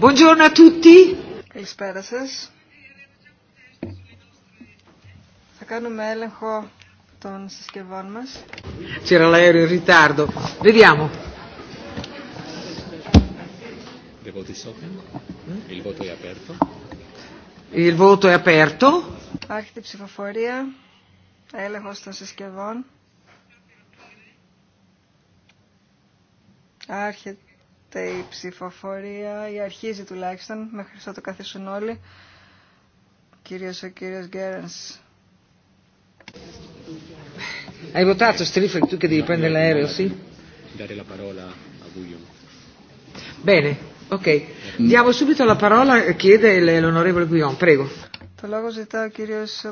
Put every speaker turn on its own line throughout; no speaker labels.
Buongiorno a tutti. Καλησπέρα σας. Θα κάνουμε έλεγχο των συσκευών μας.
C'era l'aereo in ritardo. Vediamo. Mm? Il voto è aperto.
Άρχεται η ψηφοφορία. Έλεγχος των συσκευών. Άρχεται Άρχεται η ψηφοφορία, ή αρχίζει τουλάχιστον, μέχρι θα το καθίσουν όλοι. Κυρίως ο κύριος Γκέρενς.
Hai votato Strifel tu che devi prendere l'aereo, sì? Dare la parola a Guillaume. Bene, ok. Diamo subito la parola, chiede l'onorevole Guillaume, prego.
Το λόγο ζητά ο κύριος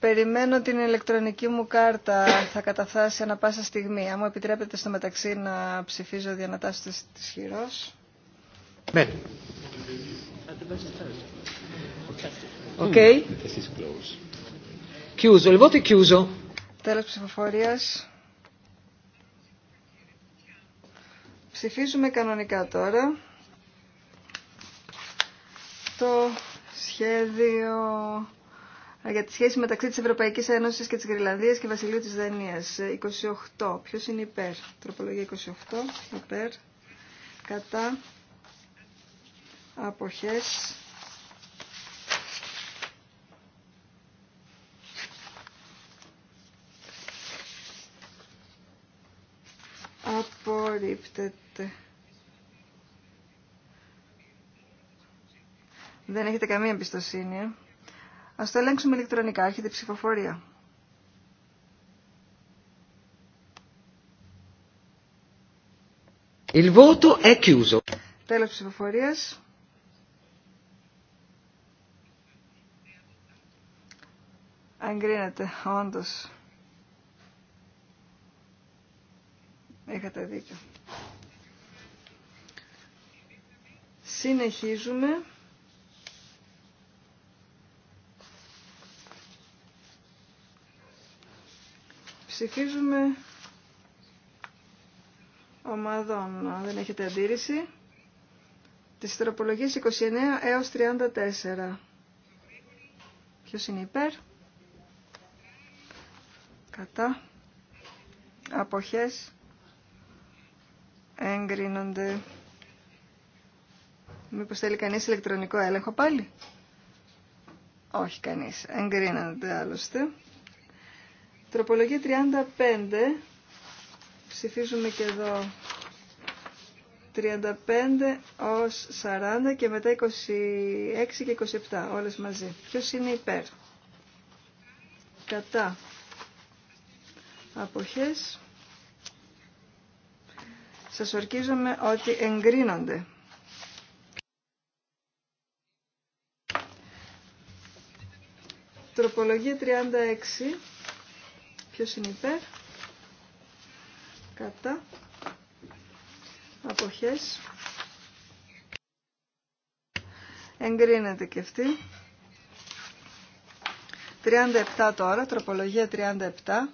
Περιμένω την ηλεκτρονική μου κάρτα, θα καταθάσει ανα πάσα στιγμή. Αν μου επιτρέπετε στο μεταξύ να ψηφίζω διανατάσταση της χειρός. Ναι. Οκ. Chiuso, λοιπόν, Τέλος ψηφοφορίας. Ψηφίζουμε κανονικά τώρα το σχέδιο για τη σχέση μεταξύ της Ευρωπαϊκής Ένωσης και της Γρυλανδίας και Βασιλείου της Δανίας. 28. Ε, Ποιος είναι υπέρ. Τροπολογία 28. Υπέρ. Κατά. Αποχές. Απορρίπτεται. Δεν έχετε καμία εμπιστοσύνη. Ε. Ας το ελέγξουμε ηλεκτρονικά. Έρχεται η ψηφοφορία.
Il voto
Τέλος ψηφοφορίας. Αγκρίνεται, όντως. Έχατε δίκιο. Συνεχίζουμε. Ψηφίζουμε ομάδων, αν δεν έχετε αντίρρηση, τις τροπολογίες 29 έως 34. Ποιος είναι υπέρ? Κατά. Αποχές. Εγκρίνονται. Μήπως θέλει κανείς ηλεκτρονικό έλεγχο πάλι? Όχι κανείς. Εγκρίνονται άλλωστε. Τροπολογία 35. Ψηφίζουμε και εδώ 35 ως 40 και μετά 26 και 27, όλες μαζί. Ποιος είναι υπέρ. Κατά. Αποχές. Σας ορκίζομαι ότι εγκρίνονται. Τροπολογία 36. Ποιος είναι υπέρ. Κατά. Αποχές. Εγκρίνεται και αυτή. 37 τώρα, τροπολογία 37.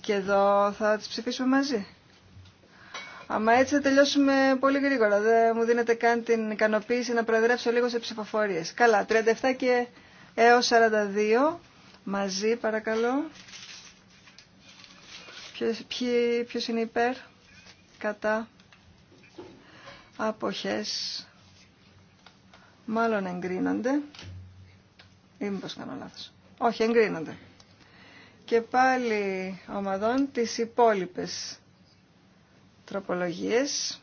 Και εδώ θα τις ψηφίσουμε μαζί. Αμα έτσι θα τελειώσουμε πολύ γρήγορα. Δεν μου δίνετε καν την ικανοποίηση να προεδρεύσω λίγο σε ψηφοφορίες. Καλά, 37 και έως 42 Μαζί παρακαλώ. Ποιος, ποιο, ποιος είναι υπέρ. Κατά. Αποχές. Μάλλον εγκρίνονται. Ή μήπως κάνω λάθος. Όχι, εγκρίνονται. Και πάλι ομαδών τις υπόλοιπες τροπολογίες.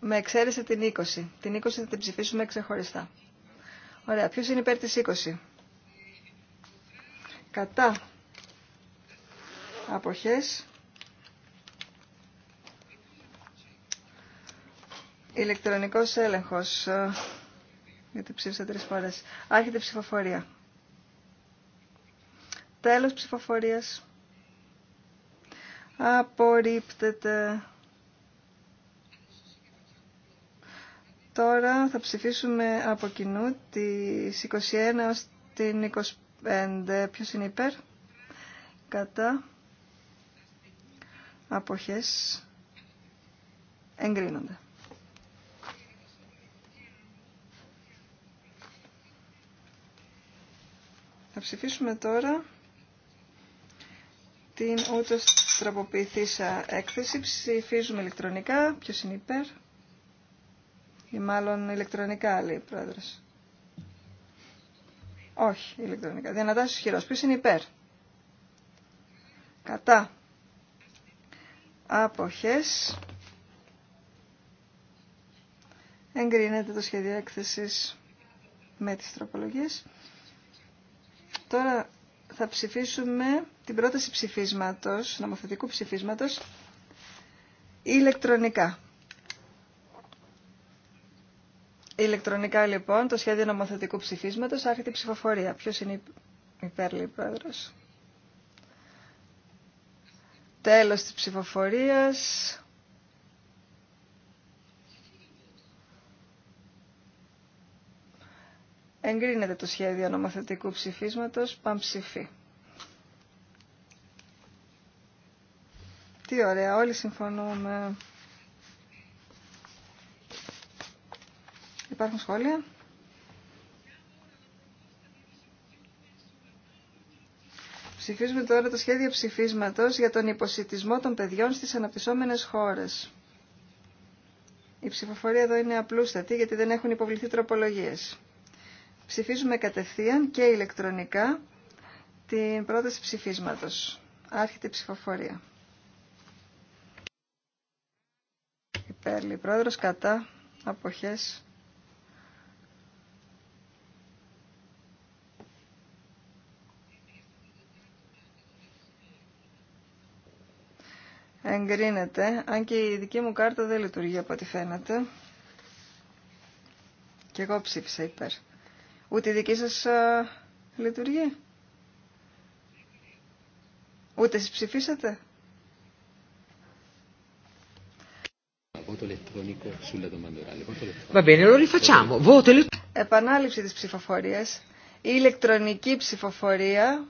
Με εξαίρεση την 20. Την 20 θα την ψηφίσουμε ξεχωριστά. Ωραία, ποιος είναι υπέρ της 20. Κατά. Αποχές. Ηλεκτρονικός έλεγχος. Γιατί ψήφισα τρεις φορές. Άρχεται ψηφοφορία. Τέλος ψηφοφορίας. Απορρίπτεται. Τώρα θα ψηφίσουμε από κοινού τις 21 έως την 25. Ποιος είναι υπέρ? Κατά. Αποχές. Εγκρίνονται. Θα ψηφίσουμε τώρα την ούτως τραποποιηθήσα έκθεση. Ψηφίζουμε ηλεκτρονικά. Ποιος είναι υπέρ? Ή μάλλον ηλεκτρονικά, λέει η πρόεδρος. Όχι, ηλεκτρονικά. Διανατάσεις χειρός. Ποιος είναι υπέρ. Κατά. Αποχές. Εγκρίνεται το σχέδιο έκθεσης με τις τροπολογίες. Τώρα θα ψηφίσουμε την πρόταση ψηφίσματος, νομοθετικού ψηφίσματος, ηλεκτρονικά. Ηλεκτρονικά λοιπόν το σχέδιο νομοθετικού ψηφίσματος άρχεται η ψηφοφορία. Ποιος είναι η λέει πρόεδρος. Τέλος της ψηφοφορίας. Εγκρίνεται το σχέδιο νομοθετικού ψηφίσματος ψηφί. Τι ωραία, όλοι συμφωνούμε. Υπάρχουν σχόλια. Ψηφίζουμε τώρα το σχέδιο ψηφίσματος για τον υποσυτισμό των παιδιών στις αναπτυσσόμενες χώρες. Η ψηφοφορία εδώ είναι απλούστατη γιατί δεν έχουν υποβληθεί τροπολογίες. Ψηφίζουμε κατευθείαν και ηλεκτρονικά την πρόταση ψηφίσματος. Άρχεται η ψηφοφορία. Υπέρλυ, πρόεδρος κατά αποχές εγκρίνεται, αν και η δική μου κάρτα δεν λειτουργεί από ό,τι φαίνεται. Και εγώ ψήφισα υπέρ. Ούτε η δική σας ε, λειτουργεί. Ούτε εσείς ψηφίσατε. Επανάληψη της ψηφοφορίας. Η ηλεκτρονική ψηφοφορία.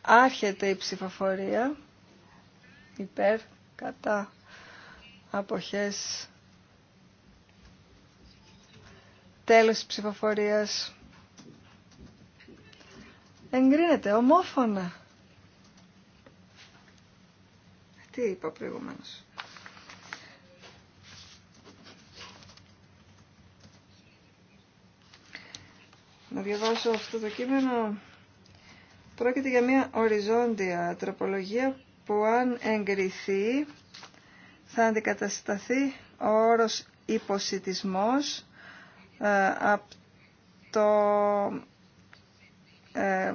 Άρχεται η ψηφοφορία υπέρ κατά αποχές τέλος της ψηφοφορίας εγκρίνεται ομόφωνα τι είπα προηγουμένως να διαβάσω αυτό το κείμενο πρόκειται για μια οριζόντια τροπολογία που αν εγκριθεί θα αντικατασταθεί ο όρος υποσυτισμός ε, από το ε,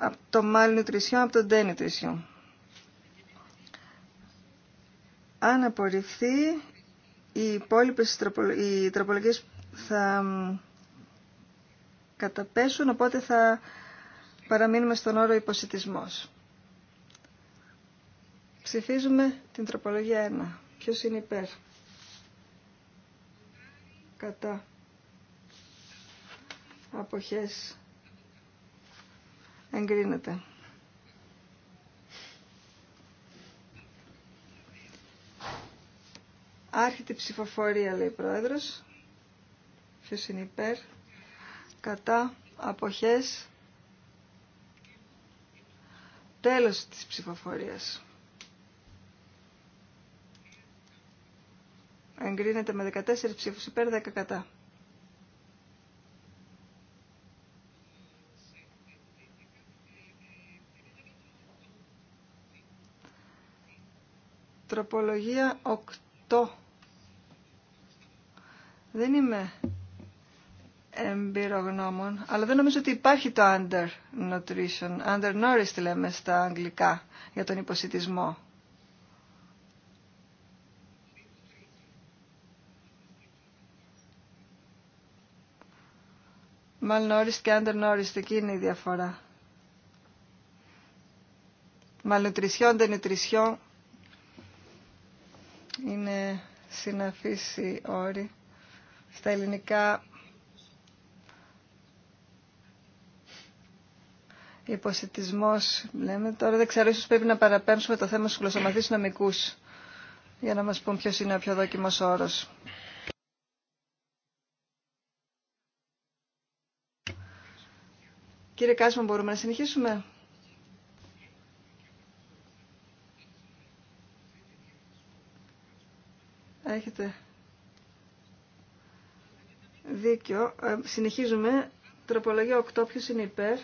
Από το malnutrition, από το denutrition. Αν απορριφθεί, οι υπόλοιπες οι θα καταπέσουν, οπότε θα παραμείνουμε στον όρο υποσυτισμός. Ψηφίζουμε την τροπολογία 1. Ποιος είναι υπέρ. Κατά. Αποχές. Εγκρίνεται. Άρχιτη ψηφοφορία, λέει ο Πρόεδρος. Ποιος είναι υπέρ. Κατά. Αποχές. Τέλος της ψηφοφορίας. Εγκρίνεται με 14 ψήφους υπέρ 10 κατά. Τροπολογία 8. Δεν είμαι εμπειρογνώμων, αλλά δεν νομίζω ότι υπάρχει το under nutrition, under nourished λέμε στα αγγλικά, για τον υποσυτισμό. Malnourished και under-nourished εκεί είναι η διαφορά. δεν denutrition, είναι συναφής οι όροι. Στα ελληνικά υποσυτισμός λέμε. Τώρα δεν ξέρω, ίσως πρέπει να παραπέμψουμε το θέμα στους γλωσσομαθείς νομικούς για να μας πούν ποιος είναι ο πιο δόκιμος όρος. Κύριε Κάσμα, μπορούμε να συνεχίσουμε. Έχετε δίκιο. Ε, συνεχίζουμε. Τροπολογία 8. Ποιος είναι υπέρ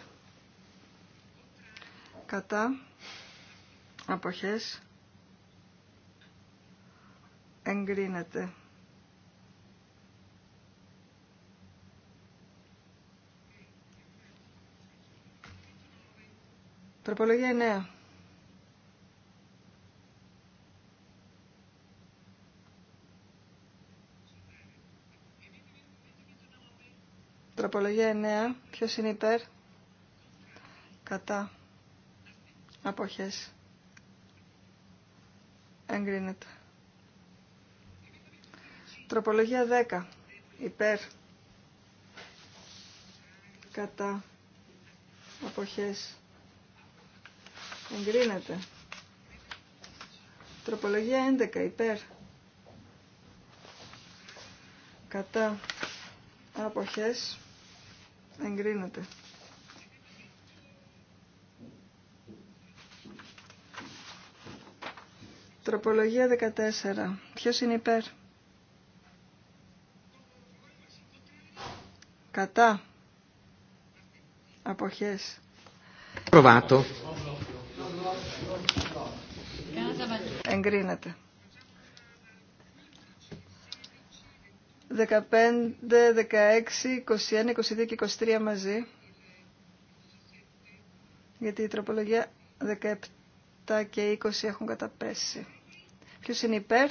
κατά αποχές εγκρίνεται. Τροπολογία 9. Τροπολογία 9. Ποιος είναι υπέρ. Κατά αποχές εγκρίνεται. Τροπολογία 10. Υπέρ. Κατά. Αποχές. Εγκρίνεται. Τροπολογία 11. Υπέρ. Κατά. Αποχές. Εγκρίνεται. Τροπολογία 14. Ποιος είναι υπέρ. Κατά. Αποχές.
Προβάτο. Εγκρίνεται.
15, 16, 21, 22 και 23 μαζί. Γιατί η τροπολογία 17 και 20 έχουν καταπέσει. Ποιος είναι υπέρ,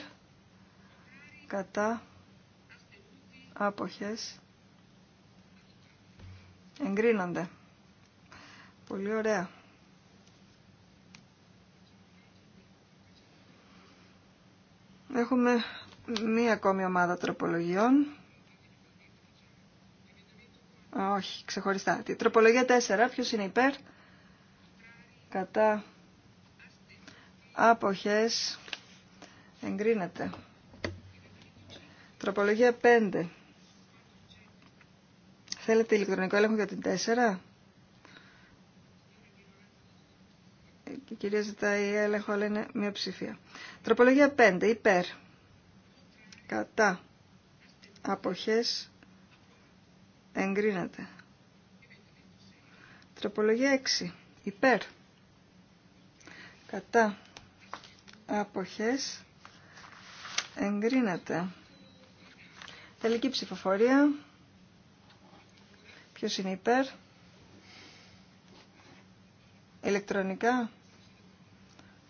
κατά, άποχες, εγκρίνονται. Πολύ ωραία. Έχουμε μία ακόμη ομάδα τροπολογιών. Όχι, ξεχωριστά. Τη τροπολογία 4. Ποιος είναι υπέρ. Κατά άποχες Εγκρίνεται. Τροπολογία 5. Θέλετε ηλεκτρονικό έλεγχο για την 4. Ε, η κυρία ζητάει έλεγχο, αλλά είναι μειοψηφία. Τροπολογία 5. Υπέρ. Κατά. Αποχές. Εγκρίνεται. Τροπολογία 6. Υπέρ. Κατά. Αποχές. Εγκρίνεται. Τελική ψηφοφορία. Ποιος είναι υπέρ. Ηλεκτρονικά.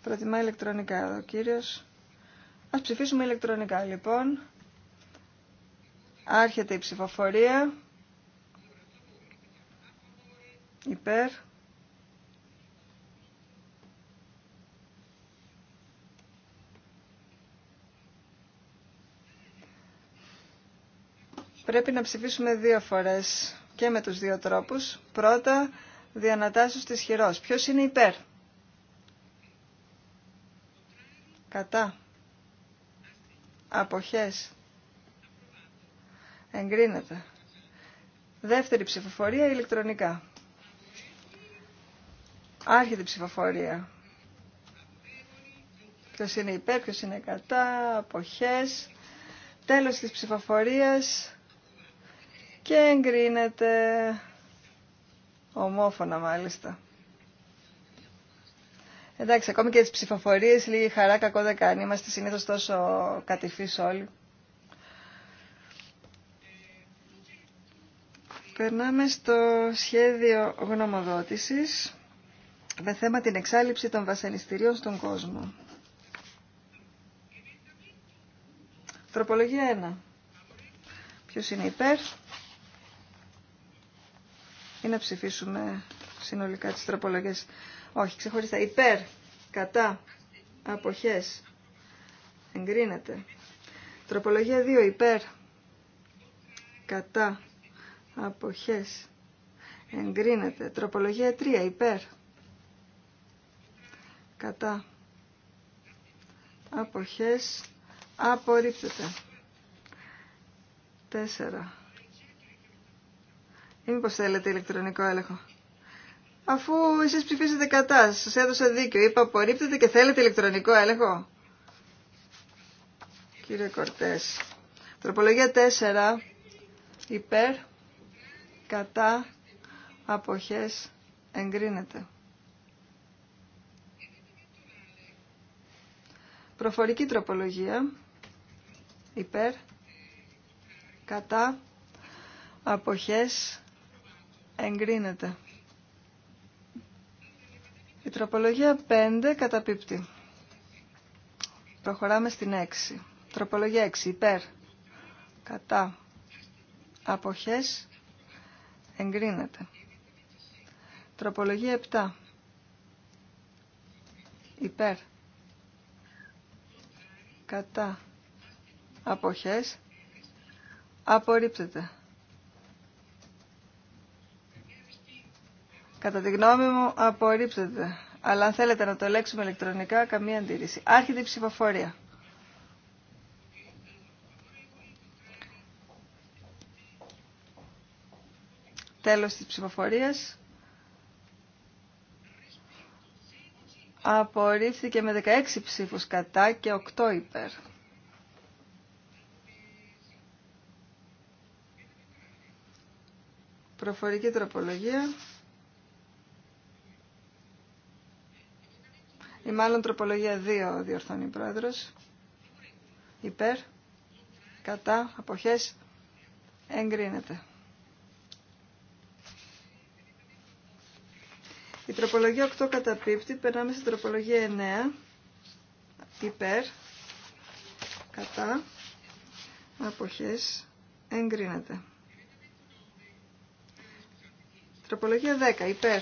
Προτιμά ηλεκτρονικά εδώ ο κύριος. Ας ψηφίσουμε ηλεκτρονικά λοιπόν. Άρχεται η ψηφοφορία. Υπέρ. πρέπει να ψηφίσουμε δύο φορές και με τους δύο τρόπους. Πρώτα, διανατάσσεως της χειρός. Ποιος είναι υπέρ. Κατά. Αποχές. Εγκρίνεται. Δεύτερη ψηφοφορία ηλεκτρονικά. Άρχεται η ψηφοφορία. Ποιος είναι υπέρ, ποιος είναι κατά, αποχές. Τέλος της ψηφοφορίας και εγκρίνεται ομόφωνα μάλιστα. Εντάξει, ακόμη και τις ψηφοφορίες λίγη χαρά κακό δεν κάνει. Είμαστε συνήθως τόσο κατηφείς όλοι. Περνάμε στο σχέδιο γνωμοδότησης με θέμα την εξάλληψη των βασανιστήριων στον κόσμο. Τροπολογία 1. Ποιος είναι υπέρ, ή να ψηφίσουμε συνολικά τις τροπολογίες. Όχι, ξεχωριστά. Υπέρ, κατά, αποχές, εγκρίνεται. Τροπολογία 2, υπέρ, κατά, αποχές, εγκρίνεται. Τροπολογία 3, υπέρ, κατά, αποχές, απορρίπτεται. Τέσσερα. Ή θέλετε ηλεκτρονικό έλεγχο. Αφού εσείς ψηφίσετε κατά, σας έδωσα δίκιο. Είπα απορρίπτεται και θέλετε ηλεκτρονικό έλεγχο. Κύριε Κορτές. Τροπολογία 4. Υπέρ. Κατά. Αποχές. Εγκρίνεται. Προφορική τροπολογία. Υπέρ. Κατά. Αποχές. Εγκρίνεται. Η τροπολογία 5 καταπίπτει. Προχωράμε στην 6. Τροπολογία 6. Υπέρ. Κατά. Αποχές. Εγκρίνεται. Τροπολογία 7. Υπέρ. Κατά. Αποχές. Απορρίπτεται. Κατά τη γνώμη μου απορρίπτεται. Αλλά αν θέλετε να το ελέγξουμε ηλεκτρονικά, καμία αντίρρηση. Άρχεται η ψηφοφορία. Τέλος της ψηφοφορίας. Απορρίφθηκε με 16 ψήφους κατά και 8 υπέρ. Προφορική τροπολογία. ή μάλλον τροπολογία 2 διορθώνει η πρόεδρος. Υπέρ, κατά, αποχές, εγκρίνεται. ο τροπολογία 8 καταπίπτει, περνάμε στην τροπολογία 9, υπέρ, κατά, αποχές, εγκρίνεται. Τροπολογία 10, υπέρ,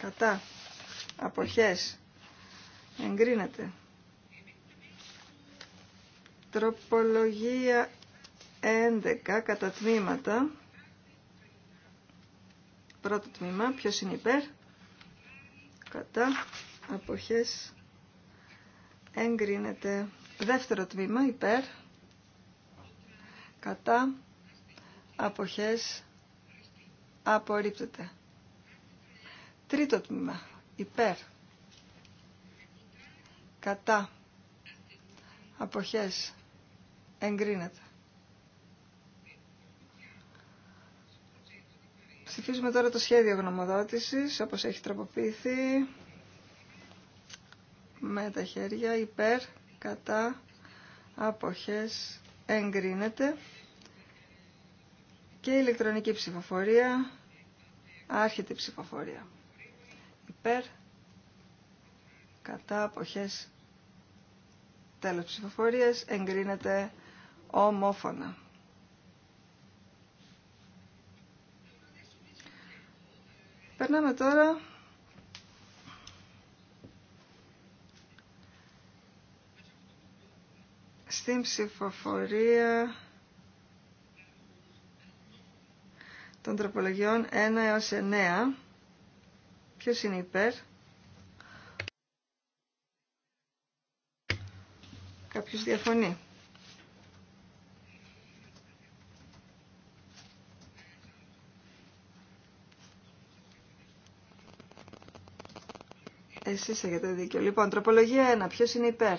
κατά, Αποχές. Εγκρίνεται. Τροπολογία 11 κατά τμήματα. Πρώτο τμήμα. Ποιος είναι υπέρ. Κατά. Αποχές. Εγκρίνεται. Δεύτερο τμήμα. Υπέρ. Κατά. Αποχές. Απορρίπτεται. Τρίτο τμήμα υπέρ, κατά, αποχές, εγκρίνεται. Ψηφίζουμε τώρα το σχέδιο γνωμοδότησης, όπως έχει τροποποιηθεί, με τα χέρια, υπέρ, κατά, αποχές, εγκρίνεται. Και ηλεκτρονική ψηφοφορία, άρχεται η ψηφοφορία υπέρ κατά αποχές τέλος ψηφοφορίας εγκρίνεται ομόφωνα. Περνάμε τώρα στην ψηφοφορία των τροπολογιών 1 έως 9 Ποιος είναι υπέρ. Κάποιος διαφωνεί. Εσείς έχετε δίκιο. Λοιπόν, τροπολογία 1. Ποιος είναι υπέρ.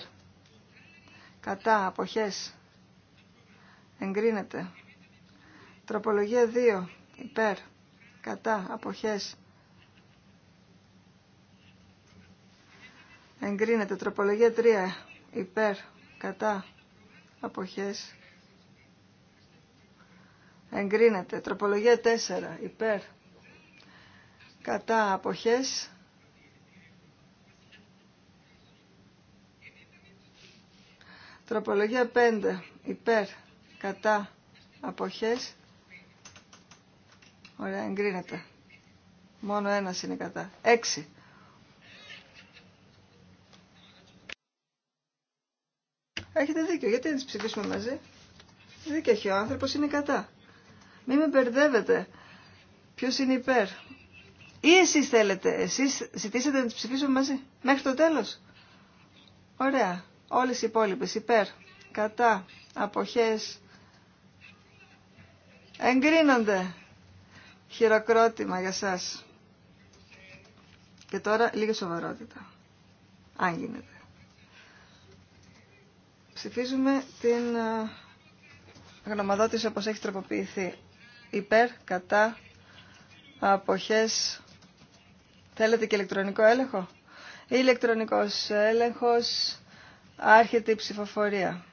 Κατά, αποχές. Εγκρίνεται. Τροπολογία 2. Υπέρ. Κατά, αποχές. εγκρίνεται. Τροπολογία 3 υπέρ κατά αποχές εγκρίνεται. Τροπολογία 4 υπέρ κατά αποχές Τροπολογία 5 υπέρ κατά αποχές Ωραία, εγκρίνεται. Μόνο ένα είναι κατά. Έξι. Έχετε δίκιο. Γιατί να τι ψηφίσουμε μαζί. Δίκιο έχει ο άνθρωπο, είναι κατά. Μην με μπερδεύετε. Ποιο είναι υπέρ. Ή εσεί θέλετε, εσεί ζητήσατε να τι ψηφίσουμε μαζί. Μέχρι το τέλο. Ωραία. Όλε οι υπόλοιπε υπέρ, κατά, αποχέ. Εγκρίνονται. Χειροκρότημα για σας. Και τώρα λίγη σοβαρότητα. Αν γίνεται. Ψηφίζουμε την ε, γνωμαδότηση όπως έχει τροποποιηθεί. Υπέρ, κατά, αποχές. Θέλετε και ηλεκτρονικό έλεγχο. Ηλεκτρονικός έλεγχος, άρχεται η ψηφοφορία.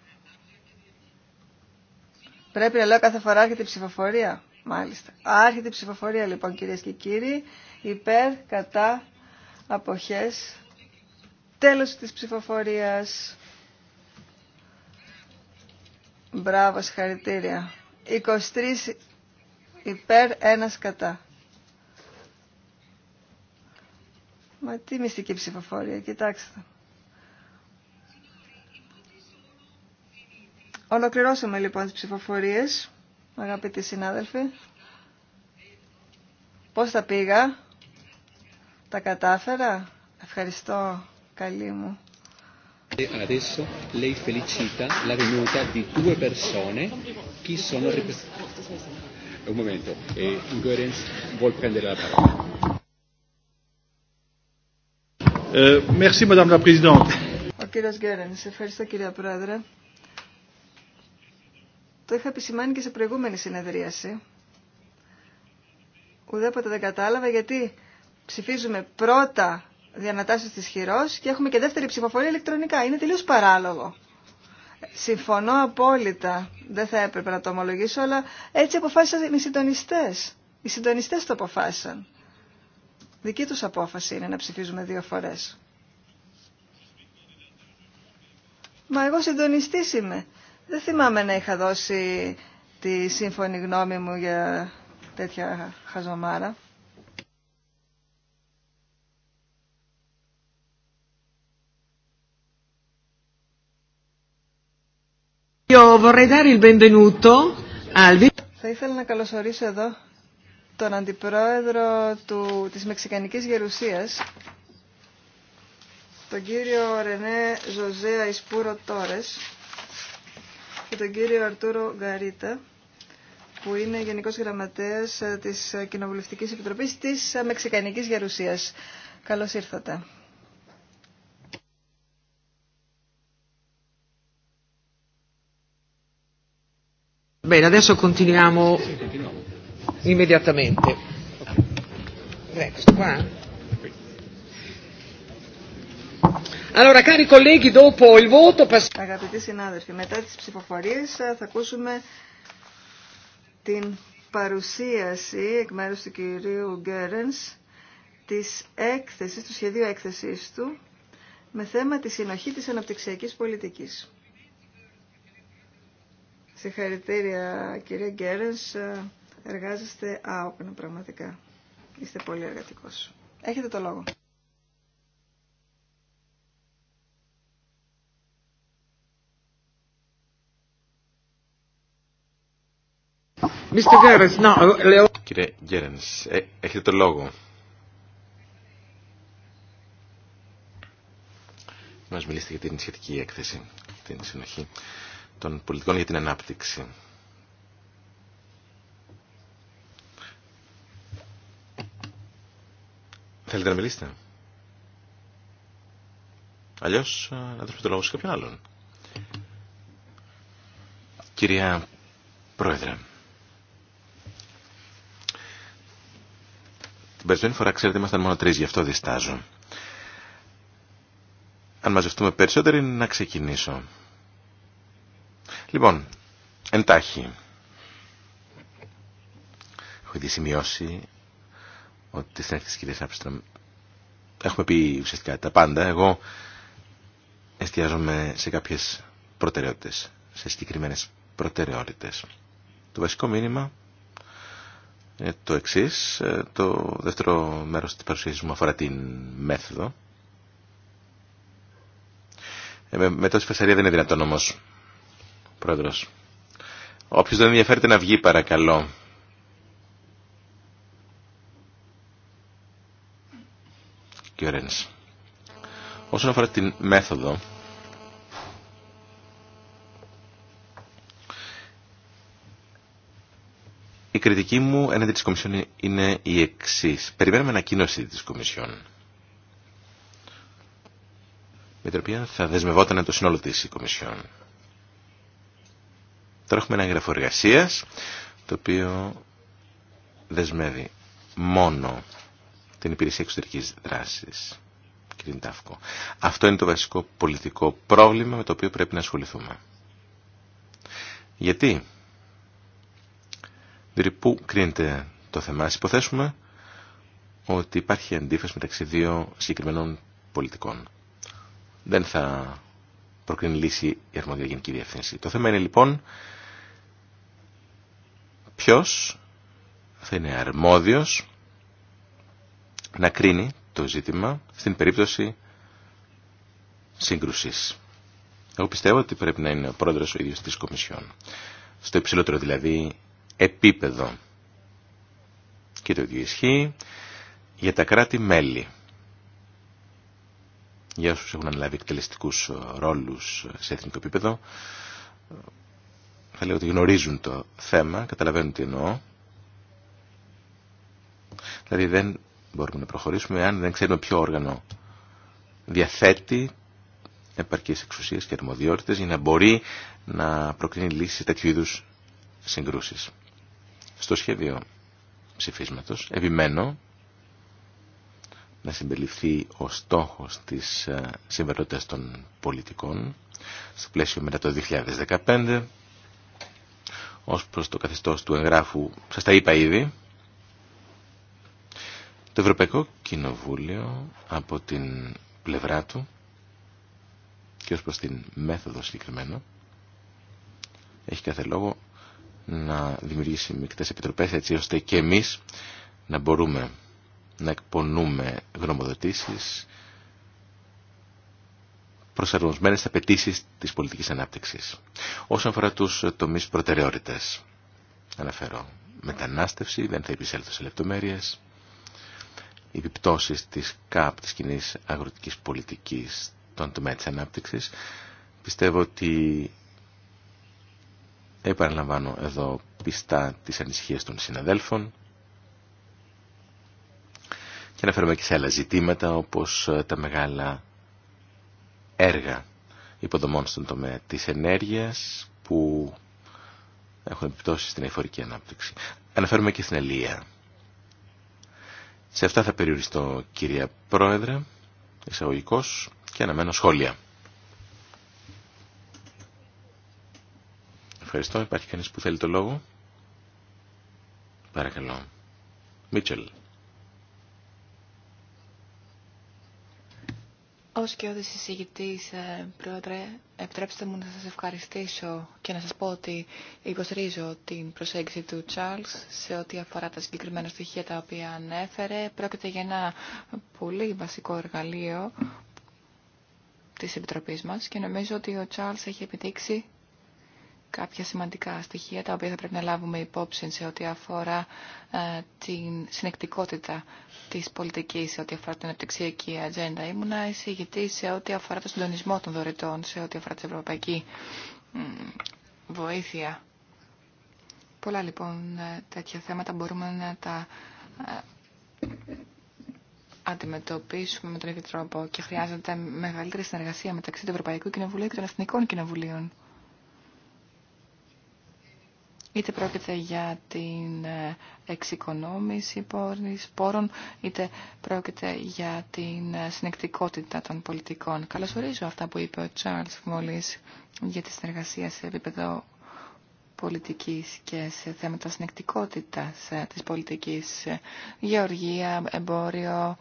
Πρέπει να λέω κάθε φορά άρχεται η ψηφοφορία. Μάλιστα. Άρχεται η ψηφοφορία λοιπόν κυρίες και κύριοι. Υπέρ, κατά, αποχές. Τέλος της ψηφοφορίας. Μπράβο, συγχαρητήρια. 23 υπέρ, 1 κατά. Μα τι μυστική ψηφοφορία, κοιτάξτε. Ολοκληρώσαμε λοιπόν τις ψηφοφορίες, αγαπητοί συνάδελφοι. Πώς τα πήγα, τα κατάφερα, ευχαριστώ, καλή μου.
Adesso lei felicita la venuta di due persone che sono Un momento, eh, Goerens vuol prendere la parola. Eh, merci, Madame la Présidente.
Ok, κύριος Goerens, ευχαριστώ κυρία Πρόεδρε. Το είχα επισημάνει και σε προηγούμενη συνεδρίαση. Ουδέποτε δεν κατάλαβα γιατί ψηφίζουμε πρώτα διανατάσεις τη χειρό και έχουμε και δεύτερη ψηφοφορία ηλεκτρονικά. Είναι τελείως παράλογο. Συμφωνώ απόλυτα. Δεν θα έπρεπε να το ομολογήσω, αλλά έτσι αποφάσισαν οι συντονιστές. Οι συντονιστές το αποφάσισαν. Δική του απόφαση είναι να ψηφίζουμε δύο φορές. Μα εγώ συντονιστή είμαι. Δεν θυμάμαι να είχα δώσει τη σύμφωνη γνώμη μου για τέτοια χαζομάρα. Θα ήθελα να καλωσορίσω εδώ τον Αντιπρόεδρο του, της Μεξικανικής Γερουσίας, τον κύριο Ρενέ Ζωζέα Ισπούρο Τόρες και τον κύριο Αρτούρο Γκαρίτα, που είναι Γενικός Γραμματέας της Κοινοβουλευτικής Επιτροπής της Μεξικανικής Γερουσίας. Καλώς ήρθατε.
Bene, adesso continuiamo Αγαπητοί
συνάδελφοι, μετά τις ψηφοφορίες ε, θα ακούσουμε την παρουσίαση εκ μέρους του κυρίου Γκέρενς της έκθεσης, του σχεδίου έκθεσης του με θέμα τη συνοχή της αναπτυξιακής πολιτικής. Συγχαρητήρια κύριε Γκέρες, εργάζεστε άοπνα πραγματικά. Είστε πολύ εργατικός. Έχετε το λόγο.
Ε, ε, ε, κύριε Γκέρενς, έχετε το λόγο. Μας μιλήσετε για την σχετική έκθεση, την συνοχή των πολιτικών για την ανάπτυξη. Θέλετε να μιλήσετε. Αλλιώς ε, να δώσουμε το λόγο σε κάποιον άλλον. Κυρία Πρόεδρε, την περσμένη φορά ξέρετε ήμασταν μόνο τρεις, γι' αυτό διστάζω. Αν μαζευτούμε περισσότεροι να ξεκινήσω. Λοιπόν, εντάχει. Έχω ήδη σημειώσει ότι στην αρχή τη Κυρία έχουμε πει ουσιαστικά τα πάντα. Εγώ εστιάζομαι σε κάποιες προτεραιότητες, σε συγκεκριμένε προτεραιότητες. Το βασικό μήνυμα είναι το εξή. Το δεύτερο μέρος της παρουσίασης μου αφορά την μέθοδο. Ε, μετά τη δεν είναι δυνατόν όμως Πρόεδρος. Όποιος δεν ενδιαφέρεται να βγει παρακαλώ. Κύριε Όσον αφορά την μέθοδο, η κριτική μου ενάντια της Κομισιόν είναι η εξής. Περιμένουμε ανακοίνωση της Κομισιόν με την οποία θα δεσμευόταν το σύνολο της Κομισιόν. Τώρα έχουμε ένα έγγραφο εργασία το οποίο δεσμεύει μόνο την υπηρεσία εξωτερικής δράσης. Αυτό είναι το βασικό πολιτικό πρόβλημα με το οποίο πρέπει να ασχοληθούμε. Γιατί, διότι πού κρίνεται το θέμα, ας υποθέσουμε ότι υπάρχει αντίφαση μεταξύ δύο συγκεκριμένων πολιτικών. Δεν θα προκρίνει λύση η αρμόδια διευθύνση. Το θέμα είναι λοιπόν ποιος θα είναι αρμόδιος να κρίνει το ζήτημα στην περίπτωση σύγκρουσης. Εγώ πιστεύω ότι πρέπει να είναι ο πρόεδρος ο ίδιος της Κομισιόν. Στο υψηλότερο δηλαδή επίπεδο. Και το ίδιο ισχύει για τα κράτη-μέλη. Για όσους έχουν αναλάβει εκτελεστικούς ρόλους σε εθνικό επίπεδο, θα λέω ότι γνωρίζουν το θέμα, καταλαβαίνουν τι εννοώ. Δηλαδή δεν μπορούμε να προχωρήσουμε αν δεν ξέρουμε ποιο όργανο διαθέτει επαρκείς εξουσίες και αρμοδιότητες για να μπορεί να προκρίνει λύσεις σε τέτοιου είδους συγκρούσεις. Στο σχέδιο ψηφίσματος επιμένω να συμπεριληφθεί ο στόχος της ε, συμβερότητας των πολιτικών στο πλαίσιο μετά το 2015 ως προς το καθεστώς του εγγράφου, σας τα είπα ήδη, το Ευρωπαϊκό Κοινοβούλιο από την πλευρά του και ως προς την μέθοδο συγκεκριμένα έχει κάθε λόγο να δημιουργήσει μικτές επιτροπές έτσι ώστε και εμείς να μπορούμε να εκπονούμε γνωμοδοτήσεις προσαρμοσμένε απαιτήσει τη της πολιτικής ανάπτυξης. Όσον αφορά του τομεί προτεραιότητε, αναφέρω μετανάστευση, δεν θα επισέλθω σε λεπτομέρειε επιπτώσει τη της ΚΑΠ, της κοινή αγροτικής πολιτικής, των τομέα τη ανάπτυξης, πιστεύω ότι επαναλαμβάνω εδώ πιστά τις ανησυχίες των συναδέλφων, και αναφέρομαι και σε άλλα ζητήματα όπως ε, τα μεγάλα έργα υποδομών στον τομέα της ενέργειας που έχουν επιπτώσει στην εφορική ανάπτυξη. Αναφέρουμε και στην Ελία. Σε αυτά θα περιοριστώ κυρία Πρόεδρε, Εισαγωγικό και αναμένω σχόλια. Ευχαριστώ. Υπάρχει κανείς που θέλει το λόγο. Παρακαλώ. Μίτσελ.
Ως και όδης συζητητής ε, Πρόεδρε, επιτρέψτε μου να σας ευχαριστήσω και να σας πω ότι υποστηρίζω την προσέγγιση του Τσάρλς σε ό,τι αφορά τα συγκεκριμένα στοιχεία τα οποία ανέφερε. Πρόκειται για ένα πολύ βασικό εργαλείο της Επιτροπής μας και νομίζω ότι ο Τσαρλ έχει επιδείξει κάποια σημαντικά στοιχεία τα οποία θα πρέπει να λάβουμε υπόψη σε ό,τι αφορά ε, την συνεκτικότητα της πολιτικής, σε ό,τι αφορά την αναπτυξιακή ατζέντα. Ήμουνα εισηγητή σε ό,τι αφορά το συντονισμό των δωρετών, σε ό,τι αφορά την ευρωπαϊκή βοήθεια. Πολλά λοιπόν ε, τέτοια θέματα μπορούμε να τα ε, αντιμετωπίσουμε με τον ίδιο τρόπο και χρειάζεται μεγαλύτερη συνεργασία μεταξύ του Ευρωπαϊκού Κοινοβουλίου και των Εθνικών Κοινοβουλίων. Είτε πρόκειται για την ε, εξοικονόμηση πόρων, είτε πρόκειται για την ε, συνεκτικότητα των πολιτικών. Καλωσορίζω αυτά που είπε ο Τσάρλς μόλις για τη συνεργασία σε επίπεδο πολιτικής και σε θέματα συνεκτικότητας ε, της πολιτικής. Γεωργία, εμπόριο,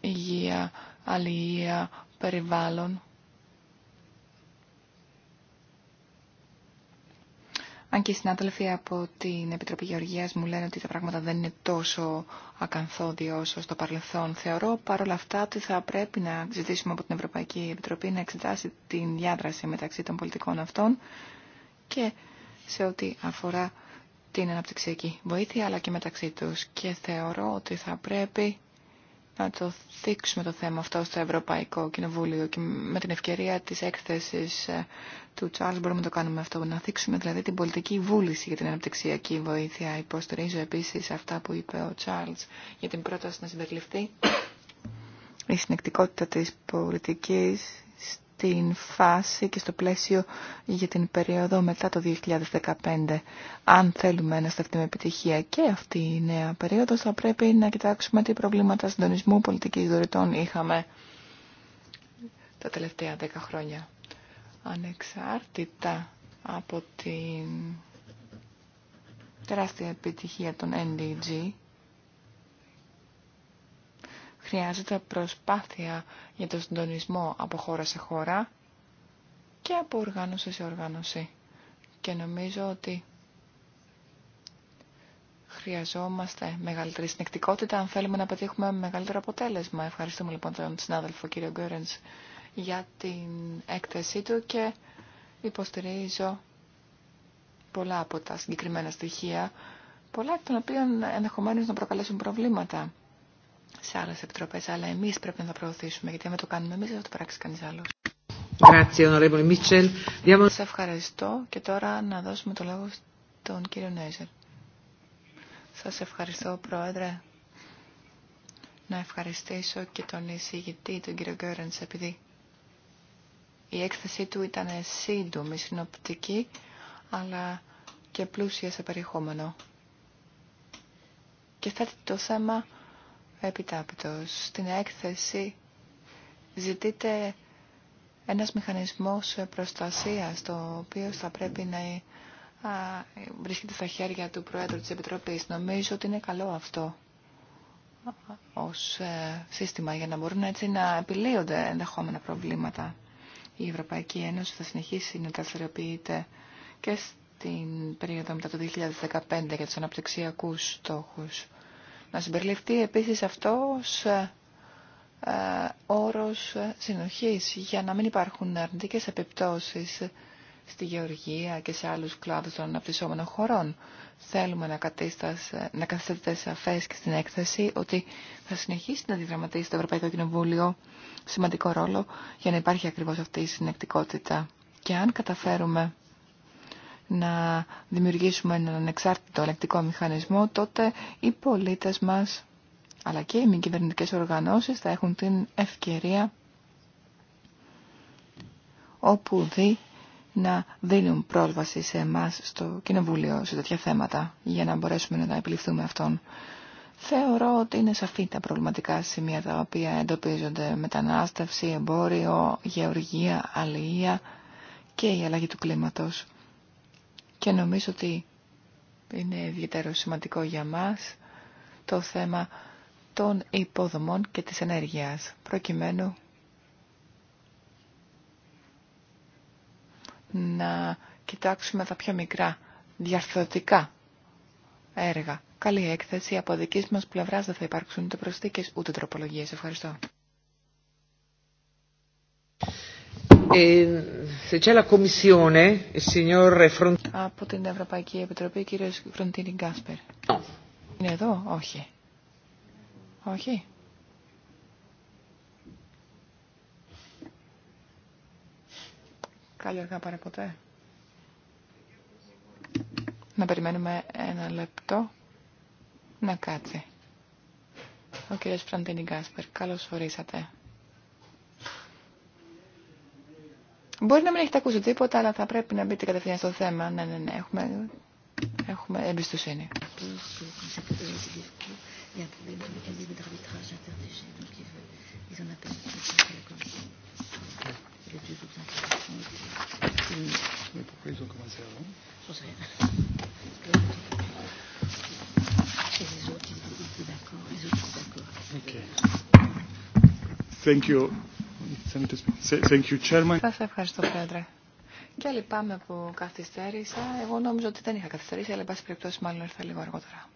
υγεία, αλληλεία, περιβάλλον. Αν και οι συνάδελφοι από την Επιτροπή Γεωργίας μου λένε ότι τα πράγματα δεν είναι τόσο ακαθόδη όσο στο παρελθόν, θεωρώ παρόλα αυτά ότι θα πρέπει να ζητήσουμε από την Ευρωπαϊκή Επιτροπή να εξετάσει την διάδραση μεταξύ των πολιτικών αυτών και σε ό,τι αφορά την αναπτυξιακή βοήθεια αλλά και μεταξύ τους. Και θεωρώ ότι θα πρέπει να το θίξουμε το θέμα αυτό στο Ευρωπαϊκό Κοινοβούλιο και με την ευκαιρία της έκθεσης ε, του Τσάρλς μπορούμε να το κάνουμε αυτό, να θίξουμε δηλαδή την πολιτική βούληση για την αναπτυξιακή βοήθεια. Υποστηρίζω επίσης αυτά που είπε ο Τσάρλς για την πρόταση να συμπεριληφθεί η συνεκτικότητα της πολιτικής την φάση και στο πλαίσιο για την περίοδο μετά το 2015. Αν θέλουμε να σταθεί με επιτυχία και αυτή η νέα περίοδος θα πρέπει να κοιτάξουμε τι προβλήματα συντονισμού πολιτικής δωρητών είχαμε τα τελευταία 10 χρόνια. Ανεξάρτητα από την τεράστια επιτυχία των NDG Χρειάζεται προσπάθεια για τον συντονισμό από χώρα σε χώρα και από οργάνωση σε οργάνωση. Και νομίζω ότι χρειαζόμαστε μεγαλύτερη συνεκτικότητα αν θέλουμε να πετύχουμε μεγαλύτερο αποτέλεσμα. Ευχαριστούμε λοιπόν τον συνάδελφο κύριο Γκέρενς για την έκθεσή του και υποστηρίζω πολλά από τα συγκεκριμένα στοιχεία, πολλά των οποίων ενδεχομένω να προκαλέσουν προβλήματα σε άλλε επιτροπέ, αλλά εμεί πρέπει να τα προωθήσουμε, γιατί αν το κάνουμε εμεί δεν θα το πράξει κανεί άλλο. Σα ευχαριστώ και τώρα να δώσουμε το λόγο στον κύριο Νέιζερ. Σα ευχαριστώ, Πρόεδρε. Να ευχαριστήσω και τον εισηγητή, τον κύριο Γκέρεντ, επειδή η έκθεσή του ήταν σύντομη, συνοπτική, αλλά και πλούσια σε περιεχόμενο. Και θέτει το θέμα επιτάπητος. Στην έκθεση ζητείται ένας μηχανισμός προστασίας, το οποίο θα πρέπει να βρίσκεται στα χέρια του Προέδρου της Επιτροπής. Νομίζω ότι είναι καλό αυτό ως ε, σύστημα για να μπορούν έτσι να επιλύονται ενδεχόμενα προβλήματα. Η Ευρωπαϊκή Ένωση θα συνεχίσει να δραστηριοποιείται και στην περίοδο μετά το 2015 για τους αναπτυξιακούς στόχους. Να συμπεριληφθεί επίσης αυτός ε, ε, όρος συνοχής για να μην υπάρχουν αρνητικές επιπτώσεις στη γεωργία και σε άλλους κλάδους των αναπτυσσόμενων χωρών. Θέλουμε να, να καθίσετε σαφές και στην έκθεση ότι θα συνεχίσει να διδραματίσει το Ευρωπαϊκό Κοινοβούλιο σημαντικό ρόλο για να υπάρχει ακριβώς αυτή η συνεκτικότητα. Και αν καταφέρουμε να δημιουργήσουμε έναν ανεξάρτητο ελεκτικό μηχανισμό, τότε οι πολίτες μας, αλλά και οι μη κυβερνητικές οργανώσεις, θα έχουν την ευκαιρία όπου δει να δίνουν πρόσβαση σε εμά στο Κοινοβούλιο σε τέτοια θέματα για να μπορέσουμε να τα επιληφθούμε αυτών. Θεωρώ ότι είναι σαφή τα προβληματικά σημεία τα οποία εντοπίζονται μετανάστευση, εμπόριο, γεωργία, αλληλεία και η αλλαγή του κλίματος. Και νομίζω ότι είναι ιδιαίτερο σημαντικό για μας το θέμα των υποδομών και της ενέργειας, προκειμένου να κοιτάξουμε τα πιο μικρά διαρθωτικά έργα. Καλή έκθεση. Από δική μας πλευράς δεν θα υπάρξουν ούτε προσθήκες ούτε τροπολογίες. Ευχαριστώ. Ε, Από την Ευρωπαϊκή Επιτροπή, κύριο Φροντίνη Γκάσπερ. Είναι εδώ, όχι. Όχι. Καλή αργά παρά ποτέ. Να περιμένουμε ένα λεπτό να κάτσει. Ο κύριος Φραντίνη Γκάσπερ, καλώς ορίσατε. Μπορεί να μην έχετε ακούσει τίποτα, αλλά θα πρέπει να μπείτε κατευθείαν στο θέμα. Ναι, ναι, ναι, έχουμε, έχουμε εμπιστοσύνη. Thank you. Σας
ευχαριστώ, Πρόεδρε.
Και λυπάμαι που καθυστέρησα. Εγώ νόμιζα ότι δεν είχα καθυστερήσει, αλλά εν πάση περιπτώσει μάλλον ήρθα λίγο αργότερα.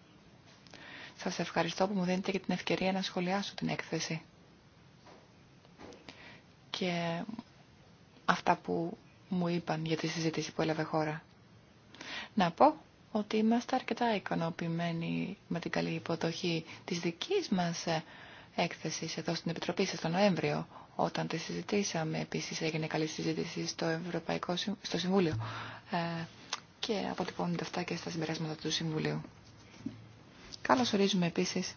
σα ευχαριστώ που μου δίνετε και την ευκαιρία να σχολιάσω την έκθεση. Και αυτά που μου είπαν για τη συζήτηση που έλαβε χώρα. Να πω ότι είμαστε αρκετά ικανοποιημένοι με την καλή υποδοχή της δικής μας ε, Έκθεση εδώ στην Επιτροπή σας το Νοέμβριο, όταν τη συζητήσαμε. Επίσης έγινε καλή συζήτηση στο, Ευρωπαϊκό, Συμβούλιο ε, και αποτυπώνεται αυτά και στα συμπεράσματα του Συμβουλίου. Καλώς ορίζουμε επίσης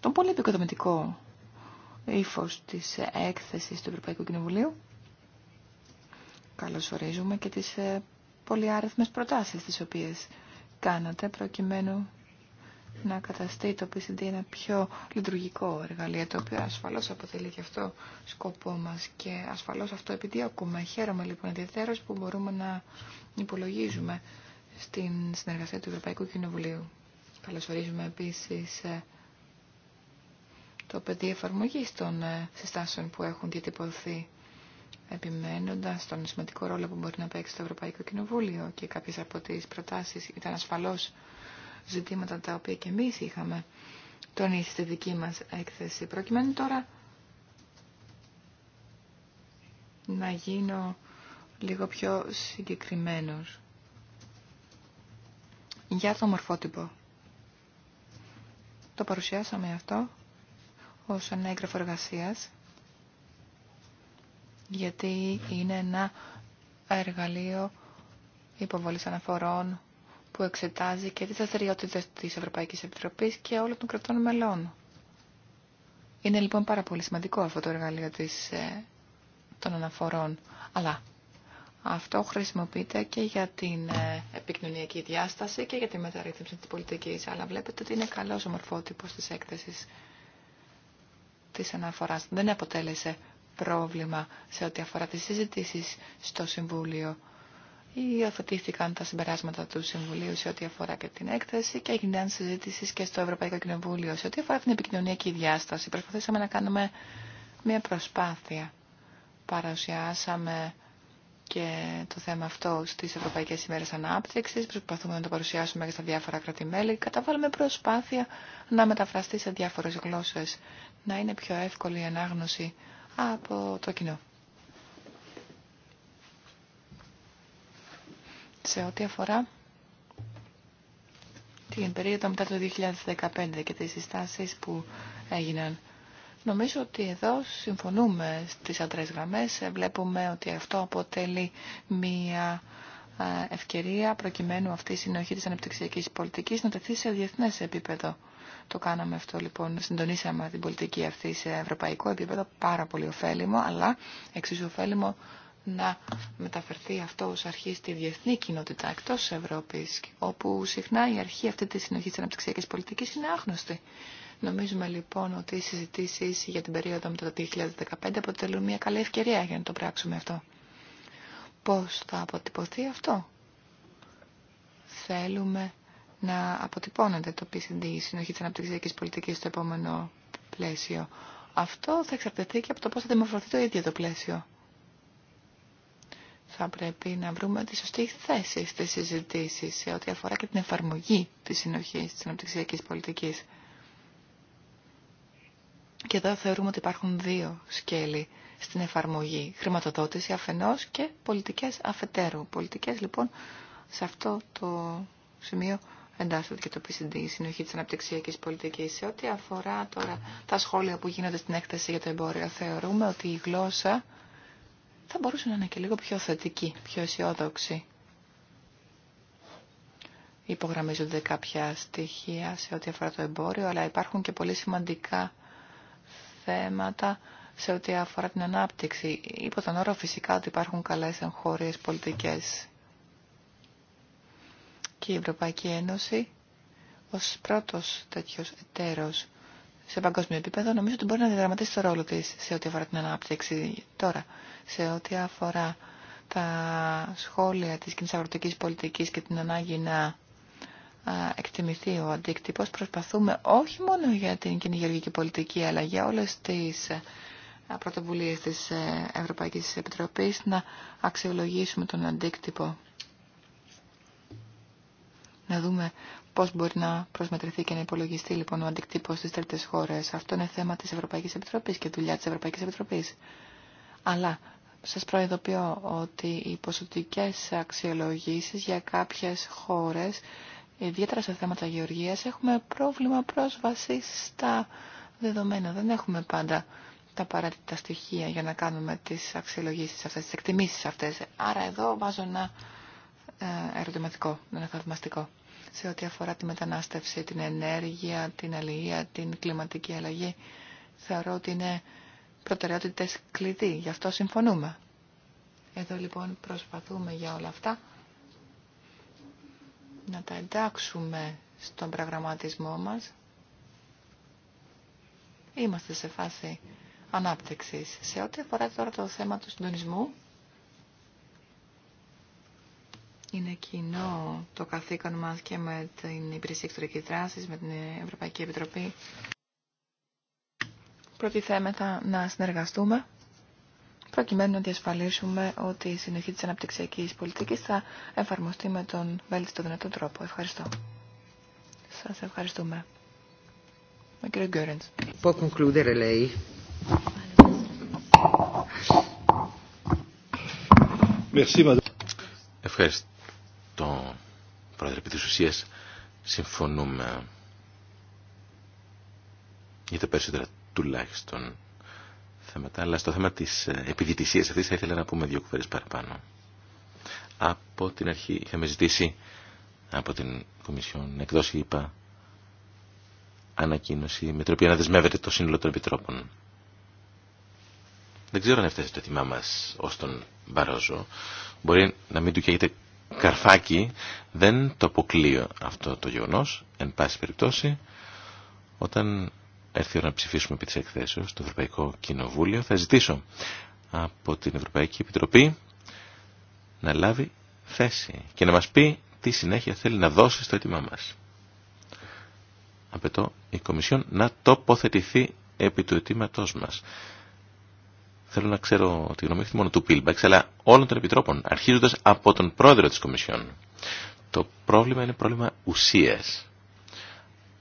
τον πολύ επικοδομητικό ύφο της έκθεσης του Ευρωπαϊκού Κοινοβουλίου. Καλώς ορίζουμε και τις ε, πολύ άριθμες προτάσεις τις οποίες κάνατε προκειμένου να καταστεί το PCD ένα πιο λειτουργικό εργαλείο, το οποίο ασφαλώς αποτελεί και αυτό σκοπό μας και ασφαλώς αυτό επιδιώκουμε. Χαίρομαι λοιπόν ιδιαίτερως που μπορούμε να υπολογίζουμε στην συνεργασία του Ευρωπαϊκού Κοινοβουλίου. Καλωσορίζουμε επίσης ε, το πεδίο εφαρμογή των ε, συστάσεων που έχουν διατυπωθεί επιμένοντα τον σημαντικό ρόλο που μπορεί να παίξει το Ευρωπαϊκό Κοινοβούλιο και κάποιε από τι προτάσει ήταν ασφαλώ ζητήματα τα οποία και εμείς είχαμε τονίσει στη δική μας έκθεση. Προκειμένου τώρα να γίνω λίγο πιο συγκεκριμένος για το μορφότυπο. Το παρουσιάσαμε αυτό ως ένα έγγραφο εργασίας γιατί είναι ένα εργαλείο υποβολής αναφορών που εξετάζει και τις δραστηριότητε της Ευρωπαϊκής Επιτροπής και όλων των κρατών μελών. Είναι λοιπόν πάρα πολύ σημαντικό αυτό το εργαλείο της, ε, των αναφορών. Αλλά αυτό χρησιμοποιείται και για την ε, επικοινωνιακή διάσταση και για τη μεταρρύθμιση της πολιτικής. Αλλά βλέπετε ότι είναι καλός ο μορφότυπος της έκθεσης της αναφοράς. Δεν αποτέλεσε πρόβλημα σε ό,τι αφορά τις συζητήσεις στο Συμβούλιο Υιοθετήθηκαν τα συμπεράσματα του Συμβουλίου σε ό,τι αφορά και την έκθεση και έγιναν συζήτηση και στο Ευρωπαϊκό Κοινοβούλιο σε ό,τι αφορά την επικοινωνιακή διάσταση. Προσπαθήσαμε να κάνουμε μια προσπάθεια. Παρουσιάσαμε και το θέμα αυτό στις Ευρωπαϊκές ημέρες ανάπτυξης, προσπαθούμε να το παρουσιάσουμε και στα διάφορα κρατημέλη, καταβάλουμε προσπάθεια να μεταφραστεί σε διάφορες γλώσσες, να είναι πιο εύκολη η ανάγνωση από το κοινό. σε ό,τι αφορά την περίοδο μετά το 2015 και τις συστάσεις που έγιναν. Νομίζω ότι εδώ συμφωνούμε στις αντρές γραμμές. Βλέπουμε ότι αυτό αποτελεί μία ευκαιρία προκειμένου αυτή η συνοχή της ανεπτυξιακής πολιτικής να τεθεί σε διεθνές επίπεδο. Το κάναμε αυτό λοιπόν, συντονίσαμε την πολιτική αυτή σε ευρωπαϊκό επίπεδο, πάρα πολύ ωφέλιμο, αλλά εξίσου ωφέλιμο να μεταφερθεί αυτό ως αρχή στη διεθνή κοινότητα εκτός Ευρώπης, όπου συχνά η αρχή αυτή της συνοχής της αναπτυξιακής πολιτικής είναι άγνωστη. Νομίζουμε λοιπόν ότι οι συζητήσει για την περίοδο μετά το 2015 αποτελούν μια καλή ευκαιρία για να το πράξουμε αυτό. Πώς θα αποτυπωθεί αυτό. Θέλουμε να αποτυπώνεται το PCD, η συνοχή της αναπτυξιακής πολιτικής στο επόμενο πλαίσιο. Αυτό θα εξαρτηθεί και από το πώς θα δημοφιλωθεί το ίδιο το πλαίσιο θα πρέπει να βρούμε τη σωστή θέση στις συζητήσεις σε ό,τι αφορά και την εφαρμογή της συνοχής της αναπτυξιακής πολιτικής. Και εδώ θεωρούμε ότι υπάρχουν δύο σκέλη στην εφαρμογή. Χρηματοδότηση αφενός και πολιτικές αφετέρου. Πολιτικές λοιπόν σε αυτό το σημείο εντάσσεται και το PCD, η συνοχή της αναπτυξιακής πολιτικής. Σε ό,τι αφορά τώρα τα σχόλια που γίνονται στην έκθεση για το εμπόριο, θεωρούμε ότι η γλώσσα θα μπορούσε να είναι και λίγο πιο θετική, πιο αισιόδοξη. Υπογραμμίζονται κάποια στοιχεία σε ό,τι αφορά το εμπόριο, αλλά υπάρχουν και πολύ σημαντικά θέματα σε ό,τι αφορά την ανάπτυξη. Υπό τον όρο φυσικά ότι υπάρχουν καλές εγχώριες πολιτικές. Και η Ευρωπαϊκή Ένωση ως πρώτος τέτοιος εταίρος σε παγκόσμιο επίπεδο, νομίζω ότι μπορεί να διαδραματίσει το ρόλο της σε ό,τι αφορά την ανάπτυξη τώρα, σε ό,τι αφορά τα σχόλια της κοινής αγροτικής πολιτικής και την ανάγκη να εκτιμηθεί ο αντίκτυπος. Προσπαθούμε όχι μόνο για την κοινή γεωργική πολιτική, αλλά για όλες τις πρωτοβουλίες της ε, Ευρωπαϊκής Επιτροπής να αξιολογήσουμε τον αντίκτυπο να δούμε πώς μπορεί να προσμετρηθεί και να υπολογιστεί λοιπόν ο αντικτύπος στις τρίτες χώρες. Αυτό είναι θέμα της Ευρωπαϊκής Επιτροπής και δουλειά της Ευρωπαϊκής Επιτροπής. Αλλά σας προειδοποιώ ότι οι ποσοτικές αξιολογήσεις για κάποιες χώρες, ιδιαίτερα σε θέματα γεωργία, έχουμε πρόβλημα πρόσβαση στα δεδομένα. Δεν έχουμε πάντα τα απαραίτητα στοιχεία για να κάνουμε τις αξιολογήσεις αυτές, τις εκτιμήσει αυτέ. Άρα εδώ βάζω να. Ε, ερωτηματικό, δεν είναι θαυμαστικό σε ό,τι αφορά τη μετανάστευση, την ενέργεια, την αλληλεία, την κλιματική αλλαγή. Θεωρώ ότι είναι προτεραιότητες κλειδί, γι' αυτό συμφωνούμε. Εδώ λοιπόν προσπαθούμε για όλα αυτά να τα εντάξουμε στον προγραμματισμό μας. Είμαστε σε φάση ανάπτυξης. Σε ό,τι αφορά τώρα το θέμα του συντονισμού, Είναι κοινό το καθήκον μας και με την Υπηρεσία Εξωτερική δράση με την Ευρωπαϊκή Επιτροπή. Προτιθέμεθα να συνεργαστούμε προκειμένου να διασφαλίσουμε ότι η συνοχή της αναπτυξιακής πολιτικής θα εφαρμοστεί με τον βέλτιστο δυνατό τρόπο. Ευχαριστώ. Σας ευχαριστούμε. Με κύριο Γκέρεντς.
Ευχαριστώ επί της ουσίας συμφωνούμε για τα περισσότερα τουλάχιστον θέματα, αλλά στο θέμα της ε, επιδητησίας αυτής θα ήθελα να πούμε δύο κουβέρες παραπάνω. Από την αρχή είχαμε ζητήσει από την Κομισιόν να εκδώσει, είπα, ανακοίνωση με την οποία να δεσμεύεται το σύνολο των επιτρόπων. Δεν ξέρω αν έφτασε το θυμά μας ως τον Μπαρόζο. Μπορεί να μην του καίγεται καρφάκι δεν το αποκλείω αυτό το γεγονός, εν πάση περιπτώσει, όταν έρθει η ώρα να ψηφίσουμε επί της εκθέσεως στο Ευρωπαϊκό Κοινοβούλιο, θα ζητήσω από την Ευρωπαϊκή Επιτροπή να λάβει θέση και να μας πει τι συνέχεια θέλει να δώσει στο αίτημά μας. Απαιτώ η Κομισιόν να τοποθετηθεί επί του αιτήματός μας. Θέλω να ξέρω τη γνώμη όχι μόνο του Πίλμπαξ, αλλά όλων των επιτρόπων, αρχίζοντα από τον πρόεδρο τη Κομισιόν. Το πρόβλημα είναι πρόβλημα ουσία.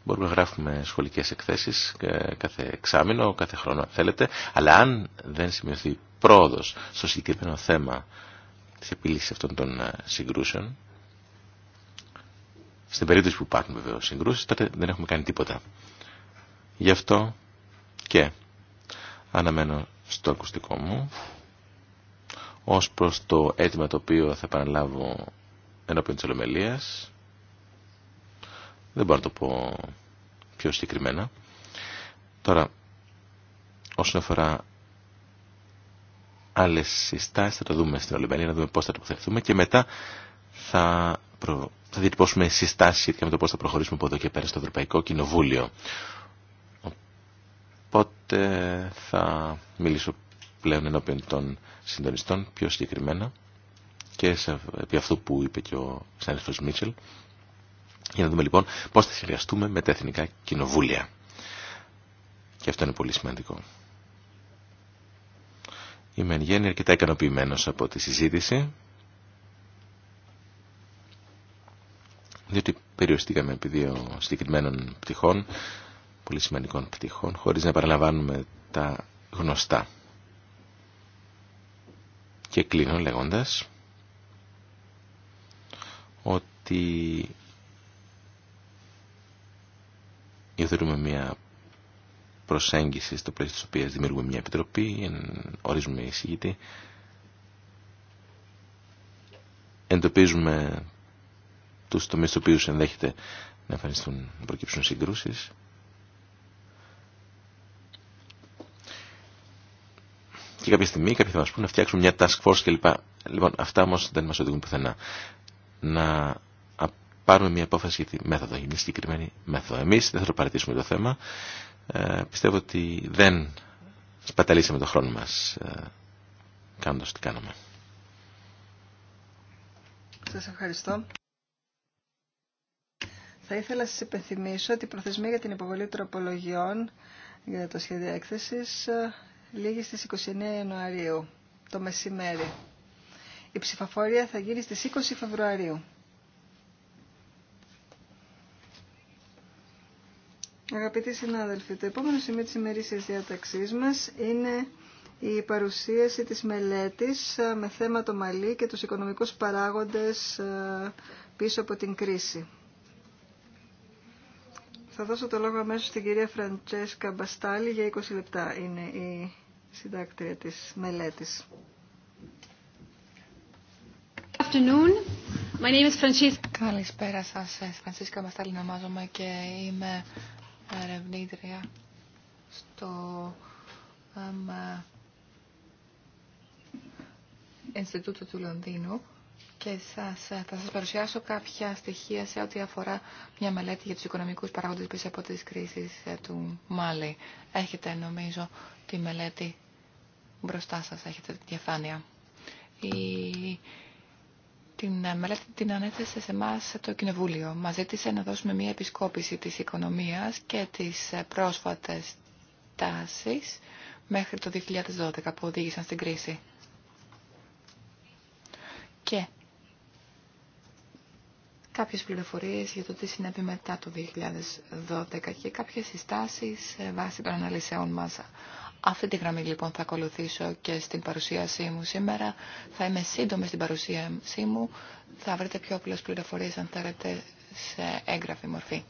Μπορούμε να γράφουμε σχολικέ εκθέσει ε, κάθε εξάμεινο, κάθε χρόνο, αν θέλετε, αλλά αν δεν σημειωθεί πρόοδο στο συγκεκριμένο θέμα τη επίλυση αυτών των ε, συγκρούσεων, στην περίπτωση που υπάρχουν βεβαίω συγκρούσει, τότε δεν έχουμε κάνει τίποτα. Γι' αυτό και αναμένω στο ακουστικό μου ως προς το αίτημα το οποίο θα επαναλάβω ενώπιον της Ολομελίας δεν μπορώ να το πω πιο συγκεκριμένα τώρα όσον αφορά άλλες συστάσεις θα το δούμε στην Ολομελία να δούμε πώς θα τοποθετηθούμε και μετά θα, προ... θα διατυπώσουμε συστάσεις σχετικά με το πώς θα προχωρήσουμε από εδώ και πέρα στο Ευρωπαϊκό Κοινοβούλιο Οπότε θα μιλήσω πλέον ενώπιον των συντονιστών πιο συγκεκριμένα και σε, επί αυτού που είπε και ο συνάδελφος Μίτσελ για να δούμε λοιπόν πώς θα συνεργαστούμε με τα εθνικά κοινοβούλια. Και αυτό είναι πολύ σημαντικό. Είμαι εν γέννη αρκετά ικανοποιημένο από τη συζήτηση διότι περιοριστήκαμε επί δύο συγκεκριμένων πτυχών πολύ σημαντικών πτυχών χωρίς να παραλαμβάνουμε τα γνωστά. Και κλείνω λέγοντας ότι υιοθετούμε μια προσέγγιση στο πλαίσιο της οποίας δημιουργούμε μια επιτροπή, ορίζουμε εισηγητή, εντοπίζουμε τους τομείς στους οποίους ενδέχεται να εμφανιστούν να προκύψουν συγκρούσεις Και κάποια στιγμή κάποιοι θα μα πούνε να φτιάξουμε μια task force κλπ. Λοιπόν, αυτά όμω δεν μα οδηγούν πουθενά. Να πάρουμε μια απόφαση για τη μέθοδο, για μια συγκεκριμένη μέθοδο. Εμεί δεν θα το παρατήσουμε το θέμα. Ε, πιστεύω ότι δεν σπαταλήσαμε το χρόνο μα ε, κάνοντα τι κάναμε.
Σα ευχαριστώ. Θα ήθελα να σα υπενθυμίσω ότι η προθεσμία για την υποβολή τροπολογιών για το σχέδιο έκθεση. Ε, λίγη στις 29 Ιανουαρίου, το μεσημέρι. Η ψηφοφορία θα γίνει στις 20 Φεβρουαρίου. Αγαπητοί συνάδελφοι, το επόμενο σημείο της ημερήσιας διάταξής μας είναι η παρουσίαση της μελέτης ε, με θέμα το μαλλί και τους οικονομικούς παράγοντες ε, πίσω από την κρίση. Θα δώσω το λόγο αμέσως στην κυρία Φραντσέσκα Μπαστάλη για 20 λεπτά είναι η συντάκτρια της μελέτης.
My name is Καλησπέρα σας, ε, Φρανσίσκα Μαστάλη ονομάζομαι και είμαι ερευνήτρια στο ε, Ινστιτούτο του Λονδίνου και σας, ε, θα σας παρουσιάσω κάποια στοιχεία σε ό,τι αφορά μια μελέτη για τους οικονομικούς παράγοντες πίσω από τις κρίσεις του Μάλι. Έχετε νομίζω τη μελέτη Μπροστά σας έχετε τη διαφάνεια. Η... Την ε, μελέτη την ανέθεσε σε εμά το Κοινοβούλιο. Μα ζήτησε να δώσουμε μια επισκόπηση της οικονομίας και τις ε, πρόσφατες τάσεις μέχρι το 2012 που οδήγησαν στην κρίση. Και κάποιες πληροφορίες για το τι συνέβη μετά το 2012 και κάποιες συστάσεις ε, βάσει των αναλυσεών μας. Αυτή τη γραμμή λοιπόν θα ακολουθήσω και στην παρουσίασή μου σήμερα. Θα είμαι σύντομη στην παρουσίασή μου. Θα βρείτε πιο απλές πληροφορίες αν θέλετε σε έγγραφη μορφή.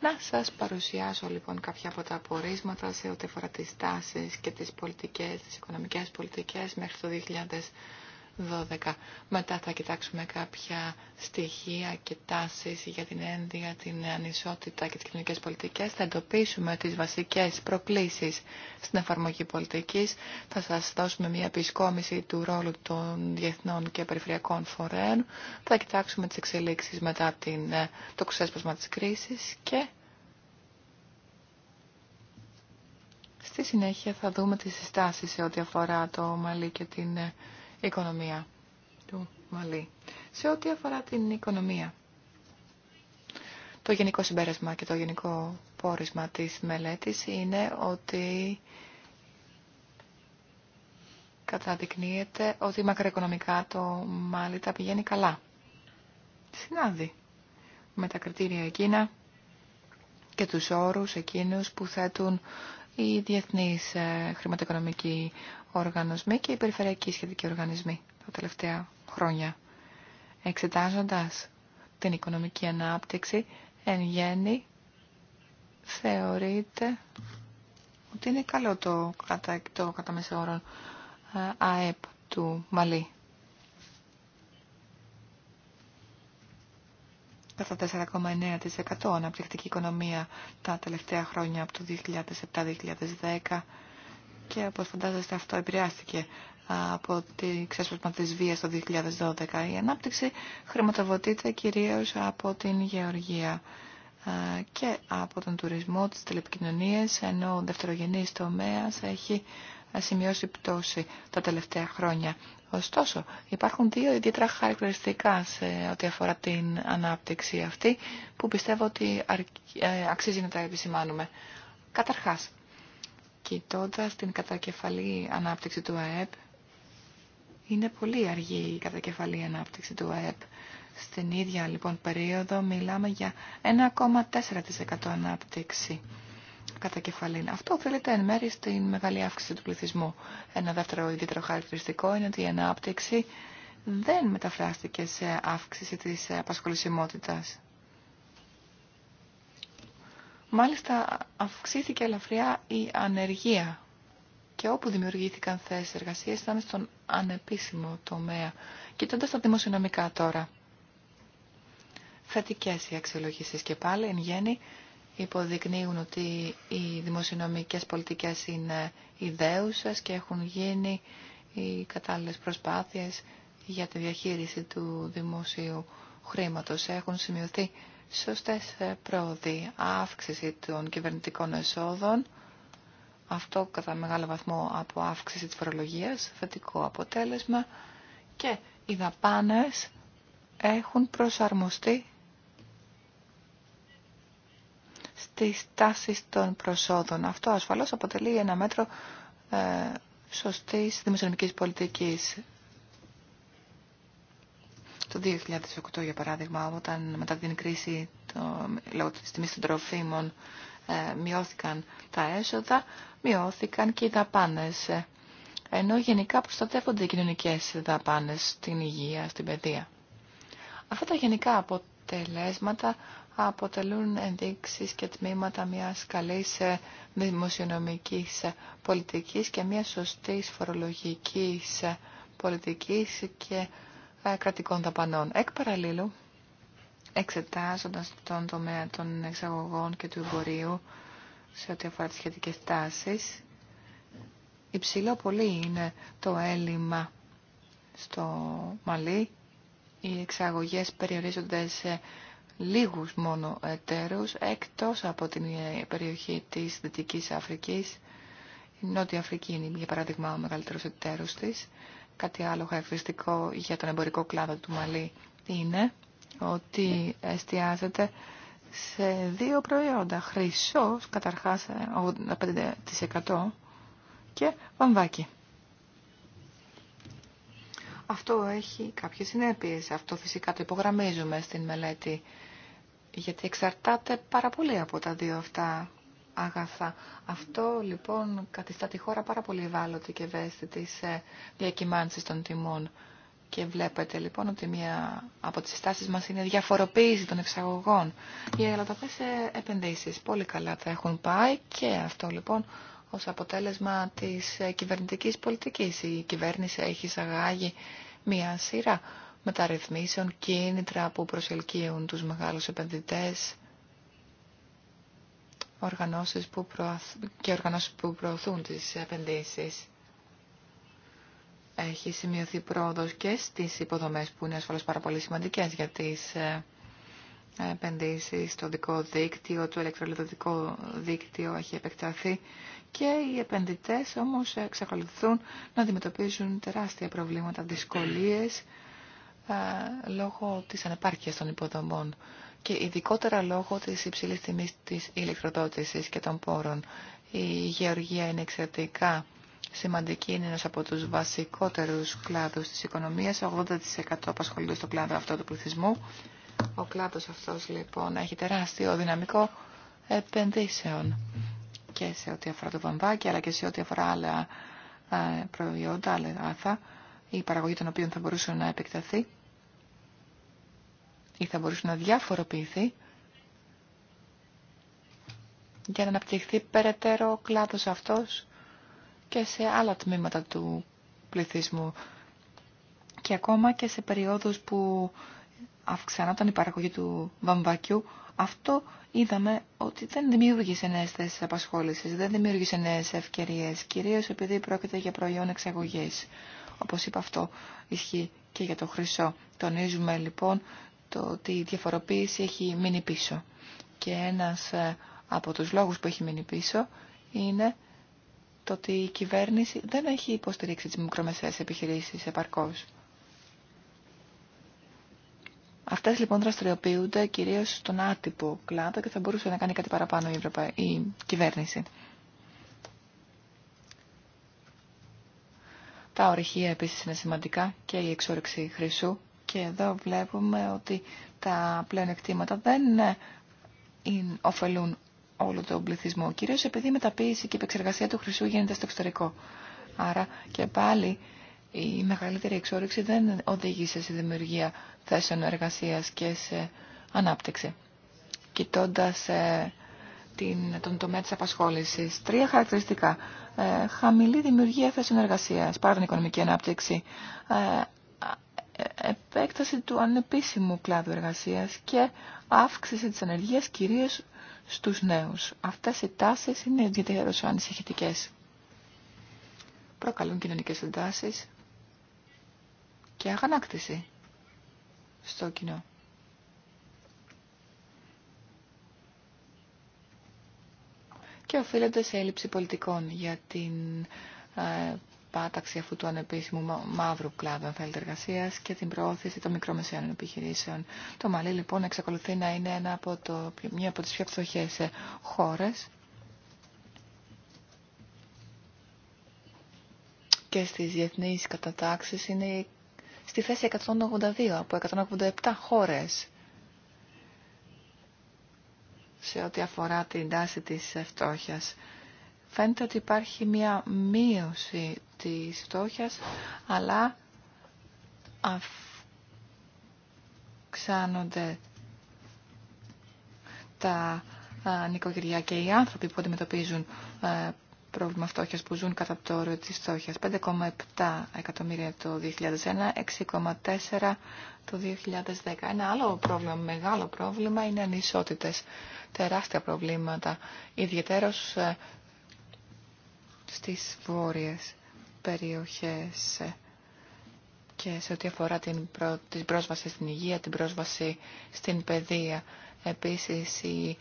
Να σας παρουσιάσω λοιπόν κάποια από τα απορίσματα σε ό,τι αφορά τις τάσεις και τις πολιτικές, τις οικονομικές πολιτικές μέχρι το 12. Μετά θα κοιτάξουμε κάποια στοιχεία και τάσεις για την ένδυα, την ανισότητα και τις κοινωνικές πολιτικές. Θα εντοπίσουμε τις βασικές προκλήσεις στην εφαρμογή πολιτικής. Θα σας δώσουμε μια επισκόμιση του ρόλου των διεθνών και περιφερειακών φορέων. Θα κοιτάξουμε τις εξελίξεις μετά την, ε, το ξέσπασμα της κρίσης και... Στη συνέχεια θα δούμε τις συστάσεις σε ό,τι αφορά το ΟΜΑΛΗ και την ε, οικονομία του Μαλή. Σε ό,τι αφορά την οικονομία, το γενικό συμπέρασμα και το γενικό πόρισμα της μελέτης είναι ότι καταδεικνύεται ότι μακροοικονομικά το Μαλή τα πηγαίνει καλά. Συνάδει με τα κριτήρια εκείνα και τους όρους εκείνους που θέτουν οι διεθνείς ε, χρηματοοικονομικοί οργανισμοί και οι περιφερειακοί σχετικοί οργανισμοί τα τελευταία χρόνια. Εξετάζοντας την οικονομική ανάπτυξη, εν γέννη θεωρείται ότι είναι καλό το κατά, το κατά ε, ΑΕΠ του Μαλή. Κατά 4,9% αναπτυχτική οικονομία τα τελευταία χρόνια από το 2007-2010 και όπως φαντάζεστε αυτό επηρεάστηκε από τη ξέσπασμα της βίας το 2012. Η ανάπτυξη χρηματοδοτείται κυρίως από την γεωργία και από τον τουρισμό, τις τηλεπικοινωνίες, ενώ ο δευτερογενής τομέας έχει σημειώσει πτώση τα τελευταία χρόνια. Ωστόσο, υπάρχουν δύο ιδιαίτερα χαρακτηριστικά σε ό,τι αφορά την ανάπτυξη αυτή, που πιστεύω ότι ε, αξίζει να τα επισημάνουμε. Καταρχάς, κοιτώντας την κατακεφαλή ανάπτυξη του ΑΕΠ, είναι πολύ αργή η κατακεφαλή ανάπτυξη του ΑΕΠ. Στην ίδια λοιπόν περίοδο μιλάμε για 1,4% ανάπτυξη κατακεφαλή. Αυτό οφείλεται εν μέρη στην μεγάλη αύξηση του πληθυσμού. Ένα δεύτερο ιδιαίτερο χαρακτηριστικό είναι ότι η ανάπτυξη δεν μεταφράστηκε σε αύξηση της απασχολησιμότητας. Μάλιστα αυξήθηκε ελαφριά η ανεργία και όπου δημιουργήθηκαν θέσεις εργασίας ήταν στον ανεπίσημο τομέα. Κοιτώντας τα δημοσιονομικά τώρα, θετικές οι αξιολογήσεις και πάλι εν γέννη υποδεικνύουν ότι οι δημοσιονομικές πολιτικές είναι ιδέουσες και έχουν γίνει οι κατάλληλες προσπάθειες για τη διαχείριση του δημοσίου χρήματος. Έχουν σημειωθεί σωστές ε, πρόοδοι, αύξηση των κυβερνητικών εσόδων, αυτό κατά μεγάλο βαθμό από αύξηση της φορολογίας, θετικό αποτέλεσμα και οι δαπάνες έχουν προσαρμοστεί στις τάσεις των προσόδων. Αυτό ασφαλώς αποτελεί ένα μέτρο ε, σωστής δημοσιονομικής πολιτικής. Το 2008, για παράδειγμα, όταν μετά την κρίση το, λόγω της τιμής των τροφίμων ε, μειώθηκαν τα έσοδα, μειώθηκαν και οι δαπάνες. Ενώ γενικά προστατεύονται οι κοινωνικές δαπάνες στην υγεία, στην παιδεία. Αυτά τα γενικά αποτελέσματα αποτελούν ενδείξεις και τμήματα μιας καλής δημοσιονομικής πολιτικής και μιας σωστή φορολογικής πολιτικής και ε, κρατικών δαπανών. Εκ παραλλήλου, εξετάζοντας τον τομέα των εξαγωγών και του εμπορίου σε ό,τι αφορά τις σχετικές τάσεις, υψηλό πολύ είναι το έλλειμμα στο Μαλί. Οι εξαγωγές περιορίζονται σε λίγους μόνο εταίρους, εκτός από την ε, περιοχή της Δυτικής Αφρικής. Η Νότια Αφρική είναι, για παράδειγμα, ο μεγαλύτερος εταίρος της. Κάτι άλλο χαρακτηριστικό για τον εμπορικό κλάδο του Μαλή είναι ότι εστιάζεται σε δύο προϊόντα. Χρυσό καταρχάς 85% ε, και βαμβάκι. Αυτό έχει κάποιες συνέπειες. Αυτό φυσικά το υπογραμμίζουμε στην μελέτη, γιατί εξαρτάται πάρα πολύ από τα δύο αυτά αγαθά. Αυτό λοιπόν καθιστά τη χώρα πάρα πολύ ευάλωτη και ευαίσθητη σε διακυμάνσεις των τιμών. Και βλέπετε λοιπόν ότι μία από τις συστάσεις μας είναι διαφοροποίηση των εξαγωγών. Οι σε επενδύσεις πολύ καλά θα έχουν πάει και αυτό λοιπόν ως αποτέλεσμα της κυβερνητικής πολιτικής. Η κυβέρνηση έχει εισαγάγει μία σειρά μεταρρυθμίσεων, κίνητρα που προσελκύουν τους μεγάλους επενδυτές οργανώσεις που και οργανώσεις που προωθούν τις επενδύσεις. Έχει σημειωθεί πρόοδος και στις υποδομές που είναι ασφαλώς πάρα πολύ σημαντικές για τις ε, επενδύσεις στο δικό δίκτυο, το ηλεκτρολιδωτικό δίκτυο έχει επεκταθεί και οι επενδυτές όμως εξακολουθούν να αντιμετωπίζουν τεράστια προβλήματα, δυσκολίες ε, λόγω της ανεπάρκειας των υποδομών και ειδικότερα λόγω της υψηλής τιμής της ηλεκτροδότησης και των πόρων. Η γεωργία είναι εξαιρετικά σημαντική, είναι ένας από τους βασικότερους κλάδους της οικονομίας, 80% απασχολείται στο κλάδο αυτό του πληθυσμού. Ο κλάδος αυτός λοιπόν έχει τεράστιο δυναμικό επενδύσεων και σε ό,τι αφορά το βαμβάκι αλλά και σε ό,τι αφορά άλλα ε, προϊόντα, άλλα η παραγωγή των οποίων θα μπορούσε να επεκταθεί ή θα μπορούσε να διαφοροποιηθεί για να αναπτυχθεί περαιτέρω ο κλάδος αυτός και σε άλλα τμήματα του πληθυσμού και ακόμα και σε περιόδους που αυξανόταν η παραγωγή του βαμβακιού αυτό είδαμε ότι δεν δημιούργησε νέες θέσεις απασχόλησης, δεν δημιούργησε νέες ευκαιρίες, κυρίως επειδή πρόκειται για προϊόν εξαγωγής. Όπως είπα αυτό ισχύει και για το χρυσό. Τονίζουμε λοιπόν το ότι η διαφοροποίηση έχει μείνει πίσω. Και ένας ε, από τους λόγους που έχει μείνει πίσω είναι το ότι η κυβέρνηση δεν έχει υποστηρίξει τις μικρομεσαίες επιχειρήσεις επαρκώς. Αυτές λοιπόν δραστηριοποιούνται κυρίως στον άτυπο κλάδο και θα μπορούσε να κάνει κάτι παραπάνω η, κυβέρνηση. Τα ορυχεία επίσης είναι σημαντικά και η εξόρυξη χρυσού και εδώ βλέπουμε ότι τα πλεονεκτήματα δεν ε, ωφελούν όλο τον πληθυσμό, κυρίως επειδή η μεταποίηση και η επεξεργασία του χρυσού γίνεται στο εξωτερικό. Άρα και πάλι η μεγαλύτερη εξόριξη δεν οδήγησε σε δημιουργία θέσεων εργασίας και σε ανάπτυξη. Κοιτώντας ε, την, τον τομέα της απασχόλησης, τρία χαρακτηριστικά. Ε, χαμηλή δημιουργία θέσεων εργασίας, παρά την οικονομική ανάπτυξη, επέκταση του ανεπίσημου κλάδου εργασίας και αύξηση της ανεργίας κυρίως στους νέους. Αυτές οι τάσεις είναι ιδιαίτερα ανησυχητικέ. Προκαλούν κοινωνικές εντάσεις και αγανάκτηση στο κοινό. και οφείλονται σε έλλειψη πολιτικών για την ε, πάταξη αυτού του ανεπίσημου μαύρου κλάδου αν θέλετε, εργασία και την προώθηση των μικρομεσαίων επιχειρήσεων. Το Μαλί λοιπόν εξακολουθεί να είναι ένα από το, μία από τις πιο φτωχές ε, χώρες και στις διεθνείς κατατάξεις είναι στη θέση 182 από 187 χώρες σε ό,τι αφορά την τάση της φτώχειας. Φαίνεται ότι υπάρχει μία μείωση της φτώχειας, αλλά αυξάνονται τα νοικοκυριά και οι άνθρωποι που αντιμετωπίζουν ε, πρόβλημα φτώχεια που ζουν κατά το όριο της φτώχειας. 5,7 εκατομμύρια το 2001, 6,4 το 2010. Ένα άλλο πρόβλημα, μεγάλο πρόβλημα είναι ανισότητες. Τεράστια προβλήματα, ιδιαίτερως ε, στις βόρειες περιοχές και σε ό,τι αφορά την, προ... πρόσβαση στην υγεία, την πρόσβαση στην παιδεία. Επίσης η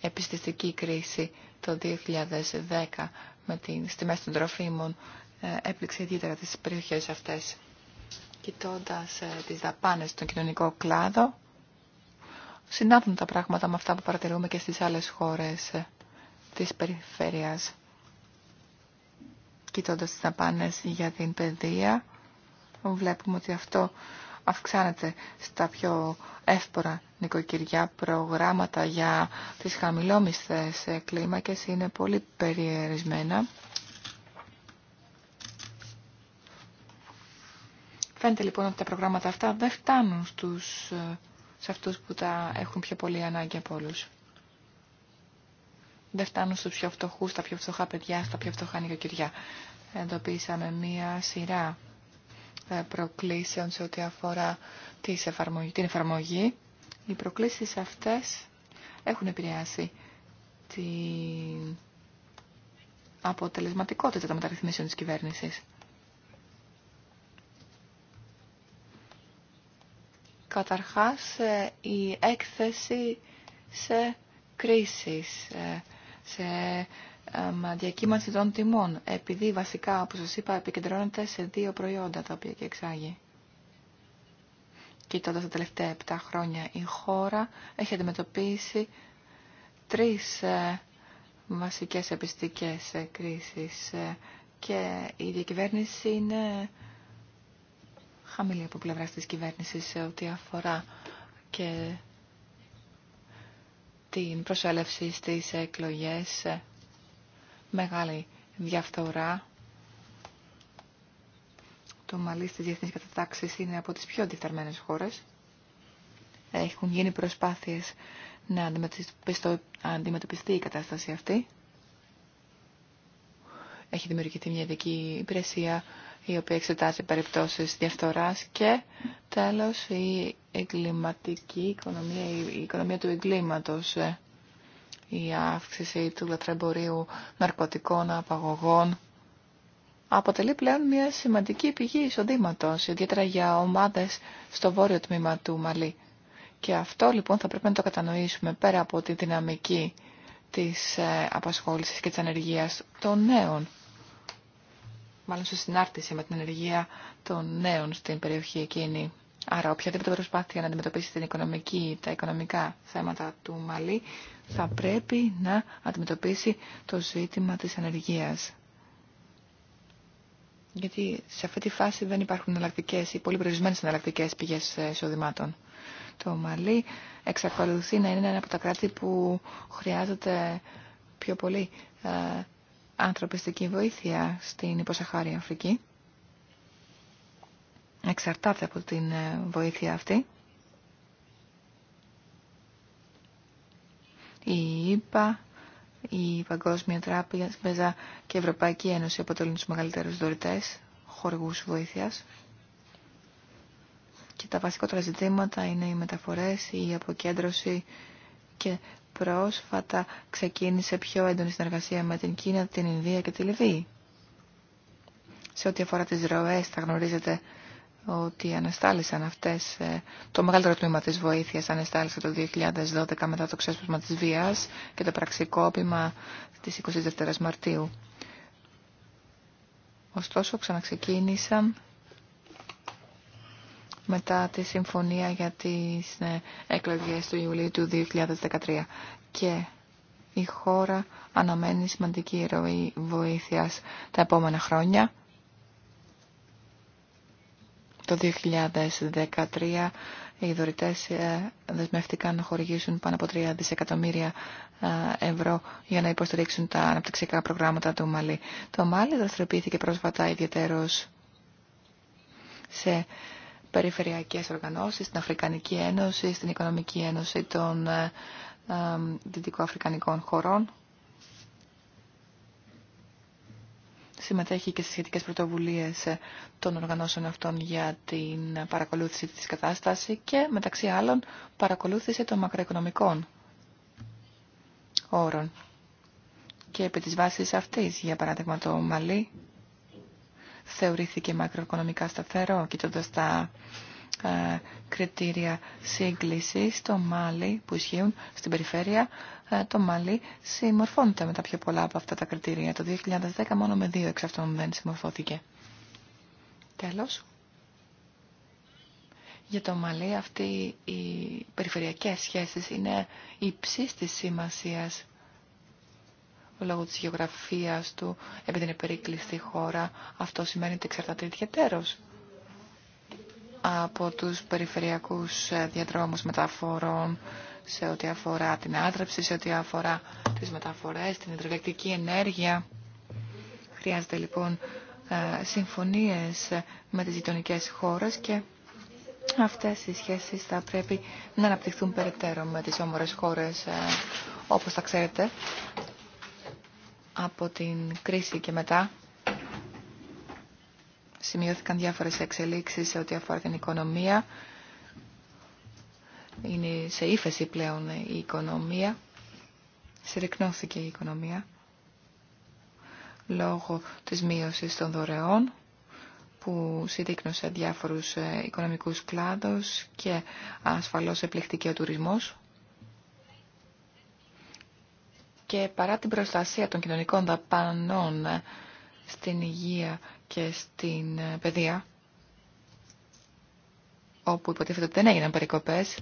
επιστηστική κρίση το 2010 με την, στη μέση των τροφίμων ε, έπληξε ιδιαίτερα τις περιοχές αυτές. Κοιτώντας ε, τις δαπάνες στον κοινωνικό κλάδο, συνάδουν τα πράγματα με αυτά που παρατηρούμε και στις άλλες χώρες ε, της περιφέρειας κοιτώντας τις απάνες για την παιδεία. Βλέπουμε ότι αυτό αυξάνεται στα πιο εύπορα νοικοκυριά προγράμματα για τις χαμηλόμισθες κλίμακες είναι πολύ περιερισμένα. Φαίνεται λοιπόν ότι τα προγράμματα αυτά δεν φτάνουν στους, σε αυτούς που τα έχουν πιο πολύ ανάγκη από όλους δεν φτάνουν στους πιο φτωχούς, στα πιο φτωχά παιδιά, στα πιο φτωχά νοικοκυριά. Εντοπίσαμε μία σειρά ε, προκλήσεων σε ό,τι αφορά την εφαρμογή. Οι προκλήσεις αυτές έχουν επηρεάσει την αποτελεσματικότητα των μεταρρυθμίσεων της κυβέρνησης. Καταρχάς, ε, η έκθεση σε κρίσεις ε, σε διακύμανση των τιμών, επειδή βασικά, όπως σας είπα, επικεντρώνεται σε δύο προϊόντα τα οποία και εξάγει. Κοιτώντα τα τελευταία 7 χρόνια, η χώρα έχει αντιμετωπίσει τρεις ε, βασικές επιστικές ε, κρίσεις ε, και η διακυβέρνηση είναι χαμηλή από πλευράς της κυβέρνησης σε ό,τι αφορά και την προσέλευση στις εκλογές μεγάλη διαφθορά. Το Μαλί στις διεθνείς κατατάξεις είναι από τις πιο διεφθαρμένες χώρες. Έχουν γίνει προσπάθειες να αντιμετωπιστεί η κατάσταση αυτή. Έχει δημιουργηθεί μια ειδική υπηρεσία η οποία εξετάζει περιπτώσεις διαφθοράς και τέλος η εγκληματική οικονομία, η οικονομία του εγκλήματος, ε, η αύξηση του λατρεμπορίου ναρκωτικών απαγωγών αποτελεί πλέον μια σημαντική πηγή εισοδήματος, ιδιαίτερα για ομάδες στο βόρειο τμήμα του Μαλή. Και αυτό λοιπόν θα πρέπει να το κατανοήσουμε πέρα από τη δυναμική της ε, απασχόλησης και της ανεργίας των νέων μάλλον σε συνάρτηση με την ενεργεία των νέων στην περιοχή εκείνη. Άρα οποιαδήποτε προσπάθεια να αντιμετωπίσει την οικονομική, τα οικονομικά θέματα του Μαλή θα πρέπει να αντιμετωπίσει το ζήτημα της ενεργείας. Γιατί σε αυτή τη φάση δεν υπάρχουν εναλλακτικέ ή πολύ περιορισμένε εναλλακτικέ πηγέ εισοδημάτων. Το Μαλί εξακολουθεί να είναι ένα από τα κράτη που χρειάζεται πιο πολύ ε, ανθρωπιστική βοήθεια στην υποσαχάρια Αφρική. Εξαρτάται από την ε, βοήθεια αυτή. Η ΙΠΑ, η Παγκόσμια Τράπεζα και η Ευρωπαϊκή Ένωση αποτελούν τους μεγαλύτερους δωρητές, χορηγούς βοήθειας. Και τα βασικότερα ζητήματα είναι οι μεταφορές, η αποκέντρωση και πρόσφατα ξεκίνησε πιο έντονη συνεργασία με την Κίνα, την Ινδία και τη Λιβύη. Σε ό,τι αφορά τις ροές, θα γνωρίζετε ότι αναστάλησαν αυτές, ε, το μεγαλύτερο τμήμα της βοήθειας ανεστάλησε το 2012 μετά το ξέσπασμα της βίας και το πραξικόπημα της 22 Μαρτίου. Ωστόσο, ξαναξεκίνησαν μετά τη συμφωνία για τις ε, εκλογές του Ιουλίου του 2013 και η χώρα αναμένει σημαντική ροή βοήθειας τα επόμενα χρόνια. Το 2013 οι δωρητές ε, δεσμευτήκαν να χορηγήσουν πάνω από 3 δισεκατομμύρια ε, ευρώ για να υποστηρίξουν τα αναπτυξικά προγράμματα του Μαλή. Το Μαλή δραστηριοποιήθηκε πρόσφατα ιδιαίτερος σε περιφερειακές οργανώσεις, την Αφρικανική Ένωση, στην Οικονομική Ένωση των ε, ε, Δυτικοαφρικανικών χωρών. Συμμετέχει και στις σχετικές πρωτοβουλίες ε, των οργανώσεων αυτών για την παρακολούθηση της κατάστασης και μεταξύ άλλων παρακολούθηση των μακροοικονομικών όρων. Και επί της βάσης αυτής, για παράδειγμα το Μαλί, θεωρήθηκε μακροοικονομικά σταθερό, κοιτώντα τα ε, κριτήρια σύγκληση το Μάλι που ισχύουν στην περιφέρεια. Ε, το Μάλι συμμορφώνεται με τα πιο πολλά από αυτά τα κριτήρια. Το 2010 μόνο με δύο εξ αυτών δεν συμμορφώθηκε. Τέλος. Για το Μαλί αυτοί οι περιφερειακές σχέσεις είναι υψής της σημασίας λόγω της γεωγραφίας του, επειδή είναι περίκλειστη χώρα, αυτό σημαίνει ότι εξαρτάται ιδιαιτέρως από τους περιφερειακούς ε, διαδρόμους μεταφορών σε ό,τι αφορά την άντρεψη, σε ό,τι αφορά τις μεταφορές, την υδρολεκτική ενέργεια. Χρειάζεται λοιπόν ε, συμφωνίες με τις γειτονικέ χώρες και αυτές οι σχέσεις θα πρέπει να αναπτυχθούν περαιτέρω με τις όμορες χώρες ε, όπως τα ξέρετε από την κρίση και μετά σημειώθηκαν διάφορες εξελίξεις σε ό,τι αφορά την οικονομία. Είναι σε ύφεση πλέον η οικονομία. Συρρυκνώθηκε η οικονομία λόγω της μείωσης των δωρεών που συνδείκνωσε διάφορους ε, οικονομικούς κλάδους και ασφαλώς επληκτική ο τουρισμός. και παρά την προστασία των κοινωνικών δαπανών στην υγεία και στην ε, παιδεία, όπου υποτίθεται ότι δεν έγιναν περικοπές,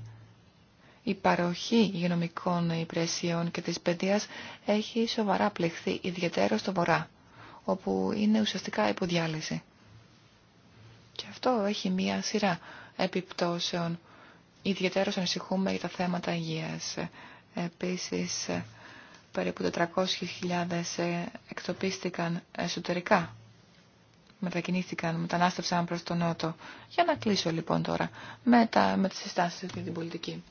η παροχή υγειονομικών υπηρεσιών και της παιδείας έχει σοβαρά πληχθεί, ιδιαίτερο στο βορρά, όπου είναι ουσιαστικά υποδιάλυση. Και αυτό έχει μία σειρά επιπτώσεων. ιδιαίτερο ανησυχούμε για τα θέματα υγείας. Επίσης, περίπου 400.000 ε, εκτοπίστηκαν εσωτερικά. Μετακινήθηκαν, μετανάστευσαν προς τον Νότο. Για να κλείσω λοιπόν τώρα με, τα, με τις συστάσεις για την πολιτική.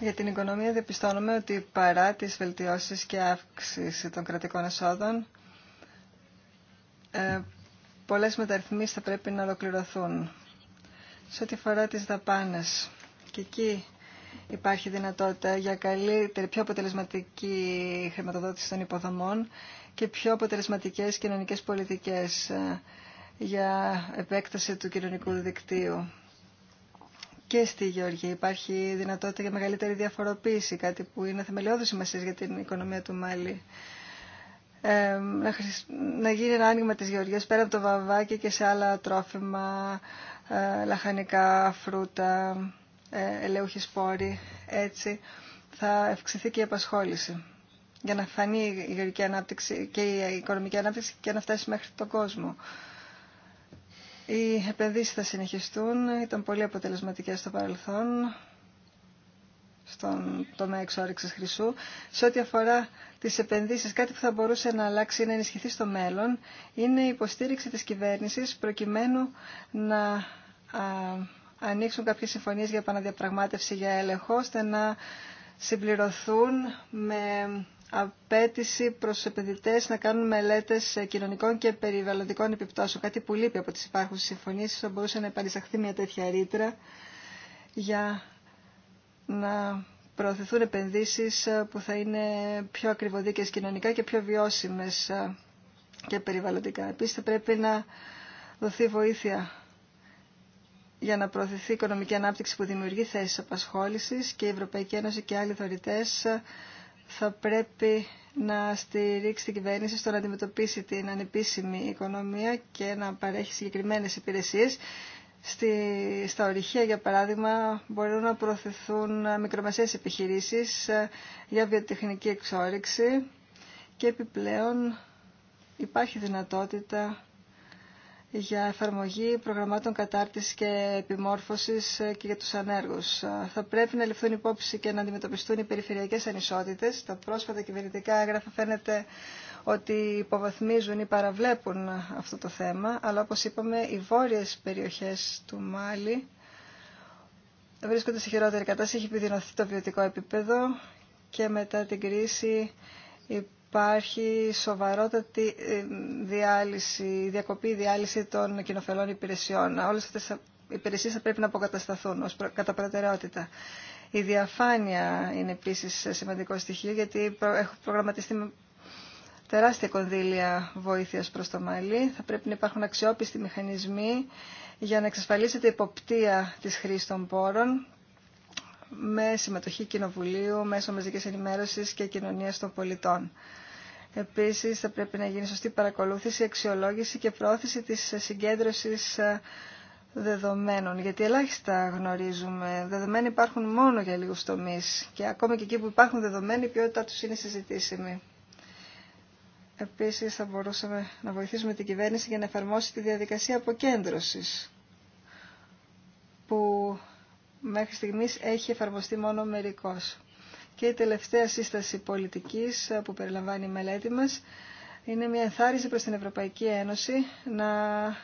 Για την οικονομία διαπιστώνουμε ότι παρά τις βελτιώσεις και αύξηση των κρατικών εσόδων, ε, πολλές μεταρρυθμίσεις θα πρέπει να ολοκληρωθούν. Σε ό,τι αφορά τις δαπάνες, και εκεί υπάρχει δυνατότητα για καλύτερη, πιο αποτελεσματική χρηματοδότηση των υποδομών και πιο αποτελεσματικές κοινωνικές πολιτικές ε, για επέκταση του κοινωνικού δικτύου. Και στη Γεωργία υπάρχει δυνατότητα για μεγαλύτερη διαφοροποίηση, κάτι που είναι θεμελιώδη σημασία για την οικονομία του Μάλι. Ε, να, γίνει ένα άνοιγμα της γεωργίας πέρα από το βαβάκι και σε άλλα τρόφιμα, ε, λαχανικά, φρούτα, ε, ελαιούχοι σπόροι. Έτσι θα αυξηθεί και η απασχόληση για να φανεί η γεωρική ανάπτυξη και η οικονομική ανάπτυξη και να φτάσει μέχρι τον κόσμο. Οι επενδύσεις θα συνεχιστούν, ήταν πολύ αποτελεσματικές στο παρελθόν στον τομέα εξόρυξη χρυσού. Σε ό,τι αφορά τι επενδύσει, κάτι που θα μπορούσε να αλλάξει ή να ενισχυθεί στο μέλλον είναι η υποστήριξη τη κυβέρνηση προκειμένου να ανοίξουν κάποιες συμφωνίες για επαναδιαπραγμάτευση για έλεγχο, ώστε να συμπληρωθούν με απέτηση προς τους επενδυτές να κάνουν μελέτες κοινωνικών και περιβαλλοντικών επιπτώσεων. Κάτι που λείπει από τις υπάρχουσες συμφωνίες, θα μπορούσε να επανεισαχθεί μια τέτοια ρήτρα για να προωθηθούν επενδύσεις που θα είναι πιο ακριβοδίκες κοινωνικά και πιο βιώσιμες και περιβαλλοντικά. Επίσης θα πρέπει να δοθεί βοήθεια για να προωθηθεί η οικονομική ανάπτυξη που δημιουργεί θέσεις απασχόλησης και η Ευρωπαϊκή Ένωση και άλλοι δωρητές ε, θα πρέπει να στηρίξει την κυβέρνηση στο να αντιμετωπίσει την ανεπίσημη οικονομία και να παρέχει συγκεκριμένες υπηρεσίες. Στη, στα ορυχεία, για παράδειγμα, μπορούν να προωθηθούν μικρομεσαίες επιχειρήσεις ε, για βιοτεχνική εξόρυξη και επιπλέον υπάρχει δυνατότητα για εφαρμογή προγραμμάτων κατάρτισης και επιμόρφωσης ε, και για τους ανέργους. Ε, θα πρέπει να ληφθούν υπόψη και να αντιμετωπιστούν οι περιφερειακές ανισότητες. Τα πρόσφατα κυβερνητικά έγγραφα φαίνεται ότι υποβαθμίζουν ή παραβλέπουν αυτό το θέμα, αλλά όπως είπαμε οι βόρειες περιοχές του Μάλι βρίσκονται σε χειρότερη κατάσταση, έχει επιδεινωθεί το βιωτικό επίπεδο και μετά την κρίση υπάρχει σοβαρότατη ε, διάλυση, διακοπή διάλυση των κοινοφελών υπηρεσιών. Όλες αυτές οι υπηρεσίες θα πρέπει να αποκατασταθούν ως κατά προτεραιότητα. Η διαφάνεια είναι επίσης σημαντικό στοιχείο γιατί έχω προγραμματιστεί τεράστια κονδύλια βοήθειας προς το Μαλί. Θα πρέπει να υπάρχουν αξιόπιστοι μηχανισμοί για να εξασφαλίσετε υποπτία της χρήσης των πόρων με συμμετοχή Κοινοβουλίου, μέσω μαζική ενημέρωση και κοινωνία των πολιτών. Επίση θα πρέπει να γίνει σωστή παρακολούθηση, αξιολόγηση και πρόθεση τη συγκέντρωση ε, δεδομένων, γιατί ελάχιστα γνωρίζουμε. Δεδομένα υπάρχουν μόνο για λίγου τομεί και ακόμα και εκεί που υπάρχουν δεδομένα η ποιότητά του είναι συζητήσιμη. Επίση θα μπορούσαμε να βοηθήσουμε την κυβέρνηση για να εφαρμόσει τη διαδικασία αποκέντρωση μέχρι στιγμής έχει εφαρμοστεί μόνο μερικώς. Και η τελευταία σύσταση πολιτικής ε, που περιλαμβάνει η μελέτη μας είναι μια ενθάρρυνση προς την Ευρωπαϊκή Ένωση να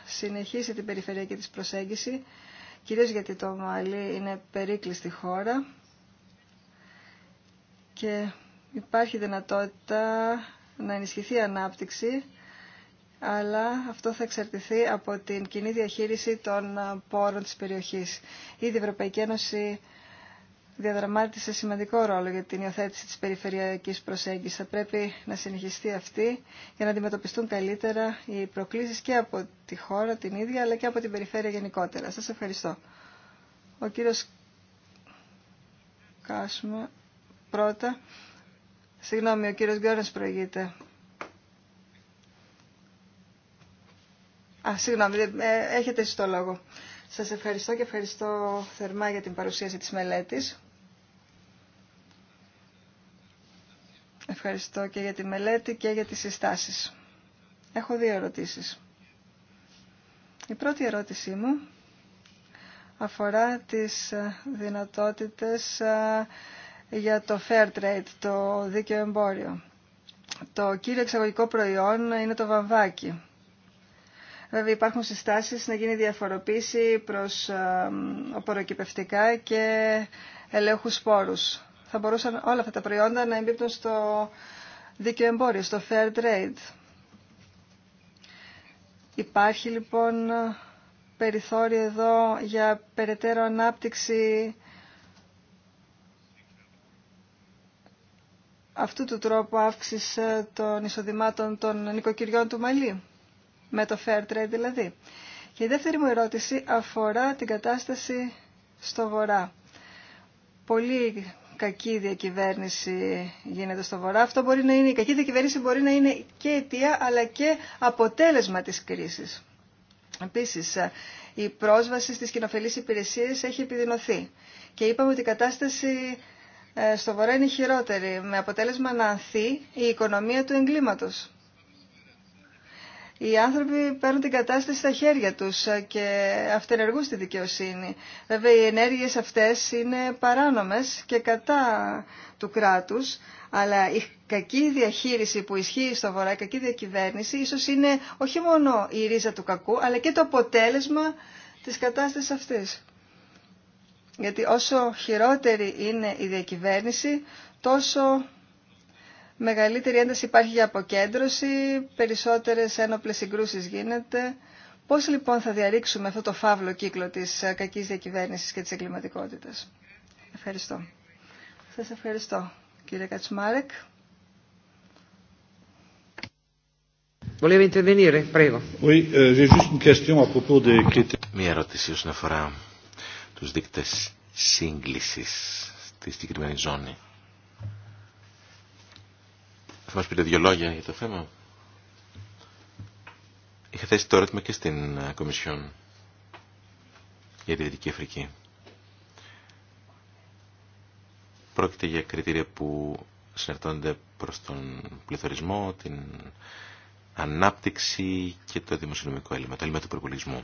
συνεχίσει την περιφερειακή της προσέγγιση, κυρίως γιατί το Μαλί είναι περίκλειστη χώρα και υπάρχει δυνατότητα να ενισχυθεί η ανάπτυξη αλλά αυτό θα εξαρτηθεί από την κοινή διαχείριση των ε, πόρων της περιοχής. Ήδη η Ευρωπαϊκή Ένωση διαδραμάτισε σημαντικό ρόλο για την υιοθέτηση της περιφερειακής προσέγγισης. Θα πρέπει να συνεχιστεί αυτή για να αντιμετωπιστούν καλύτερα οι προκλήσεις και από τη χώρα την ίδια, αλλά και από την περιφέρεια γενικότερα. Σας ευχαριστώ. Ο κύριος Κάσμα πρώτα. Συγγνώμη, ο κύριος προηγείται. Α, συγγνώμη, ε, έχετε εσείς το λόγο. Σας ευχαριστώ και ευχαριστώ θερμά για την παρουσίαση της μελέτης. Ευχαριστώ και για τη μελέτη και για τις συστάσεις. Έχω δύο ερωτήσεις. Η πρώτη ερώτησή μου αφορά τις δυνατότητες ε, για το fair trade, το δίκαιο εμπόριο. Το κύριο εξαγωγικό προϊόν είναι το βαμβάκι. Βέβαια υπάρχουν συστάσεις να γίνει διαφοροποίηση προς ε, οποροκυπευτικά και ελέγχους σπόρους. Θα μπορούσαν όλα αυτά τα προϊόντα να εμπίπτουν στο δίκαιο εμπόριο, στο fair trade. Υπάρχει λοιπόν περιθώριο εδώ για περαιτέρω ανάπτυξη αυτού του τρόπου αύξηση ε, των εισοδημάτων των νοικοκυριών του Μαλή με το fair trade δηλαδή. Και η δεύτερη μου ερώτηση αφορά την κατάσταση στο Βορρά. Πολύ κακή διακυβέρνηση γίνεται στο Βορρά. Αυτό μπορεί να είναι, η κακή διακυβέρνηση μπορεί να είναι και αιτία αλλά και αποτέλεσμα της κρίσης. Επίσης, η πρόσβαση στις κοινοφελείς υπηρεσίες έχει επιδεινωθεί. Και είπαμε ότι η κατάσταση ε, στο Βορρά είναι χειρότερη, με αποτέλεσμα να ανθεί η οικονομία του εγκλήματος οι άνθρωποι παίρνουν την κατάσταση στα χέρια τους και αυτενεργούν στη δικαιοσύνη. Βέβαια οι ενέργειες αυτές είναι παράνομες και κατά του κράτους, αλλά η κακή διαχείριση που ισχύει στο Βορρά, η κακή διακυβέρνηση, ίσως είναι όχι μόνο η ρίζα του κακού, αλλά και το αποτέλεσμα της κατάστασης αυτής. Γιατί όσο χειρότερη είναι η διακυβέρνηση, τόσο μεγαλύτερη ένταση υπάρχει για αποκέντρωση, περισσότερες ένοπλες συγκρούσεις γίνεται. Πώς λοιπόν θα διαρρήξουμε αυτό το φαύλο κύκλο της ε, κακής διακυβέρνησης και της εγκληματικότητα. Ευχαριστώ. Σας ευχαριστώ κύριε Κατσμάρεκ.
Euh,
Μία ερώτηση όσον αφορά τους δείκτες σύγκλησης στη συγκεκριμένη ζώνη. Θα μας πείτε δύο λόγια για το θέμα. Είχα θέσει το ερώτημα και στην ε, Κομισιόν για τη Δυτική Αφρική. Πρόκειται για κριτήρια που συναρτώνται προς τον πληθωρισμό, την ανάπτυξη και το δημοσιονομικό έλλειμμα, το έλλειμμα του προπολισμού.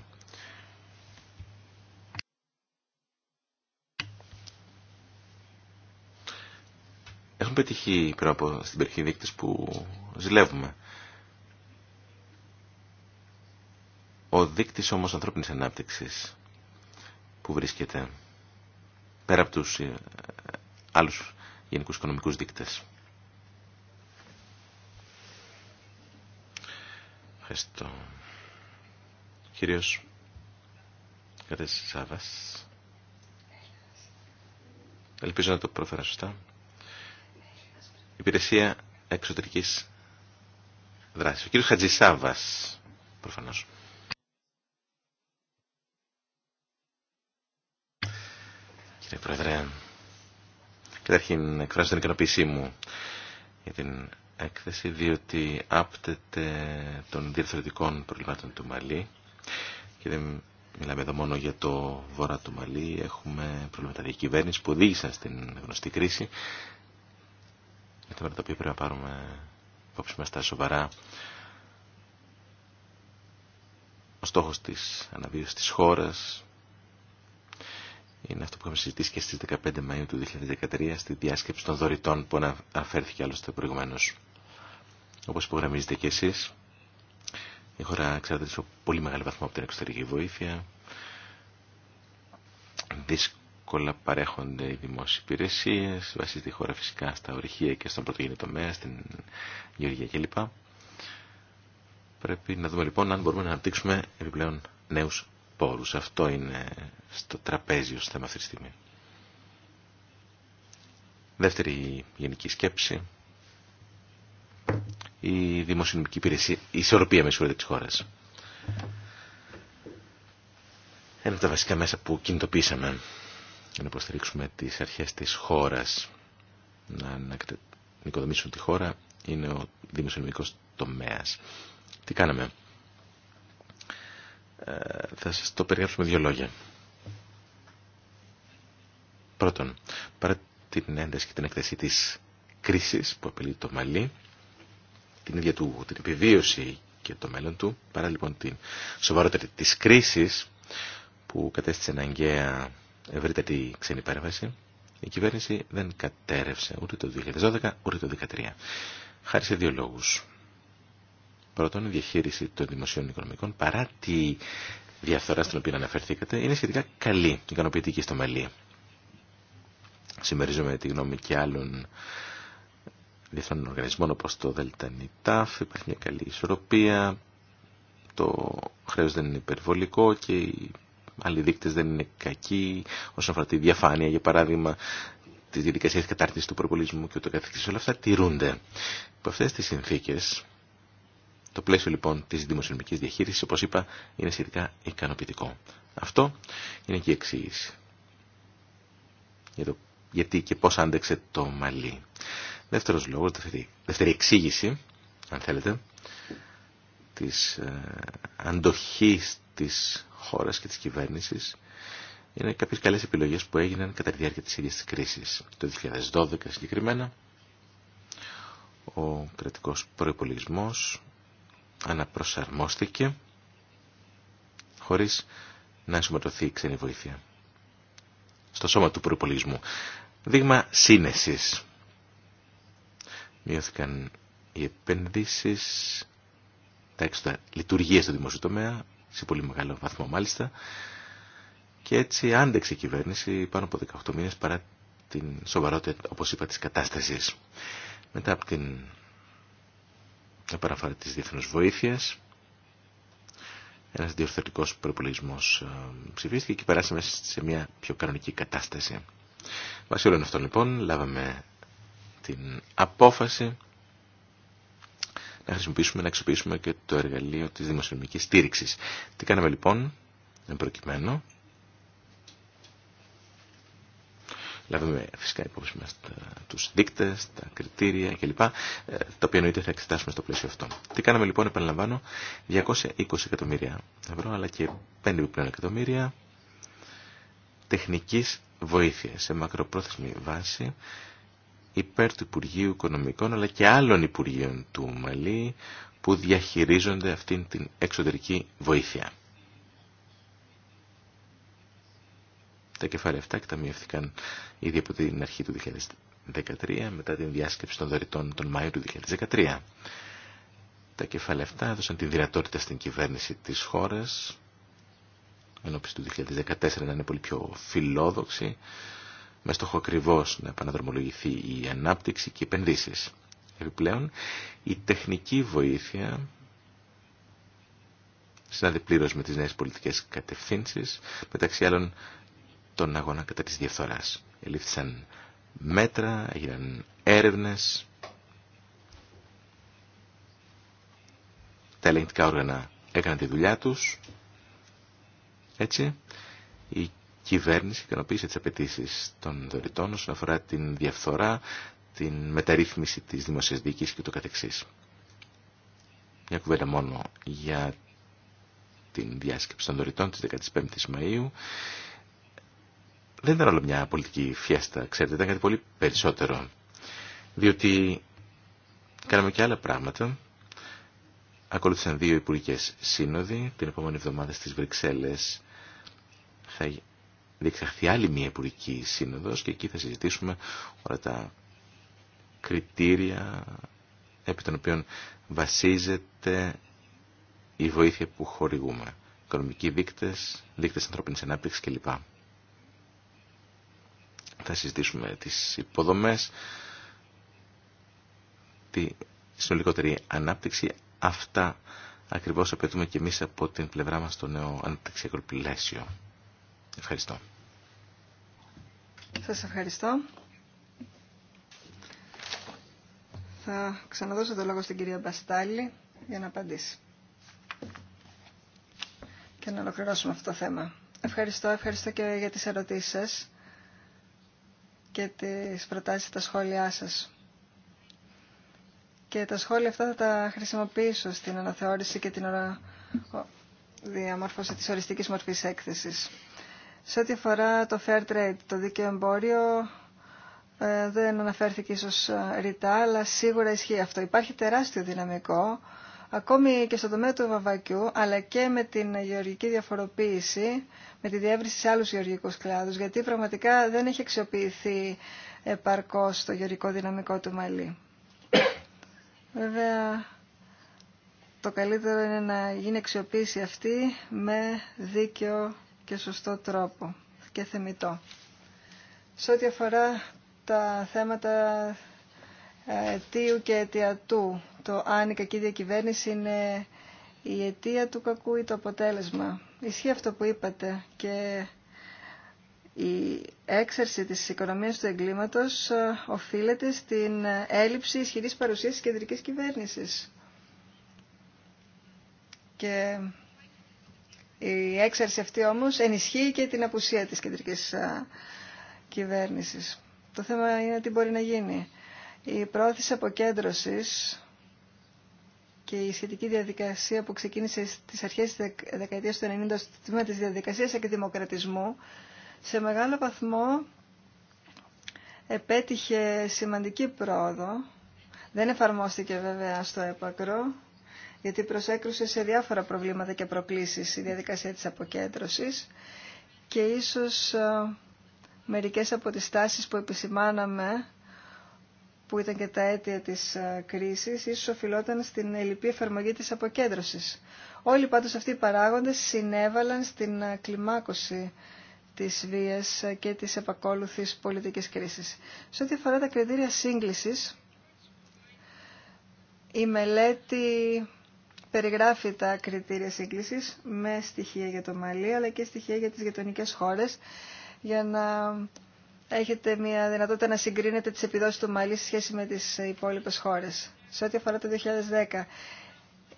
έχουν πετύχει πριν από στην περιοχή που ζηλεύουμε. Ο δείκτης όμως ανθρώπινης ανάπτυξης που βρίσκεται πέρα από τους ε, άλλους γενικούς οικονομικούς δείκτες. Ευχαριστώ. Κύριος Κατέσης Ελπίζω να το πρόφερα σωστά. Υπηρεσία Εξωτερικής Δράσης. Ο κύριος Χατζησάβας, προφανώς. Κύριε Πρόεδρε, καταρχήν εκφράζω την ικανοποίησή μου για την έκθεση, διότι άπτεται των διευθυντικών προβλημάτων του Μαλή και δεν μιλάμε εδώ μόνο για το βόρα του Μαλή, έχουμε προβλήματα διακυβέρνηση που οδήγησαν στην γνωστή κρίση ζητήματα τα οποία πρέπει να πάρουμε υπόψη μας τα σοβαρά. Ο στόχος της αναβίωσης της χώρας είναι αυτό που είχαμε συζητήσει και στις 15 Μαΐου του 2013 στη διάσκεψη των δωρητών που αναφέρθηκε άλλωστε προηγουμένω. Όπως υπογραμμίζετε και εσείς, η χώρα εξαρτάται σε πολύ μεγάλο βαθμό από την εξωτερική βοήθεια εύκολα παρέχονται οι δημόσιες υπηρεσίες, βασίζεται η χώρα φυσικά στα ορυχεία και στον πρωτογενή τομέα, στην γεωργία κλπ. Πρέπει να δούμε λοιπόν αν μπορούμε να αναπτύξουμε επιπλέον νέους πόρους. Αυτό είναι στο τραπέζιο στο θέμα αυτή τη στιγμή. Δεύτερη γενική σκέψη. Η δημοσιονομική υπηρεσία, η ισορροπία με συγχωρείτε της χώρας. Ένα από τα βασικά μέσα που κινητοποίησαμε για να υποστηρίξουμε τις αρχές της χώρας να, να τη χώρα είναι ο δημοσιονομικός τομέας. Τι κάναμε. Ε, θα σας το περιγράψουμε δύο λόγια. Πρώτον, παρά την ένταση και την έκθεση της κρίσης που απειλεί το Μαλί, την ίδια του, την επιβίωση και το μέλλον του, παρά λοιπόν την σοβαρότερη της κρίσης που κατέστησε αναγκαία Ευρύτερη ξένη παρέμβαση, η κυβέρνηση δεν κατέρευσε ούτε το 2012 ούτε το 2013. Χάρη σε δύο λόγους. Πρώτον, η διαχείριση των δημοσίων οικονομικών παρά τη διαφθορά στην οποία αναφερθήκατε είναι σχετικά καλή, ικανοποιητική στο Μαλί. Συμμερίζομαι τη γνώμη και άλλων διεθνών οργανισμών όπως το ΔΕΛΤΑΝΙΤΑΦ, υπάρχει μια καλή ισορροπία, το χρέος δεν είναι υπερβολικό και η Άλλοι δείκτε δεν είναι κακοί όσον αφορά τη διαφάνεια, για παράδειγμα, τη διαδικασία κατάρτιση του προπολισμού και ούτω καθεξή. Όλα αυτά τηρούνται. Υπό αυτέ τι συνθήκε, το πλαίσιο λοιπόν τη δημοσιονομική διαχείριση, όπω είπα, είναι σχετικά ικανοποιητικό. Αυτό είναι και η εξήγηση. γιατί και πώ άντεξε το μαλλί. Δεύτερο λόγο, δεύτερη, δεύτερη εξήγηση, αν θέλετε, τη ε, αντοχής της χώρας και της κυβέρνησης είναι κάποιες καλές επιλογές που έγιναν κατά τη διάρκεια της ίδιας της κρίσης. Το 2012 συγκεκριμένα ο κρατικός προϋπολογισμός αναπροσαρμόστηκε χωρίς να ενσωματωθεί η ξένη βοήθεια στο σώμα του προϋπολογισμού. Δείγμα σύνεσης. Μειώθηκαν οι επενδύσεις, τα έξοδα λειτουργία στο δημόσιο σε πολύ μεγάλο βαθμό μάλιστα. Και έτσι άντεξε η κυβέρνηση πάνω από 18 μήνες παρά την σοβαρότητα, όπως είπα, της κατάστασης. Μετά από την επαναφορά της διεθνούς βοήθειας, ένας διορθωτικός προπολογισμός ε, ψηφίστηκε και περάσαμε σε μια πιο κανονική κατάσταση. Βάσει όλων αυτών λοιπόν λάβαμε την απόφαση να χρησιμοποιήσουμε, να αξιοποιήσουμε και το εργαλείο της δημοσιονομικής στήριξης. Τι κάναμε λοιπόν, εν προκειμένου. Λαβουμε φυσικά υπόψη μας τα, τους δείκτες, τα κριτήρια κλπ. Ε, τα οποία εννοείται θα εξετάσουμε στο πλαίσιο αυτό. Τι κάναμε λοιπόν, επαναλαμβάνω, 220 εκατομμύρια ευρώ αλλά και 5 επιπλέον εκατομμύρια τεχνικής βοήθειας σε μακροπρόθεσμη βάση υπέρ του Υπουργείου Οικονομικών αλλά και άλλων Υπουργείων του Μαλή που διαχειρίζονται αυτήν την εξωτερική βοήθεια. Τα κεφάλαια αυτά εκταμιεύθηκαν ήδη από την αρχή του 2013 μετά την διάσκεψη των δωρητών τον Μάιο του 2013. Τα κεφάλαια αυτά έδωσαν τη δυνατότητα στην κυβέρνηση της χώρας ενώπιση του 2014 να είναι πολύ πιο φιλόδοξη με στόχο ακριβώ να επαναδρομολογηθεί η ανάπτυξη και οι επενδύσεις. Επιπλέον, η τεχνική βοήθεια συνάδει πλήρω με τις νέες πολιτικές κατευθύνσεις, μεταξύ άλλων τον αγώνα κατά της διαφθοράς. Ελήφθησαν μέτρα, έγιναν έρευνες, τα ελεγκτικά όργανα έκαναν τη δουλειά τους, έτσι, η κυβέρνηση ικανοποίησε τις απαιτήσει των δωρητών όσον αφορά την διαφθορά, την μεταρρύθμιση της δημοσίας διοίκησης και το καθεξής. Μια κουβέντα μόνο για την διάσκεψη των δωρητών της 15 η Μαΐου. Δεν ήταν όλο μια πολιτική φιέστα, ξέρετε, ήταν κάτι πολύ περισσότερο. Διότι κάναμε και άλλα πράγματα. Ακολούθησαν δύο υπουργικέ σύνοδοι. Την επόμενη εβδομάδα στις Βρυξέλλες θα διεξαχθεί άλλη μια Υπουργική Σύνοδος και εκεί θα συζητήσουμε όλα τα κριτήρια επί των οποίων βασίζεται η βοήθεια που χορηγούμε. Οικονομικοί δείκτες, δείκτες ανθρώπινης ανάπτυξης κλπ. Θα συζητήσουμε τις υποδομές, τη συνολικότερη ανάπτυξη. Αυτά ακριβώς απαιτούμε και εμείς από την πλευρά μας στο νέο αναπτυξιακό πλαίσιο. Ευχαριστώ.
Σας ευχαριστώ. Θα ξαναδώσω το λόγο στην κυρία Μπαστάλη για να απαντήσει. Και να ολοκληρώσουμε αυτό το θέμα. Ευχαριστώ, ευχαριστώ και για τις ερωτήσεις σας και τις προτάσεις, τα σχόλιά σας. Και τα σχόλια αυτά θα τα χρησιμοποιήσω στην αναθεώρηση και την διαμόρφωση της οριστικής μορφής έκθεσης. Σε ό,τι αφορά το fair trade, το δίκαιο εμπόριο ε, δεν αναφέρθηκε ίσως ε, ρητά, αλλά σίγουρα ισχύει αυτό. Υπάρχει τεράστιο δυναμικό, ακόμη και στο τομέα του βαβακιού, αλλά και με την γεωργική διαφοροποίηση, με τη διεύρυνση σε άλλους γεωργικούς κλάδους, γιατί πραγματικά δεν έχει αξιοποιηθεί επαρκώς το γεωργικό δυναμικό του Μαλή. Βέβαια, το καλύτερο είναι να γίνει αξιοποίηση αυτή με δίκαιο και σωστό τρόπο και θεμητό. Σε ό,τι αφορά τα θέματα ε, αιτίου και αιτιατού, το αν η κακή διακυβέρνηση είναι η αιτία του κακού ή το αποτέλεσμα. Ισχύει αυτό που είπατε και η έξαρση της οικονομίας του εγκλήματος ε, οφείλεται στην έλλειψη ισχυρής παρουσίας της κεντρικής κυβέρνησης. Και η έξαρση αυτή όμως ενισχύει και την απουσία της κεντρικής κυβέρνησης. Το θέμα είναι τι μπορεί να γίνει. Η πρόθεση αποκέντρωσης και η σχετική διαδικασία που ξεκίνησε στις αρχές της δεκαετίας του 90 στο τμήμα της διαδικασίας εκδημοκρατισμού σε μεγάλο βαθμό επέτυχε σημαντική πρόοδο. Δεν εφαρμόστηκε βέβαια στο έπακρο γιατί προσέκρουσε σε διάφορα προβλήματα και προκλήσεις η διαδικασία της αποκέντρωσης και ίσως ε, μερικές από τις τάσεις που επισημάναμε που ήταν και τα αίτια της ε, κρίσης, ίσως οφειλόταν στην ελληπή εφαρμογή της αποκέντρωσης. Όλοι πάντως αυτοί οι παράγοντες συνέβαλαν στην ε, κλιμάκωση της βίας και της επακόλουθης πολιτικής κρίσης. Σε ό,τι αφορά τα κριτήρια σύγκλησης, η μελέτη περιγράφει τα κριτήρια σύγκλησης με στοιχεία για το Μαλί αλλά και στοιχεία για τις γειτονικές χώρες για να έχετε μια δυνατότητα να συγκρίνετε τις επιδόσεις του Μαλί σε σχέση με τις υπόλοιπες χώρες. Σε ό,τι αφορά το 2010,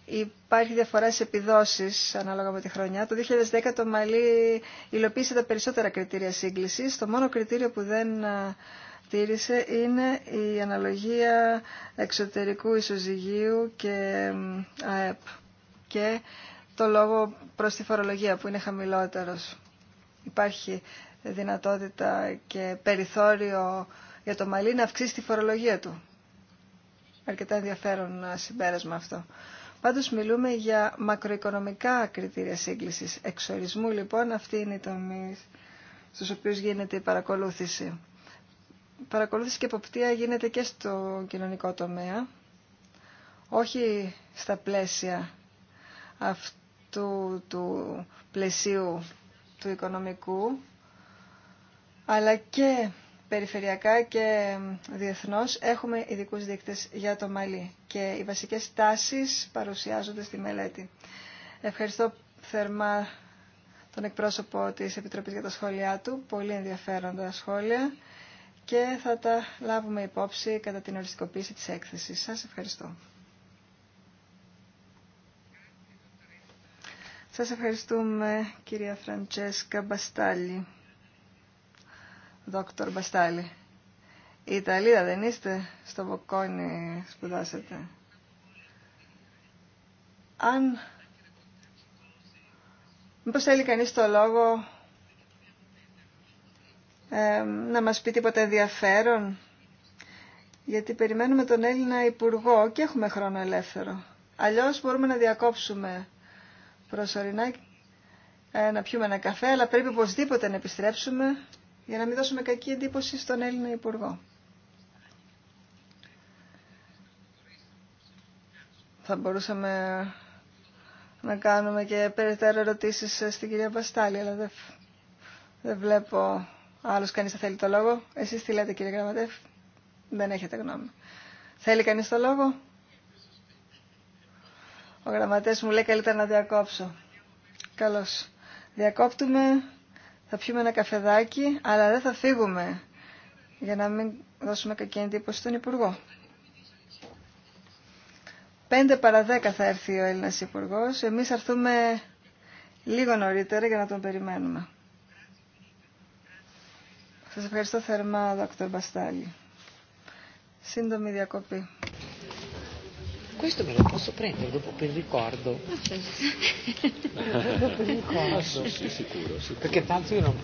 υπάρχει διαφορά στις επιδόσεις ανάλογα με τη χρονιά. Το 2010 το Μαλί υλοποίησε τα περισσότερα κριτήρια σύγκλησης. Το μόνο κριτήριο που δεν είναι η αναλογία εξωτερικού ισοζυγίου και ΑΕΠ και το λόγο προς τη φορολογία που είναι χαμηλότερος. Υπάρχει δυνατότητα και περιθώριο για το μαλλί να αυξήσει τη φορολογία του. Αρκετά ενδιαφέρον ε, συμπέρασμα αυτό. Πάντως μιλούμε για μακροοικονομικά κριτήρια σύγκλησης. Εξορισμού λοιπόν αυτή είναι η τομή στους οποίους γίνεται η παρακολούθηση παρακολούθηση και εποπτεία γίνεται και στο κοινωνικό τομέα, όχι στα πλαίσια αυτού του πλαισίου του οικονομικού, αλλά και περιφερειακά και διεθνώς έχουμε ειδικούς δείκτες για το Μαλί και οι βασικές τάσεις παρουσιάζονται στη μελέτη. Ευχαριστώ θερμά τον εκπρόσωπο της Επιτροπής για τα σχόλιά του, πολύ ενδιαφέροντα σχόλια και θα τα λάβουμε υπόψη κατά την οριστικοποίηση της έκθεσης. Σας ευχαριστώ. Σας ευχαριστούμε κυρία Φραντσέσκα Μπαστάλη. Δόκτωρ Μπαστάλη. Η Ιταλίδα δεν είστε στο Βοκόνι σπουδάσατε. Αν μήπως θέλει κανείς το λόγο ε, να μας πει τίποτα ενδιαφέρον. Γιατί περιμένουμε τον Έλληνα Υπουργό και έχουμε χρόνο ελεύθερο. Αλλιώς μπορούμε να διακόψουμε προσωρινά ε, να πιούμε ένα καφέ, αλλά πρέπει οπωσδήποτε να επιστρέψουμε για να μην δώσουμε κακή εντύπωση στον Έλληνα Υπουργό. Θα μπορούσαμε να κάνουμε και περαιτέρω ερωτήσεις ε, στην κυρία Βαστάλη αλλά δεν βλέπω Άλλος κανεί θα θέλει το λόγο. Εσείς τι λέτε κύριε Γραμματεύ. Δεν έχετε γνώμη. Θέλει κανεί το λόγο. Ο γραμματέα μου λέει καλύτερα να διακόψω. Καλώ. Διακόπτουμε, θα πιούμε ένα καφεδάκι, αλλά δεν θα φύγουμε για να μην δώσουμε κακή εντύπωση στον Υπουργό. Πέντε παρα δέκα θα έρθει ο Έλληνας Υπουργός. Εμείς θα λίγο νωρίτερα για να τον περιμένουμε. Σας ευχαριστώ θερμά, Δόκτωρ Μπαστάλη. Σύντομη διακοπή.
Questo me lo posso prendere dopo per ricordo. per ricordo. Sì, sicuro, sicuro. Perché tanto io non...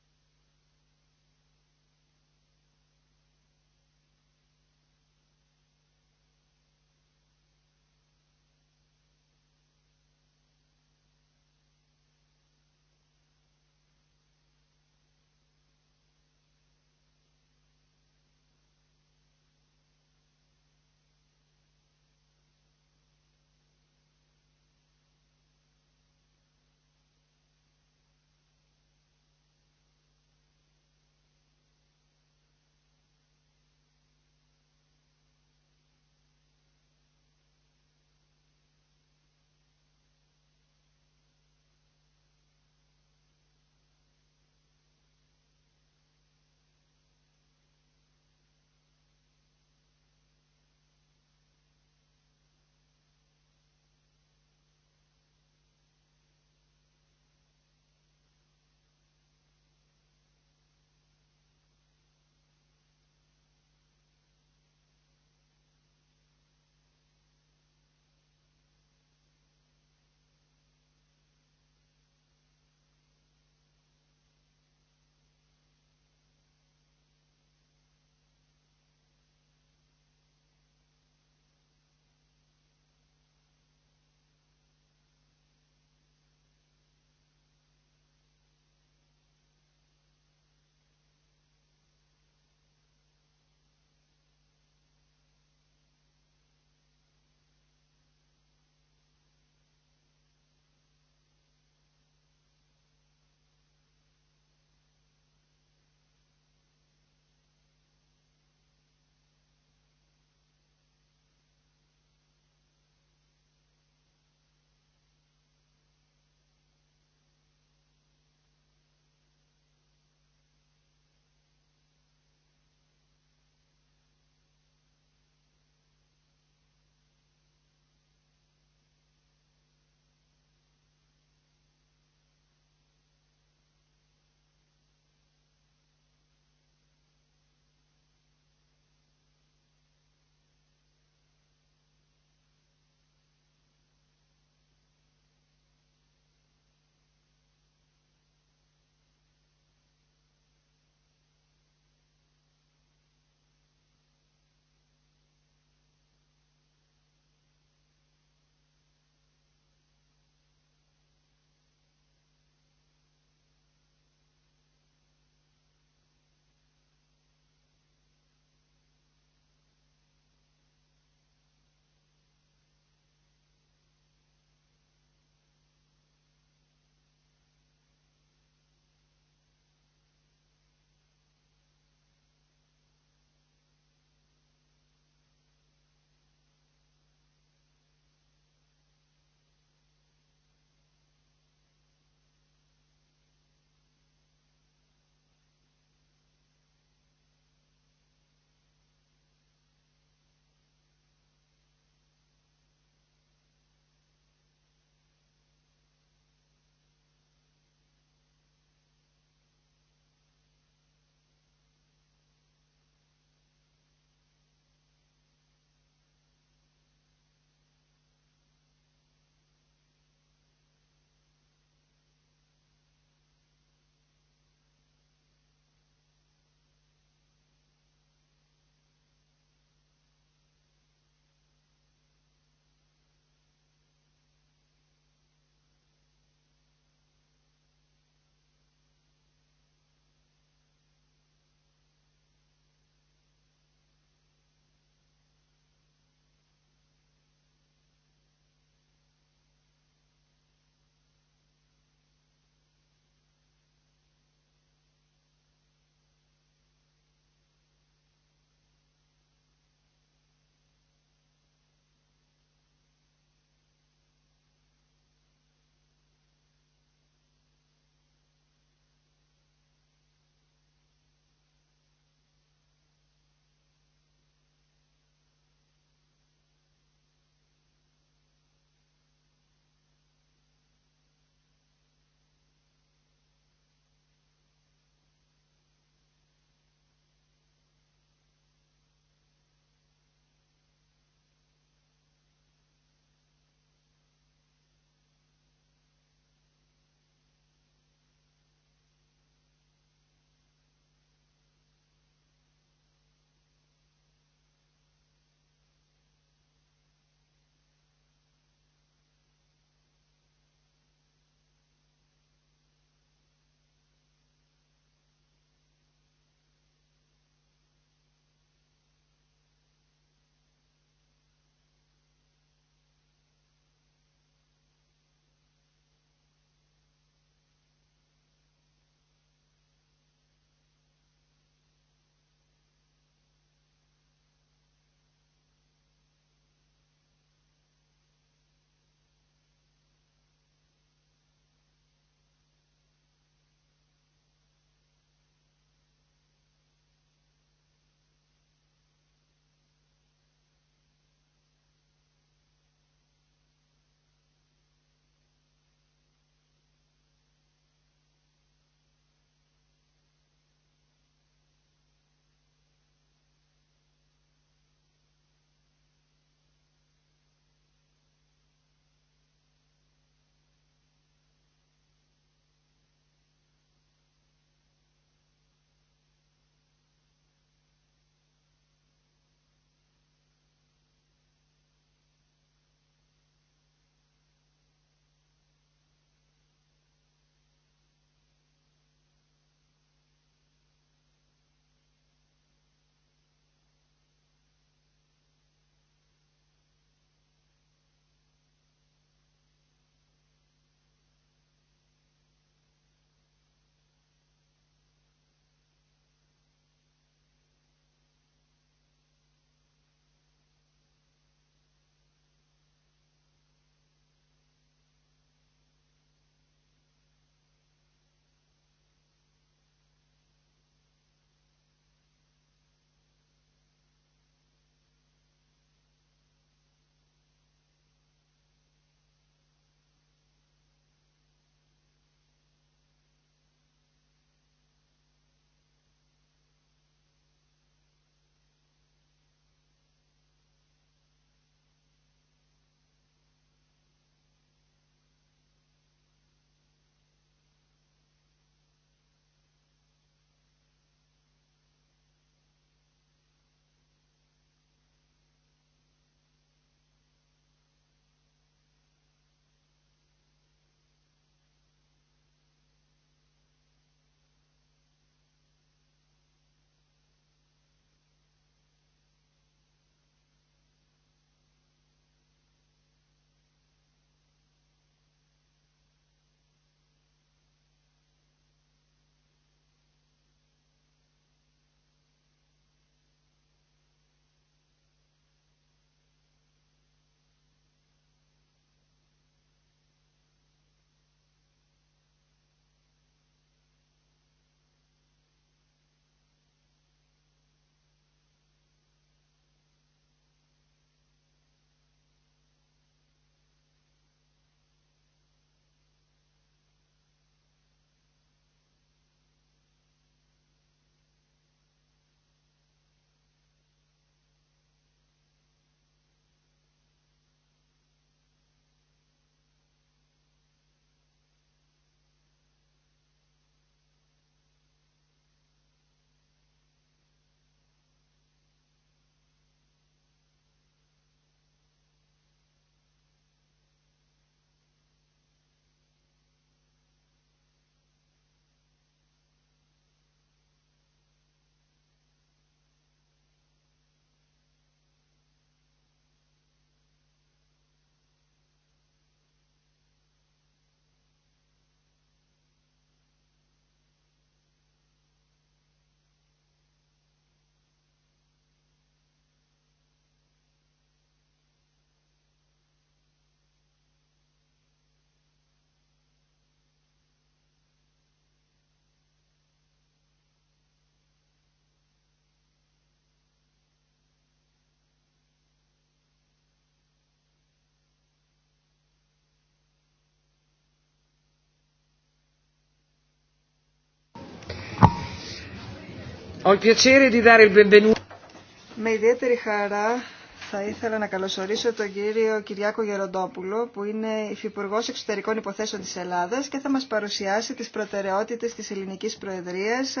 Με ιδιαίτερη χαρά θα ήθελα να καλωσορίσω τον κύριο Κυριάκο Γεροντόπουλο, που είναι υφυπουργό Εξωτερικών Υποθέσεων τη Ελλάδα, και θα μα παρουσιάσει τι προτεραιότητε τη Ελληνική Προεδρία ε,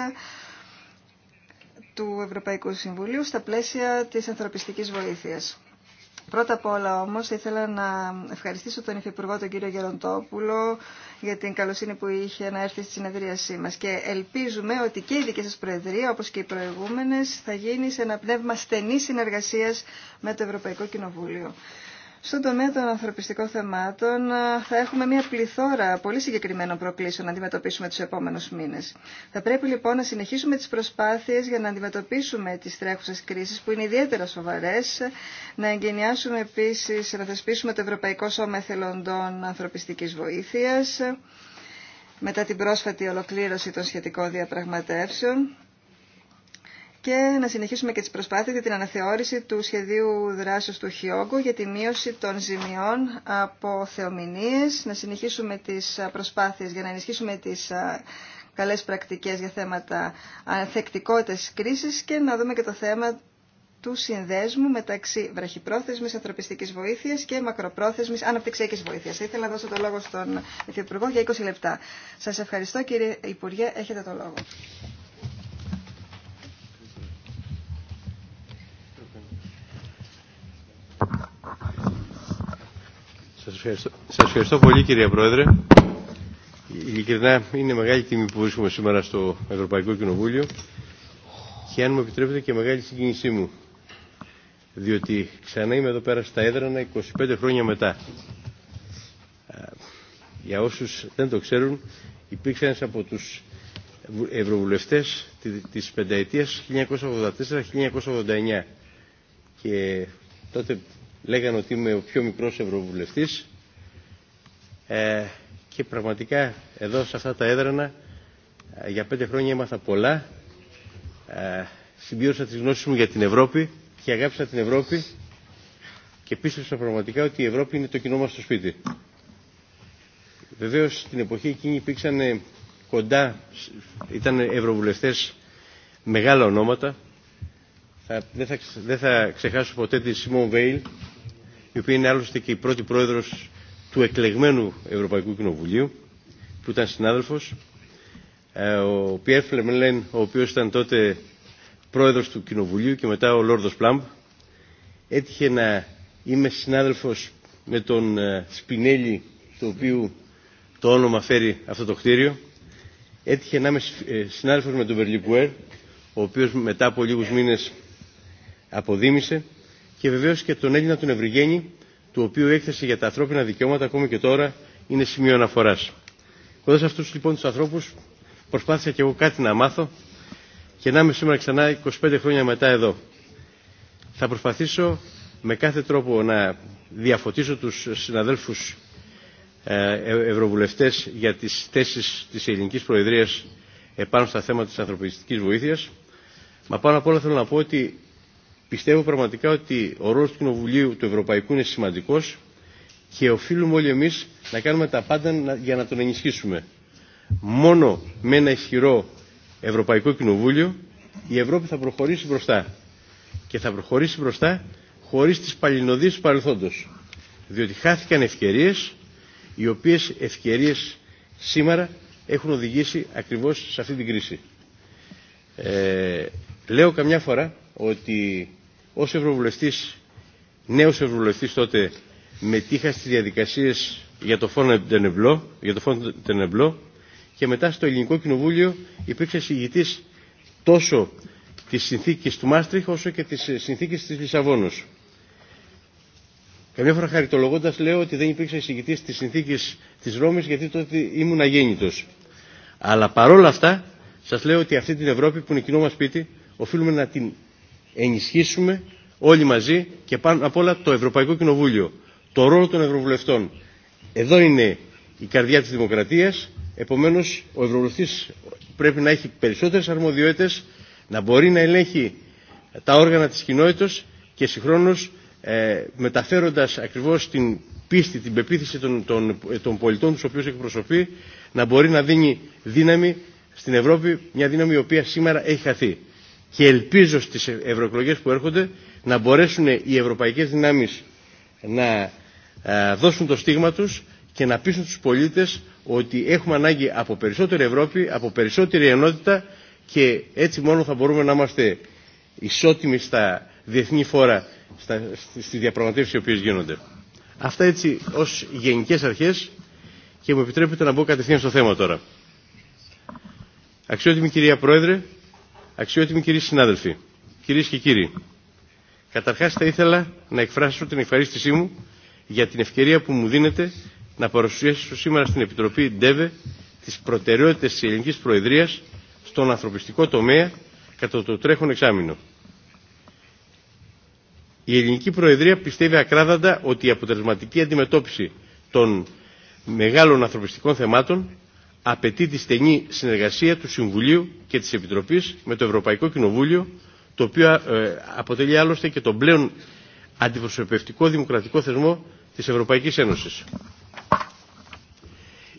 του Ευρωπαϊκού Συμβουλίου στα πλαίσια τη ανθρωπιστική βοήθεια. Πρώτα απ' όλα όμως ήθελα να ευχαριστήσω τον Υφυπουργό τον κύριο Γεροντόπουλο για την καλοσύνη που είχε να έρθει στη συνεδρίασή μας και ελπίζουμε ότι και η δική σας Προεδρία όπως και οι προηγούμενες θα γίνει σε ένα πνεύμα στενής συνεργασίας με το Ευρωπαϊκό Κοινοβούλιο. Στον τομέα των ανθρωπιστικών θεμάτων ε, θα έχουμε μια πληθώρα πολύ συγκεκριμένων προκλήσεων να αντιμετωπίσουμε τους επόμενους μήνες. Θα πρέπει λοιπόν να συνεχίσουμε τις προσπάθειες για να αντιμετωπίσουμε τις τρέχουσες κρίσεις που είναι ιδιαίτερα σοβαρές, να εγκαινιάσουμε επίσης, να θεσπίσουμε το Ευρωπαϊκό Σώμα Εθελοντών Ανθρωπιστικής Βοήθειας, ε, μετά την πρόσφατη ολοκλήρωση των σχετικών διαπραγματεύσεων και να συνεχίσουμε και τις προσπάθειες για την αναθεώρηση του σχεδίου δράσεως του Χιόγκο για τη μείωση των ζημιών από θεομηνίες, να συνεχίσουμε τις προσπάθειες για να ενισχύσουμε τις καλές πρακτικές για θέματα ανθεκτικότητας κρίσης και να δούμε και το θέμα του συνδέσμου μεταξύ βραχυπρόθεσμης ανθρωπιστικής βοήθειας και μακροπρόθεσμης αναπτυξιακής βοήθειας. Θα ήθελα να δώσω το λόγο στον Υφυπουργό για 20 λεπτά. Σας ευχαριστώ κύριε Υπουργέ, έχετε το λόγο.
Σας ευχαριστώ, πολύ κύριε Πρόεδρε. Ειλικρινά είναι μεγάλη τιμή που βρίσκομαι σήμερα στο Ευρωπαϊκό Κοινοβούλιο και αν μου επιτρέπετε και μεγάλη συγκίνησή μου διότι ξανά είμαι εδώ πέρα στα έδρανα 25 χρόνια μετά. Για όσους δεν το ξέρουν, υπήρξε ένας από τους ευρωβουλευτές της πενταετίας 1984-1989 και τότε λέγανε ότι είμαι ο πιο μικρός ευρωβουλευτής ε, και πραγματικά εδώ σε αυτά τα έδρανα ε, για πέντε χρόνια έμαθα πολλά ε, συμπίωσα τις γνώσεις μου για την Ευρώπη και αγάπησα την Ευρώπη και πίστεψα πραγματικά ότι η Ευρώπη είναι το κοινό μας στο σπίτι. Βεβαίως στην εποχή εκείνη υπήρξαν κοντά, ήταν ευρωβουλευτές μεγάλα ονόματα δεν, θα, δεν θα ξεχάσω ποτέ τη Σιμών Βέιλ, η οποία είναι άλλωστε και η πρώτη πρόεδρος του εκλεγμένου Ευρωπαϊκού Κοινοβουλίου, που ήταν συνάδελφος. Ε, ο Πιέρ Φλεμελέν, ο οποίος ήταν τότε πρόεδρος του Κοινοβουλίου και μετά ο Λόρδος Πλάμπ, έτυχε να είμαι συνάδελφος με τον ε, Σπινέλη, το οποίο το όνομα φέρει αυτό το κτίριο. Έτυχε να είμαι ε, συνάδελφος με τον Βερλικουέρ, ο οποίος μετά από λίγους αποδίμησε και βεβαίω και τον Έλληνα τον Ευρυγένη, του οποίου η έκθεση για τα ανθρώπινα δικαιώματα ακόμη και τώρα είναι σημείο αναφορά. Κοντά σε αυτού λοιπόν του ανθρώπου προσπάθησα και εγώ κάτι να μάθω και να είμαι σήμερα ξανά 25 χρόνια μετά εδώ. Θα προσπαθήσω με κάθε τρόπο να διαφωτίσω του συναδέλφου ε, ε, Ευρωβουλευτέ για τι θέσει τη Ελληνική Προεδρία επάνω στα θέματα τη ανθρωπιστικής βοήθεια, Μα πάνω απ' όλα θέλω να πω ότι Πιστεύω πραγματικά ότι ο ρόλος του Κοινοβουλίου του Ευρωπαϊκού είναι σημαντικός και οφείλουμε όλοι εμείς να κάνουμε τα πάντα για να τον ενισχύσουμε. Μόνο με ένα ισχυρό Ευρωπαϊκό Κοινοβούλιο η Ευρώπη θα προχωρήσει μπροστά. Και θα προχωρήσει μπροστά χωρίς τις παλινοδίες του παρελθόντος. Διότι χάθηκαν ευκαιρίες, οι οποίες ευκαιρίες σήμερα έχουν οδηγήσει ακριβώς σε αυτή την κρίση. Ε, λέω καμιά φορά ότι ως Ευρωβουλευτής, νέος Ευρωβουλευτής τότε, μετήχα στις διαδικασίες για το φόνο Τενεμπλό, για το φόνο Τενεμπλό και μετά στο Ελληνικό Κοινοβούλιο υπήρξε συγητής τόσο της συνθήκης του Μάστριχ όσο και της συνθήκης της Λισαβόνος. Καμιά φορά χαριτολογώντας λέω ότι δεν υπήρξε εισηγητής της συνθήκης της Ρώμης γιατί τότε ήμουν αγέννητος. Αλλά παρόλα αυτά σας λέω ότι αυτή την Ευρώπη που είναι κοινό μας σπίτι οφείλουμε να την ενισχύσουμε όλοι μαζί και πάνω απ' όλα το Ευρωπαϊκό Κοινοβούλιο, το ρόλο των Ευρωβουλευτών. Εδώ είναι η καρδιά της δημοκρατίας, επομένως ο Ευρωβουλευτής πρέπει να έχει περισσότερες αρμοδιότητες, να μπορεί να ελέγχει τα όργανα της κοινότητας και συγχρόνως ε, μεταφέροντας ακριβώς την πίστη, την πεποίθηση των, των, των πολιτών τους οποίους εκπροσωπεί, να μπορεί να δίνει δύναμη στην Ευρώπη, μια δύναμη η οποία σήμερα έχει χαθεί και ελπίζω στις ευρωεκλογέ που έρχονται να μπορέσουν οι ευρωπαϊκές δυνάμεις να ε, δώσουν το στίγμα τους και να πείσουν τους πολίτες ότι έχουμε ανάγκη από περισσότερη Ευρώπη, από περισσότερη ενότητα και έτσι μόνο θα μπορούμε να είμαστε ισότιμοι στα διεθνή φόρα, στι διαπραγματεύσει διαπραγματεύσεις οι οποίες γίνονται. Αυτά έτσι ως γενικές αρχές και μου επιτρέπετε να μπω κατευθείαν στο θέμα τώρα. Αξιότιμη κυρία Πρόεδρε, Αξιότιμοι κυρίε συνάδελφοι, κυρίε και κύριοι, καταρχά θα ήθελα να εκφράσω την ευχαρίστησή μου για την ευκαιρία που μου δίνεται να παρουσιάσω σήμερα στην Επιτροπή ΝΤΕΒΕ τι προτεραιότητε τη Ελληνική Προεδρία στον ανθρωπιστικό τομέα κατά το τρέχον εξάμεινο. Η Ελληνική Προεδρία πιστεύει ακράδαντα ότι η αποτελεσματική αντιμετώπιση των μεγάλων ανθρωπιστικών θεμάτων απαιτεί τη στενή συνεργασία του Συμβουλίου και της Επιτροπής με το Ευρωπαϊκό Κοινοβούλιο, το οποίο ε, αποτελεί άλλωστε και τον πλέον αντιπροσωπευτικό δημοκρατικό θεσμό της Ευρωπαϊκής Ένωσης.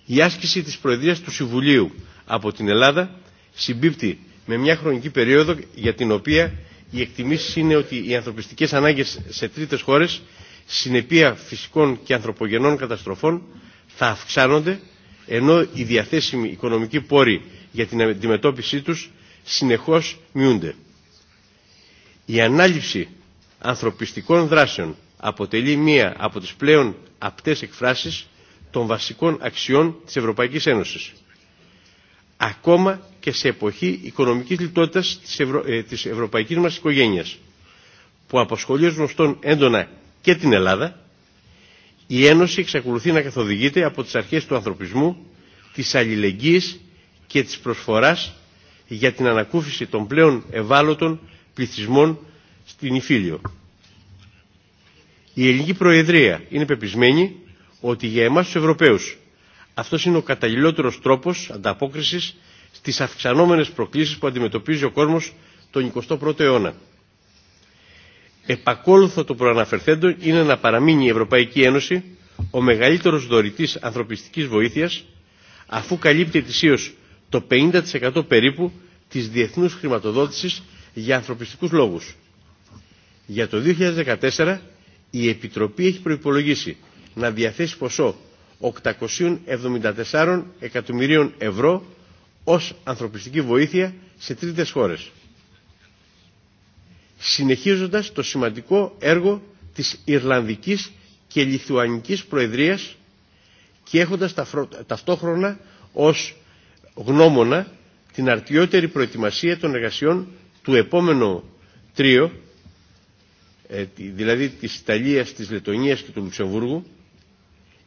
Η άσκηση της Προεδρίας του Συμβουλίου από την Ελλάδα συμπίπτει με μια χρονική περίοδο για την οποία οι εκτιμήσεις είναι ότι οι ανθρωπιστικές ανάγκες σε τρίτες χώρες συνεπία φυσικών και ανθρωπογενών καταστροφών θα αυξάνονται ενώ οι διαθέσιμοι οικονομικοί πόροι για την αντιμετώπιση τους συνεχώς μειούνται. Η ανάληψη ανθρωπιστικών δράσεων αποτελεί μία από τις πλέον απτές εκφράσεις των βασικών αξιών της Ευρωπαϊκής Ένωσης. Ακόμα και σε εποχή οικονομικής λιτότητας της, ε, της ευρωπαϊκής μας οικογένειας, που αποσχολεί ως γνωστόν έντονα και την Ελλάδα, η Ένωση εξακολουθεί να καθοδηγείται από τις αρχές του ανθρωπισμού, της αλληλεγγύης και της προσφοράς για την ανακούφιση των πλέον ευάλωτων πληθυσμών στην Ιφίλιο. Η Ελληνική Προεδρία είναι πεπισμένη ότι για εμάς τους Ευρωπαίους αυτό είναι ο καταλληλότερος τρόπος ανταπόκρισης στις αυξανόμενες προκλήσεις που αντιμετωπίζει ο κόσμος τον 21ο αιώνα επακόλουθο το προαναφερθέντων είναι να παραμείνει η Ευρωπαϊκή Ένωση ο μεγαλύτερος δωρητής ανθρωπιστικής βοήθειας αφού καλύπτει ετησίως το 50% περίπου της διεθνούς χρηματοδότησης για ανθρωπιστικούς λόγους. Για το 2014 η Επιτροπή έχει προϋπολογίσει να διαθέσει ποσό 874 εκατομμυρίων ευρώ ως ανθρωπιστική βοήθεια σε τρίτες χώρες συνεχίζοντας το σημαντικό έργο της Ιρλανδικής και Λιθουανικής Προεδρίας και έχοντας ταυτόχρονα ως γνώμονα την αρτιότερη προετοιμασία των εργασιών του επόμενου τρίου, ε, δηλαδή της Ιταλίας, της Λετωνίας και του Λουξεμβούργου,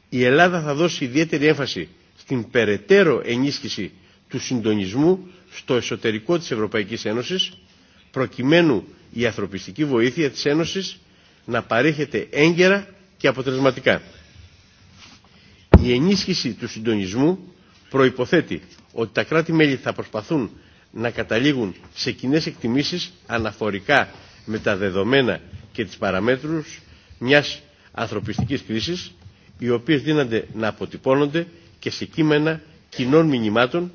η Ελλάδα θα δώσει ιδιαίτερη έμφαση στην περαιτέρω ενίσχυση του συντονισμού στο εσωτερικό της Ευρωπαϊκής Ένωσης, προκειμένου η ανθρωπιστική βοήθεια της Ένωσης να παρέχεται έγκαιρα και αποτελεσματικά. Η ενίσχυση του συντονισμού προϋποθέτει ότι τα κράτη-μέλη θα προσπαθούν να καταλήγουν σε κοινέ εκτιμήσεις αναφορικά με τα δεδομένα και τις παραμέτρους μιας ανθρωπιστικής κρίσης, οι οποίες δίνονται να αποτυπώνονται και σε κείμενα κοινών μηνυμάτων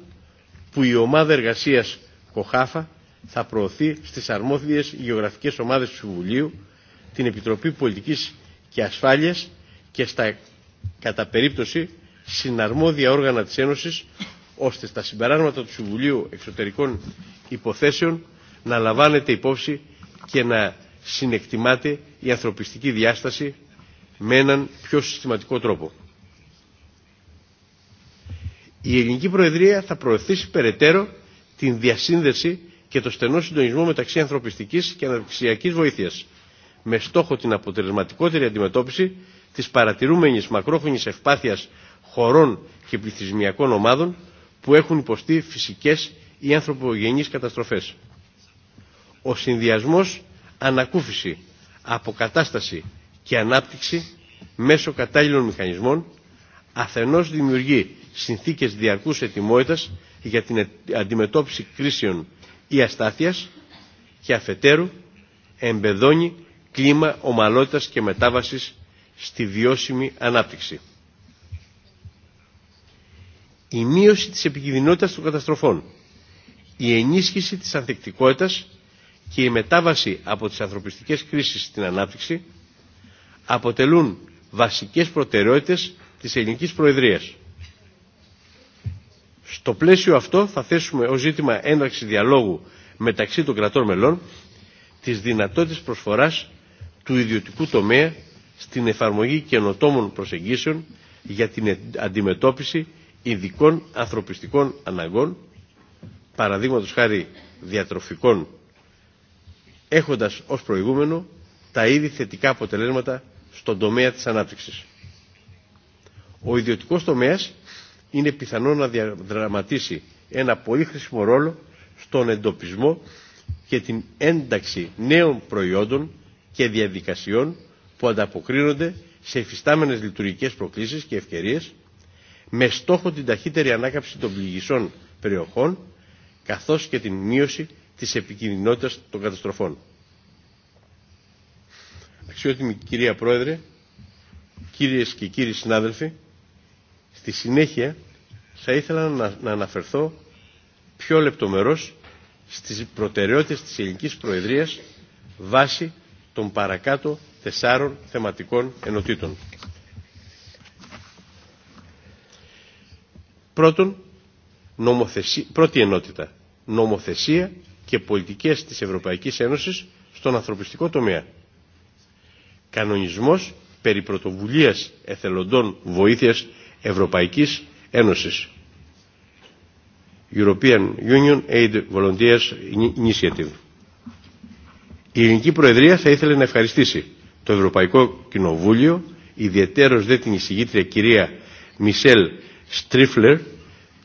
που η ομάδα εργασίας Κοχάφα θα προωθεί στις αρμόδιες γεωγραφικές ομάδες του Συμβουλίου, την Επιτροπή Πολιτικής και Ασφάλειας και στα κατά περίπτωση συναρμόδια όργανα της Ένωσης, ώστε στα συμπεράσματα του Συμβουλίου Εξωτερικών Υποθέσεων να λαμβάνεται υπόψη και να συνεκτιμάται η ανθρωπιστική διάσταση με έναν πιο συστηματικό τρόπο. Η Ελληνική Προεδρία θα προωθήσει περαιτέρω την διασύνδεση και το στενό συντονισμό μεταξύ ανθρωπιστικής και αναπτυξιακής βοήθειας με στόχο την αποτελεσματικότερη αντιμετώπιση της παρατηρούμενης μακρόφωνης ευπάθειας χωρών και πληθυσμιακών ομάδων που έχουν υποστεί φυσικές ή ανθρωπογενείς καταστροφές. Ο συνδυασμός ανακούφιση, αποκατάσταση και ανάπτυξη μέσω κατάλληλων μηχανισμών αφενός δημιουργεί συνθήκες διαρκούς ετοιμότητας για την αντιμετώπιση κρίσεων ή αστάθειας και αφετέρου εμπεδώνει κλίμα ομαλότητας και μετάβασης στη βιώσιμη ανάπτυξη. Η μείωση της επικινδυνότητας των καταστροφών, η ενίσχυση της ανθεκτικότητας και η μετάβαση από τις ανθρωπιστικές κρίσεις στην ανάπτυξη αποτελούν βασικές προτεραιότητες της ελληνικής προεδρίας. Στο πλαίσιο αυτό θα θέσουμε ως ζήτημα έναρξη διαλόγου μεταξύ των κρατών μελών της δυνατότητες προσφοράς του ιδιωτικού τομέα στην εφαρμογή καινοτόμων προσεγγίσεων για την αντιμετώπιση ειδικών ανθρωπιστικών αναγκών, παραδείγματος χάρη διατροφικών, έχοντας ως προηγούμενο τα ήδη θετικά αποτελέσματα στον τομέα της ανάπτυξης. Ο ιδιωτικός τομέας είναι πιθανό να διαδραματίσει ένα πολύ χρήσιμο ρόλο στον εντοπισμό και την ένταξη νέων προϊόντων και διαδικασιών που ανταποκρίνονται σε εφιστάμενες λειτουργικές προκλήσεις και ευκαιρίες με στόχο την ταχύτερη ανάκαψη των πληγισών περιοχών καθώς και την μείωση της επικινδυνότητας των καταστροφών. Αξιότιμη κυρία Πρόεδρε, κύριες και κύριοι συνάδελφοι, Στη συνέχεια θα ήθελα να, να αναφερθώ πιο λεπτομερώς στις προτεραιότητες της ελληνικής προεδρίας βάσει των παρακάτω τεσσάρων θεματικών ενωτήτων. Πρώτον, νομοθεσία, πρώτη ενότητα, νομοθεσία και πολιτικές της Ευρωπαϊκής Ένωσης στον ανθρωπιστικό τομέα. Κανονισμός περί πρωτοβουλίας εθελοντών βοήθειας Ευρωπαϊκής Ένωσης. European Union Aid Volunteers Initiative. Η Ελληνική Προεδρία θα ήθελε να ευχαριστήσει το Ευρωπαϊκό Κοινοβούλιο, ιδιαίτερος δε την εισηγήτρια κυρία Μισελ Στρίφλερ,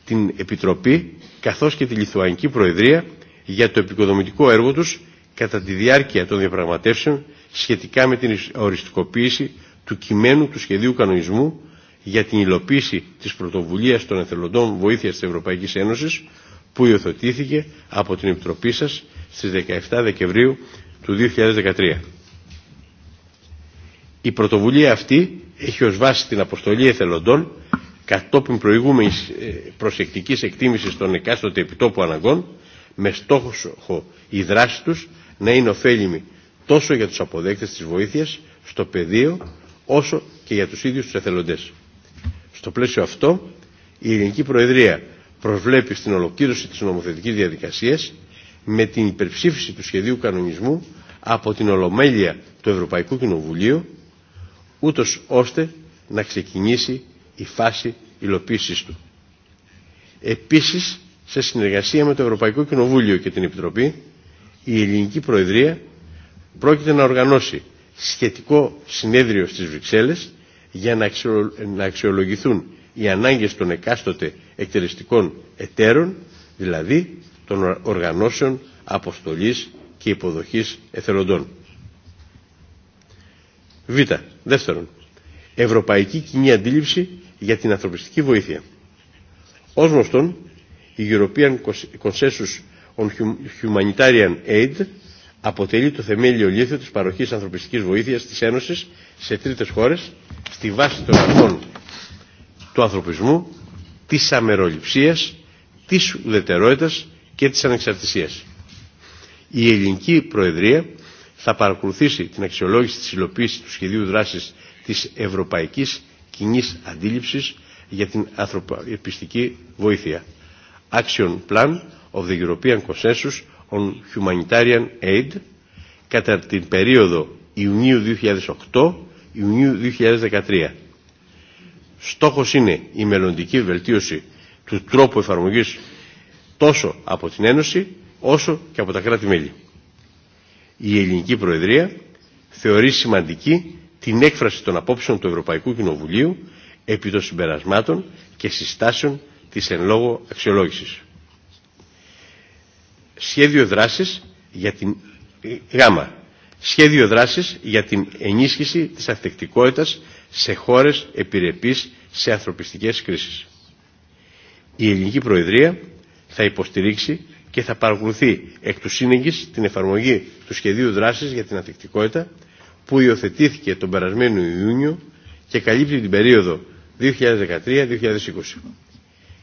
την Επιτροπή, καθώς και τη Λιθουανική Προεδρία για το επικοδομητικό έργο τους κατά τη διάρκεια των διαπραγματεύσεων σχετικά με την οριστικοποίηση του κειμένου του σχεδίου κανονισμού για την υλοποίηση της πρωτοβουλίας των εθελοντών βοήθειας της Ευρωπαϊκής Ένωσης που υιοθετήθηκε από την Επιτροπή σας στις 17 Δεκεμβρίου του 2013. Η πρωτοβουλία αυτή έχει ως βάση την αποστολή εθελοντών κατόπιν προηγούμενης ε, προσεκτικής εκτίμησης των εκάστοτε επιτόπου αναγκών με στόχο η δράση τους να είναι ωφέλιμη τόσο για τους αποδέκτες της βοήθειας στο πεδίο όσο και για τους ίδιους τους εθελοντές. Στο πλαίσιο αυτό, η Ελληνική Προεδρία προσβλέπει στην ολοκλήρωση της νομοθετικής διαδικασίας με την υπερψήφιση του σχεδίου κανονισμού από την Ολομέλεια του Ευρωπαϊκού Κοινοβουλίου, ούτως ώστε να ξεκινήσει η φάση υλοποίησης του. Επίσης, σε συνεργασία με το Ευρωπαϊκό Κοινοβούλιο και την Επιτροπή, η Ελληνική Προεδρία πρόκειται να οργανώσει σχετικό συνέδριο στις Βρυξέλλες για να αξιολογηθούν οι ανάγκες των εκάστοτε εκτελεστικών εταίρων, δηλαδή των οργανώσεων αποστολής και υποδοχής εθελοντών. Β. Δεύτερον, ευρωπαϊκή κοινή αντίληψη για την ανθρωπιστική βοήθεια. Ως γνωστόν, η European Consensus on Humanitarian Aid αποτελεί το θεμέλιο λίθο της παροχής ανθρωπιστικής βοήθειας της Ένωσης σε τρίτες χώρες στη βάση των αρχών του ανθρωπισμού, της αμεροληψίας, της ουδετερότητας και της ανεξαρτησίας. Η ελληνική Προεδρία θα παρακολουθήσει την αξιολόγηση της υλοποίησης του σχεδίου δράσης της Ευρωπαϊκής κοινή Αντίληψης για την ανθρωπιστική βοήθεια. Action Plan of the European Consensus on Humanitarian Aid κατά την περίοδο Ιουνίου 2008 Ιουνίου 2013. Στόχος είναι η μελλοντική βελτίωση του τρόπου εφαρμογής τόσο από την Ένωση όσο και από τα κράτη-μέλη. Η Ελληνική Προεδρία θεωρεί σημαντική την έκφραση των απόψεων του Ευρωπαϊκού Κοινοβουλίου επί των συμπερασμάτων και συστάσεων της εν λόγω αξιολόγησης. Σχέδιο δράσης για την ε, γάμα σχέδιο δράσης για την ενίσχυση της αθεκτικότητας σε χώρες επιρρεπείς σε ανθρωπιστικές κρίσεις. Η ελληνική προεδρία θα υποστηρίξει και θα παρακολουθεί εκ του σύνεγγις την εφαρμογή του σχεδίου δράσης για την ανθεκτικότητα που υιοθετήθηκε τον περασμένο Ιούνιο και καλύπτει την περίοδο 2013-2020.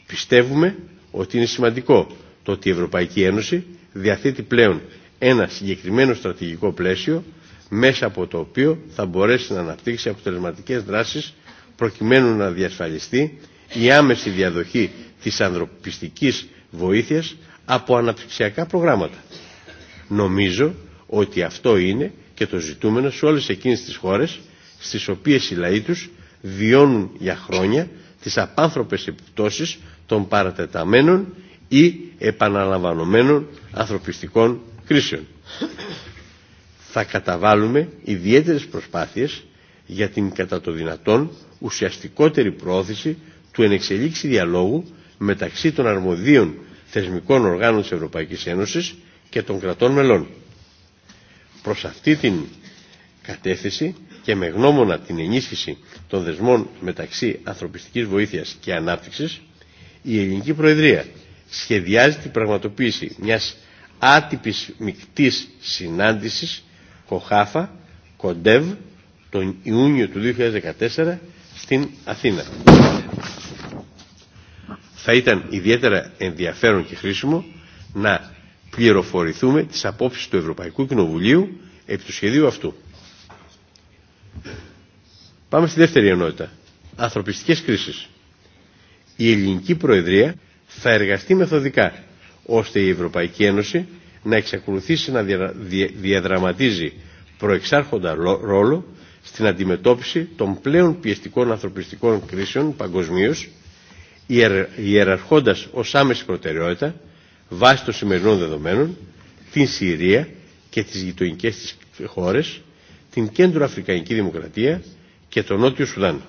Πιστεύουμε ότι είναι σημαντικό το ότι η Ευρωπαϊκή Ένωση διαθέτει πλέον ένα συγκεκριμένο στρατηγικό πλαίσιο μέσα από το οποίο θα μπορέσει να αναπτύξει αποτελεσματικές δράσεις προκειμένου να διασφαλιστεί η άμεση διαδοχή της ανθρωπιστικής βοήθειας από αναπτυξιακά προγράμματα. Νομίζω ότι αυτό είναι και το ζητούμενο σε όλες εκείνες τις χώρες στις οποίες οι λαοί τους βιώνουν για χρόνια τις απάνθρωπες επιπτώσεις των παρατεταμένων ή επαναλαμβανομένων ανθρωπιστικών κρίσεων. Θα καταβάλουμε ιδιαίτερες προσπάθειες για την κατά το δυνατόν ουσιαστικότερη προώθηση του ενεξελίξη διαλόγου μεταξύ των αρμοδίων θεσμικών οργάνων της Ευρωπαϊκής Ένωσης και των κρατών μελών. Προς αυτή την κατεύθυνση και με γνώμονα την ενίσχυση των δεσμών μεταξύ ανθρωπιστικής βοήθειας και ανάπτυξης, η Ελληνική Προεδρία σχεδιάζει την πραγματοποίηση μιας άτυπης μικτής συνάντησης Κοχάφα, ΚΟΧΑΦΑ-ΚΟΝΤΕΒ... τον Ιούνιο του 2014 στην Αθήνα. Θα ήταν ιδιαίτερα ενδιαφέρον και χρήσιμο να πληροφορηθούμε τις απόψεις του Ευρωπαϊκού Κοινοβουλίου επί του σχεδίου αυτού. Πάμε στη δεύτερη ενότητα. Ανθρωπιστικές κρίσεις. Η ελληνική Προεδρία θα εργαστεί μεθοδικά ώστε η Ευρωπαϊκή Ένωση να εξακολουθήσει να διαδραματίζει προεξάρχοντα ρόλο στην αντιμετώπιση των πλέον πιεστικών ανθρωπιστικών κρίσεων παγκοσμίω, ιεραρχώντας ως άμεση προτεραιότητα, βάσει των σημερινών δεδομένων, την Συρία και τις γειτονικές της χώρες, την Κέντρο Αφρικανική Δημοκρατία και τον Νότιο Σουδάν.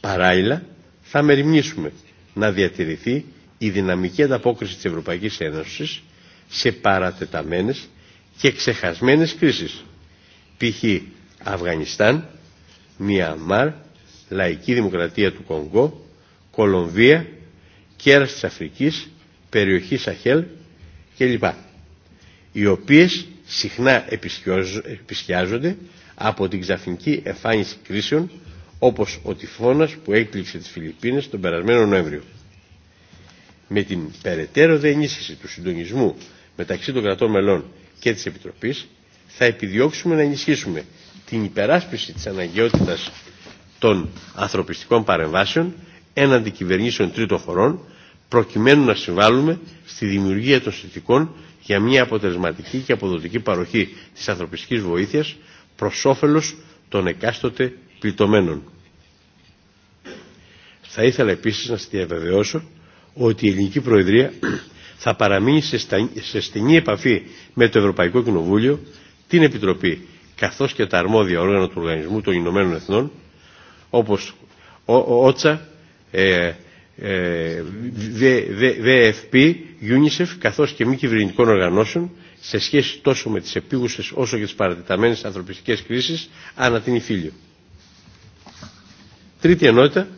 Παράλληλα, θα μεριμνήσουμε να διατηρηθεί η δυναμική ανταπόκριση της Ευρωπαϊκής Ένωσης σε παρατεταμένες και ξεχασμένες κρίσεις. Π.χ. Αφγανιστάν, Μιαμάρ, Λαϊκή Δημοκρατία του Κονγκό, Κολομβία, Κέρας της Αφρικής, περιοχή Σαχέλ κλπ. Οι οποίες συχνά επισκιάζονται από την ξαφνική εμφάνιση κρίσεων όπως ο τυφώνας που έκλειξε τις Φιλιππίνες τον περασμένο Νοέμβριο με την περαιτέρω ενίσχυση του συντονισμού μεταξύ των κρατών μελών και της Επιτροπής θα επιδιώξουμε να ενισχύσουμε την υπεράσπιση της αναγκαιότητας των ανθρωπιστικών παρεμβάσεων έναντι κυβερνήσεων τρίτων χωρών προκειμένου να συμβάλλουμε στη δημιουργία των συνθηκών για μια αποτελεσματική και αποδοτική παροχή της ανθρωπιστικής βοήθειας προς όφελος των εκάστοτε πλητωμένων. Θα ήθελα επίσης να σας διαβεβαιώσω ότι η ελληνική προεδρία θα παραμείνει σε στενή επαφή με το Ευρωπαϊκό Κοινοβούλιο, την Επιτροπή καθώς και τα αρμόδια όργανα του Οργανισμού των Ηνωμένων Εθνών όπως ΟΤΣΑ, ΔΕΕΦΠ, ε, UNICEF καθώς και μη κυβερνητικών οργανώσεων σε σχέση τόσο με τις επίγουσες όσο και τις παρατηταμένες ανθρωπιστικές κρίσεις ανά την Ιφίλιο. Τρίτη ενότητα,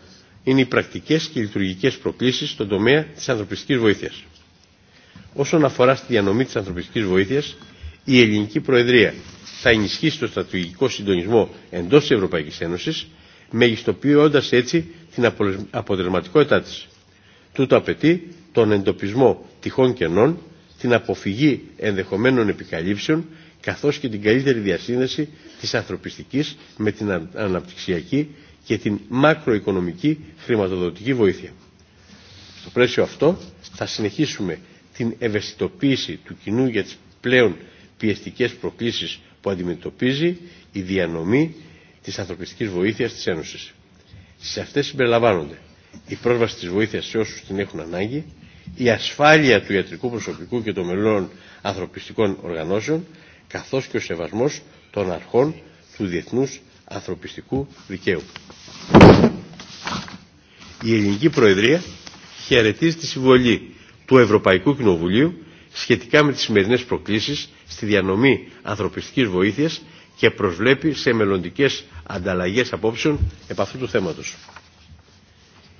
είναι οι πρακτικές και λειτουργικές προκλήσεις στον τομέα της ανθρωπιστικής βοήθειας. Όσον αφορά στη διανομή της ανθρωπιστικής βοήθειας, η ελληνική Προεδρία θα ενισχύσει το στρατηγικό συντονισμό εντός της Ευρωπαϊκής Ένωσης, μεγιστοποιώντας έτσι την αποτελεσματικότητά της. Τούτο απαιτεί τον εντοπισμό τυχών κενών, την αποφυγή ενδεχομένων επικαλύψεων, καθώς και την καλύτερη διασύνδεση της ανθρωπιστικής με την αναπτυξιακή και την μακροοικονομική χρηματοδοτική βοήθεια. Στο πλαίσιο αυτό θα συνεχίσουμε την ευαισθητοποίηση του κοινού για τις πλέον πιεστικές προκλήσεις που αντιμετωπίζει η διανομή της ανθρωπιστικής βοήθειας της Ένωσης. Σε αυτές συμπεριλαμβάνονται η πρόσβαση της βοήθειας σε όσους την έχουν ανάγκη, η ασφάλεια του ιατρικού προσωπικού και των μελών ανθρωπιστικών οργανώσεων, καθώς και ο σεβασμός των αρχών του διεθνούς ανθρωπιστικού δικαίου. Η Ελληνική Προεδρία χαιρετίζει τη συμβολή του Ευρωπαϊκού Κοινοβουλίου σχετικά με τις σημερινές προκλήσεις στη διανομή ανθρωπιστικής βοήθειας και προσβλέπει σε μελλοντικές ανταλλαγές απόψεων επ' αυτού του θέματος.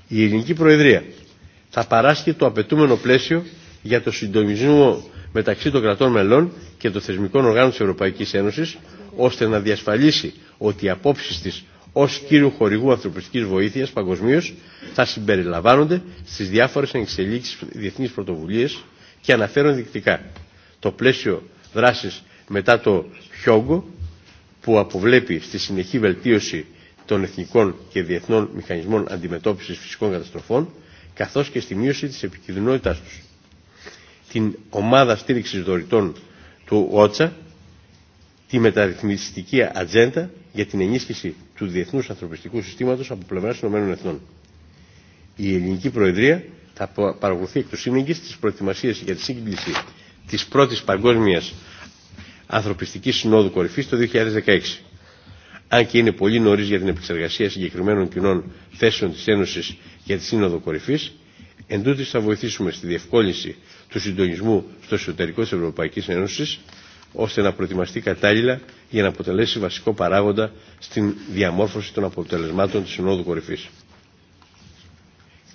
Η Ελληνική Προεδρία θα παράσχει το απαιτούμενο πλαίσιο για το συντονισμό μεταξύ των κρατών μελών και των θεσμικών οργάνων της Ευρωπαϊκής Ένωσης ώστε να διασφαλίσει ότι οι απόψεις της ως κύριου χορηγού ανθρωπιστικής βοήθειας παγκοσμίω θα συμπεριλαμβάνονται στις διάφορες ανεξελίξει διεθνείς πρωτοβουλίες και αναφέρονται δικτικά. Το πλαίσιο δράσης μετά το Χιόγκο που αποβλέπει στη συνεχή βελτίωση των εθνικών και διεθνών μηχανισμών αντιμετώπιση φυσικών καταστροφών καθώ και στη μείωση τη επικινδυνότητάς του, Την ομάδα στήριξη δωρητών του ΟΤΣΑ τη μεταρρυθμιστική ατζέντα για την ενίσχυση του διεθνούς ανθρωπιστικού συστήματος από πλευράς των ΗΕ. Η ελληνική Προεδρία θα παρακολουθεί εκ του σύνεγγυς τις προετοιμασίες για τη σύγκληση της πρώτης παγκόσμιας ανθρωπιστικής συνόδου κορυφής το 2016. Αν και είναι πολύ νωρίς για την επεξεργασία συγκεκριμένων κοινών θέσεων της Ένωσης για τη Σύνοδο Κορυφής, εντούτοις θα βοηθήσουμε στη διευκόλυνση του συντονισμού στο εσωτερικό τη Ευρωπαϊκής ώστε να προετοιμαστεί κατάλληλα για να αποτελέσει βασικό παράγοντα στην διαμόρφωση των αποτελεσμάτων της Συνόδου Κορυφής.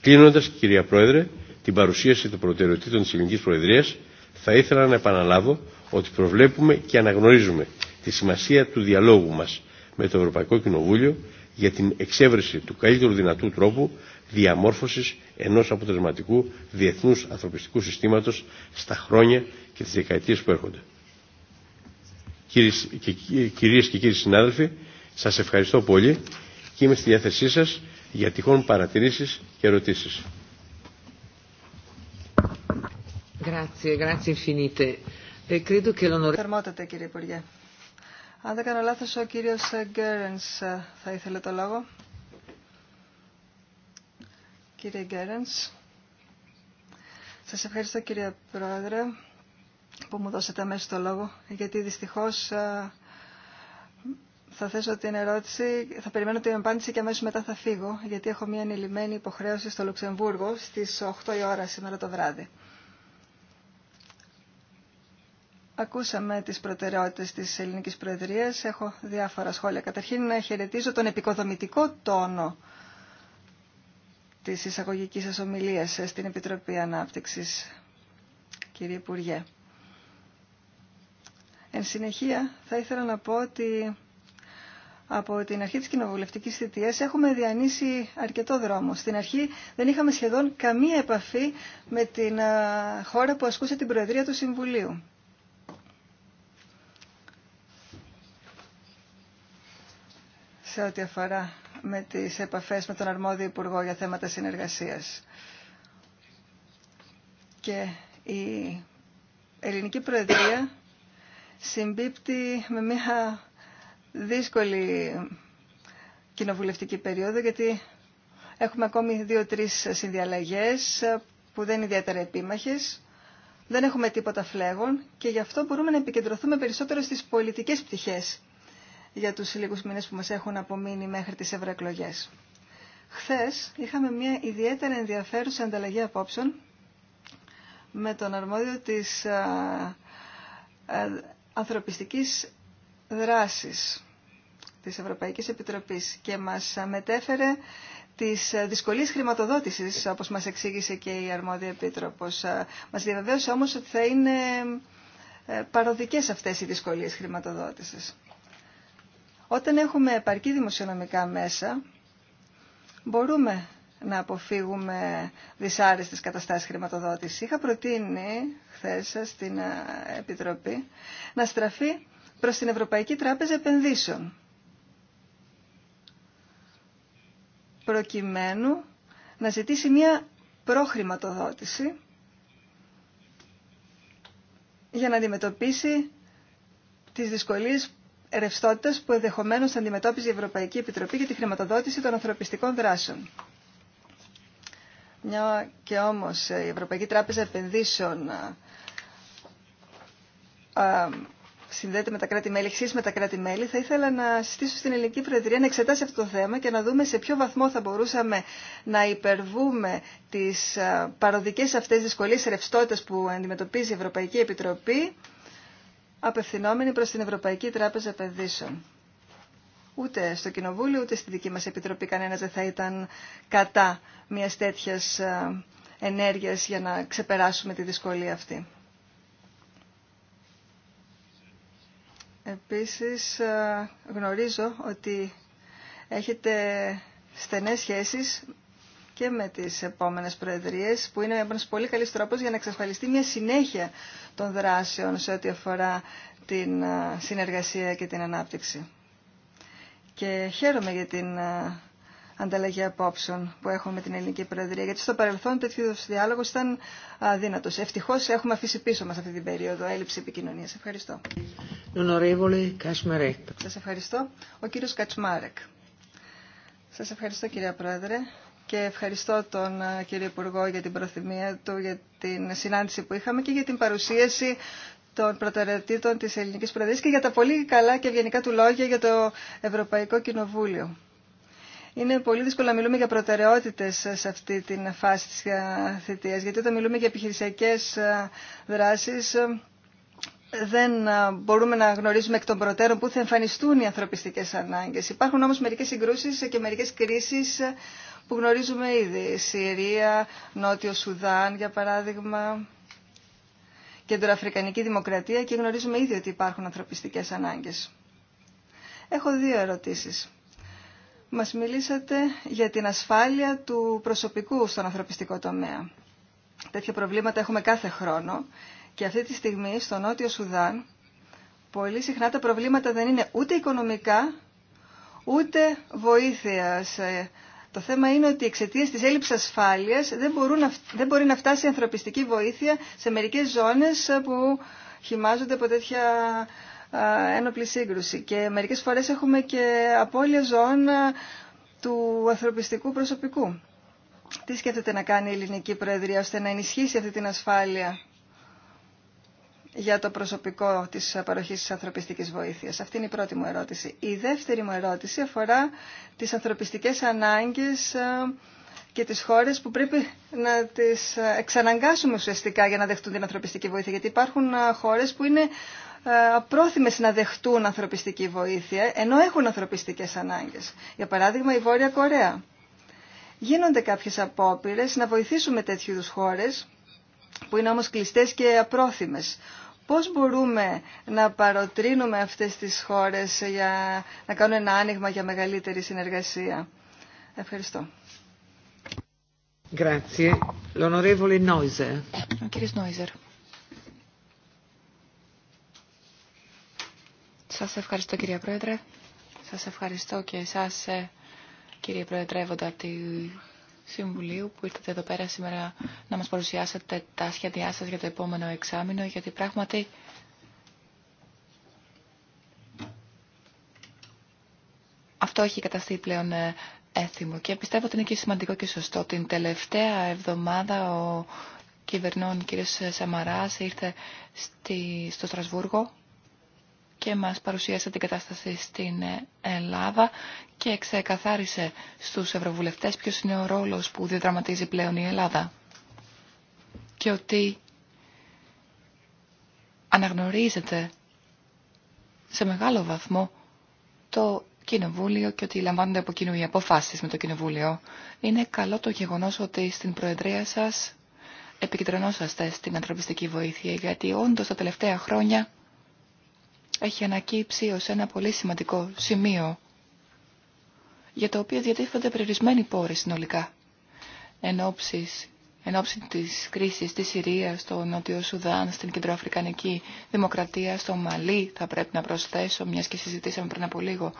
Κλείνοντας, κυρία Πρόεδρε, την παρουσίαση των προτεραιοτήτων της Ελληνικής Προεδρίας, θα ήθελα να επαναλάβω ότι προβλέπουμε και αναγνωρίζουμε τη σημασία του διαλόγου μας με το Ευρωπαϊκό Κοινοβούλιο για την εξέβρεση του καλύτερου δυνατού τρόπου διαμόρφωσης ενός αποτελεσματικού διεθνούς ανθρωπιστικού συστήματος στα χρόνια και τις δεκαετίες που έρχονται. Κυρίες και κύριοι συνάδελφοι, σας ευχαριστώ πολύ και είμαι στη διάθεσή σας για τυχόν παρατηρήσεις και ερωτήσεις.
Ευχαριστώ.
κύριε Υπουργέ. Αν δεν κάνω λάθος, ο κύριος Γκέρενς ε, θα ήθελε το λόγο. Κύριε Γκέρενς. Σας ευχαριστώ κύριε Πρόεδρε που μου δώσατε αμέσως το λόγο, γιατί δυστυχώς ε, θα θέσω την ερώτηση, θα περιμένω την απάντηση και αμέσως μετά θα φύγω, γιατί έχω μια ανηλυμένη υποχρέωση στο Λουξεμβούργο στις 8 η ώρα σήμερα το βράδυ. Ακούσαμε τις προτεραιότητες της ελληνικής προεδρίας, έχω διάφορα σχόλια. Καταρχήν να χαιρετίζω τον επικοδομητικό τόνο της εισαγωγικής σας ομιλίας στην Επιτροπή Ανάπτυξης, κύριε Υπουργέ. Εν συνεχεία, θα ήθελα να πω ότι από την αρχή της κοινοβουλευτικής θητείας έχουμε διανύσει αρκετό δρόμο. Στην αρχή δεν είχαμε σχεδόν καμία επαφή με την χώρα που ασκούσε την Προεδρία του Συμβουλίου. Σε ό,τι αφορά με τις επαφές με τον αρμόδιο Υπουργό για θέματα συνεργασίας. Και η Ελληνική Προεδρία συμπίπτει με μια δύσκολη κοινοβουλευτική περίοδο γιατί έχουμε ακόμη δύο-τρεις συνδιαλλαγές που δεν είναι ιδιαίτερα επίμαχες. Δεν έχουμε τίποτα φλέγων και γι' αυτό μπορούμε να επικεντρωθούμε περισσότερο στις πολιτικές πτυχές για τους λίγους μήνες που μας έχουν απομείνει μέχρι τις ευρωεκλογέ. Χθες είχαμε μια ιδιαίτερα ενδιαφέρουσα ανταλλαγή απόψεων με τον αρμόδιο της ε, ε, ανθρωπιστικής δράσης της Ευρωπαϊκής Επιτροπής και μας μετέφερε τις δυσκολίες χρηματοδότησης, όπως μας εξήγησε και η αρμόδια Επίτροπος. Μας διαβεβαίωσε όμως ότι θα είναι ε, παροδικές αυτές οι δυσκολίες χρηματοδότησης. Όταν έχουμε επαρκή δημοσιονομικά μέσα, μπορούμε να αποφύγουμε δυσάρεστες καταστάσεις χρηματοδότησης. Είχα προτείνει χθε στην ε, Επιτροπή να στραφεί προς την Ευρωπαϊκή Τράπεζα Επενδύσεων προκειμένου να ζητήσει μία προχρηματοδότηση για να αντιμετωπίσει τις δυσκολίες ρευστότητας που ενδεχομένως αντιμετώπιζε η Ευρωπαϊκή Επιτροπή για τη χρηματοδότηση των ανθρωπιστικών δράσεων. Μια και όμως ε, η Ευρωπαϊκή Τράπεζα Επενδύσεων ε, ε, συνδέεται με τα κράτη-μέλη, με τα κράτη-μέλη, θα ήθελα να συστήσω στην Ελληνική Προεδρία να εξετάσει αυτό το θέμα και να δούμε σε ποιο βαθμό θα μπορούσαμε να υπερβούμε τις παροδικές αυτές δυσκολίες ρευστότητες που αντιμετωπίζει η Ευρωπαϊκή Επιτροπή, απευθυνόμενη προς την Ευρωπαϊκή Τράπεζα Επενδύσεων. Ούτε στο Κοινοβούλιο, ούτε στη δική μας Επιτροπή κανένας δεν θα ήταν κατά μιας τέτοιας ε, ενέργειας για να ξεπεράσουμε τη δυσκολία αυτή. Επίσης ε, γνωρίζω ότι έχετε στενές σχέσεις και με τις επόμενες προεδρίες που είναι ένας πολύ καλής τρόπος για να εξασφαλιστεί μια συνέχεια των δράσεων σε ό,τι αφορά την ε, συνεργασία και την ανάπτυξη και χαίρομαι για την ε, ανταλλαγή απόψεων που έχουμε με την Ελληνική Προεδρία, γιατί στο παρελθόν τέτοιου είδου διάλογο ήταν αδύνατο. Ευτυχώ έχουμε αφήσει πίσω μα αυτή την περίοδο έλλειψη επικοινωνία. Ευχαριστώ. Σα ευχαριστώ. Ο κύριο Κατσμάρεκ. Σα ευχαριστώ κυρία Πρόεδρε και ευχαριστώ τον ε, κύριο Υπουργό για την προθυμία του, για την συνάντηση που είχαμε και για την παρουσίαση των προτεραιοτήτων της ελληνικής προεδρίας και για τα πολύ καλά και ευγενικά του λόγια για το Ευρωπαϊκό Κοινοβούλιο. Είναι πολύ δύσκολο να μιλούμε για προτεραιότητε σε αυτή την φάση τη θητεία, γιατί όταν μιλούμε για επιχειρησιακέ ε, δράσει, ε, δεν ε, μπορούμε να γνωρίζουμε εκ των προτέρων πού θα εμφανιστούν οι ανθρωπιστικέ ανάγκε. Υπάρχουν όμω μερικέ συγκρούσει και μερικέ κρίσει που γνωρίζουμε ήδη. Συρία, Νότιο Σουδάν, για παράδειγμα κεντροαφρικανική δημοκρατία και γνωρίζουμε ήδη ότι υπάρχουν ανθρωπιστικές ανάγκες. Έχω δύο ερωτήσεις. Μας μιλήσατε για την ασφάλεια του προσωπικού στον ανθρωπιστικό τομέα. Τέτοια προβλήματα έχουμε κάθε χρόνο και αυτή τη στιγμή στο Νότιο Σουδάν πολύ συχνά τα προβλήματα δεν είναι ούτε οικονομικά ούτε βοήθειας το θέμα είναι ότι εξαιτία τη έλλειψη ασφάλεια δεν, δεν μπορεί να φτάσει η ανθρωπιστική βοήθεια σε μερικέ ζώνε που χυμάζονται από τέτοια ένοπλη σύγκρουση. Και μερικέ φορέ έχουμε και απώλεια ζώων του ανθρωπιστικού προσωπικού. Τι σκέφτεται να κάνει η ελληνική προεδρία ώστε να ενισχύσει αυτή την ασφάλεια για το προσωπικό της παροχής της ανθρωπιστικής βοήθειας. Αυτή είναι η πρώτη μου ερώτηση. Η δεύτερη μου ερώτηση αφορά τις ανθρωπιστικές ανάγκες ε, και τις χώρες που πρέπει να τις εξαναγκάσουμε ουσιαστικά για να δεχτούν την ανθρωπιστική βοήθεια. Γιατί υπάρχουν ε, χώρες που είναι ε, απρόθυμες να δεχτούν ανθρωπιστική βοήθεια, ενώ έχουν ανθρωπιστικές ανάγκες. Για παράδειγμα η Βόρεια Κορέα. Γίνονται κάποιες απόπειρες να βοηθήσουμε τέτοιου χώρες που είναι όμως κλειστές και απρόθυμες. Πώς μπορούμε να παροτρύνουμε αυτές τις χώρες για να κάνουν ένα άνοιγμα για μεγαλύτερη συνεργασία. Ευχαριστώ.
Grazie. L'onorevole
Σας ευχαριστώ κυρία Πρόεδρε. Σας ευχαριστώ και εσάς ε, κύριε πρόεδρε από τη Συμβουλίου που ήρθατε εδώ πέρα σήμερα να μας παρουσιάσετε τα σχέδιά σας για το επόμενο εξάμεινο, γιατί πράγματι αυτό έχει καταστεί πλέον ε, έθιμο και πιστεύω ότι είναι και σημαντικό και σωστό. Την τελευταία εβδομάδα ο κυβερνών κ. Σαμαράς ήρθε στη, στο Στρασβούργο και μας παρουσίασε την κατάσταση στην Ελλάδα και ξεκαθάρισε στους ευρωβουλευτές ποιος είναι ο ρόλος που διαδραματίζει πλέον η Ελλάδα και ότι αναγνωρίζεται σε μεγάλο βαθμό το Κοινοβούλιο και ότι λαμβάνονται από κοινού οι αποφάσεις με το Κοινοβούλιο. Είναι καλό το γεγονός ότι στην Προεδρία σας επικεντρωνόσαστε στην ανθρωπιστική βοήθεια, γιατί όντως τα τελευταία χρόνια έχει ανακύψει ως ένα πολύ σημαντικό σημείο για το οποίο διατίθονται περιορισμένοι πόροι συνολικά. Εν ώψη της κρίσης της Συρίας, στο Νότιο Σουδάν, στην Κεντροαφρικανική Δημοκρατία, στο Μαλί, θα πρέπει να προσθέσω, μιας και συζητήσαμε πριν από λίγο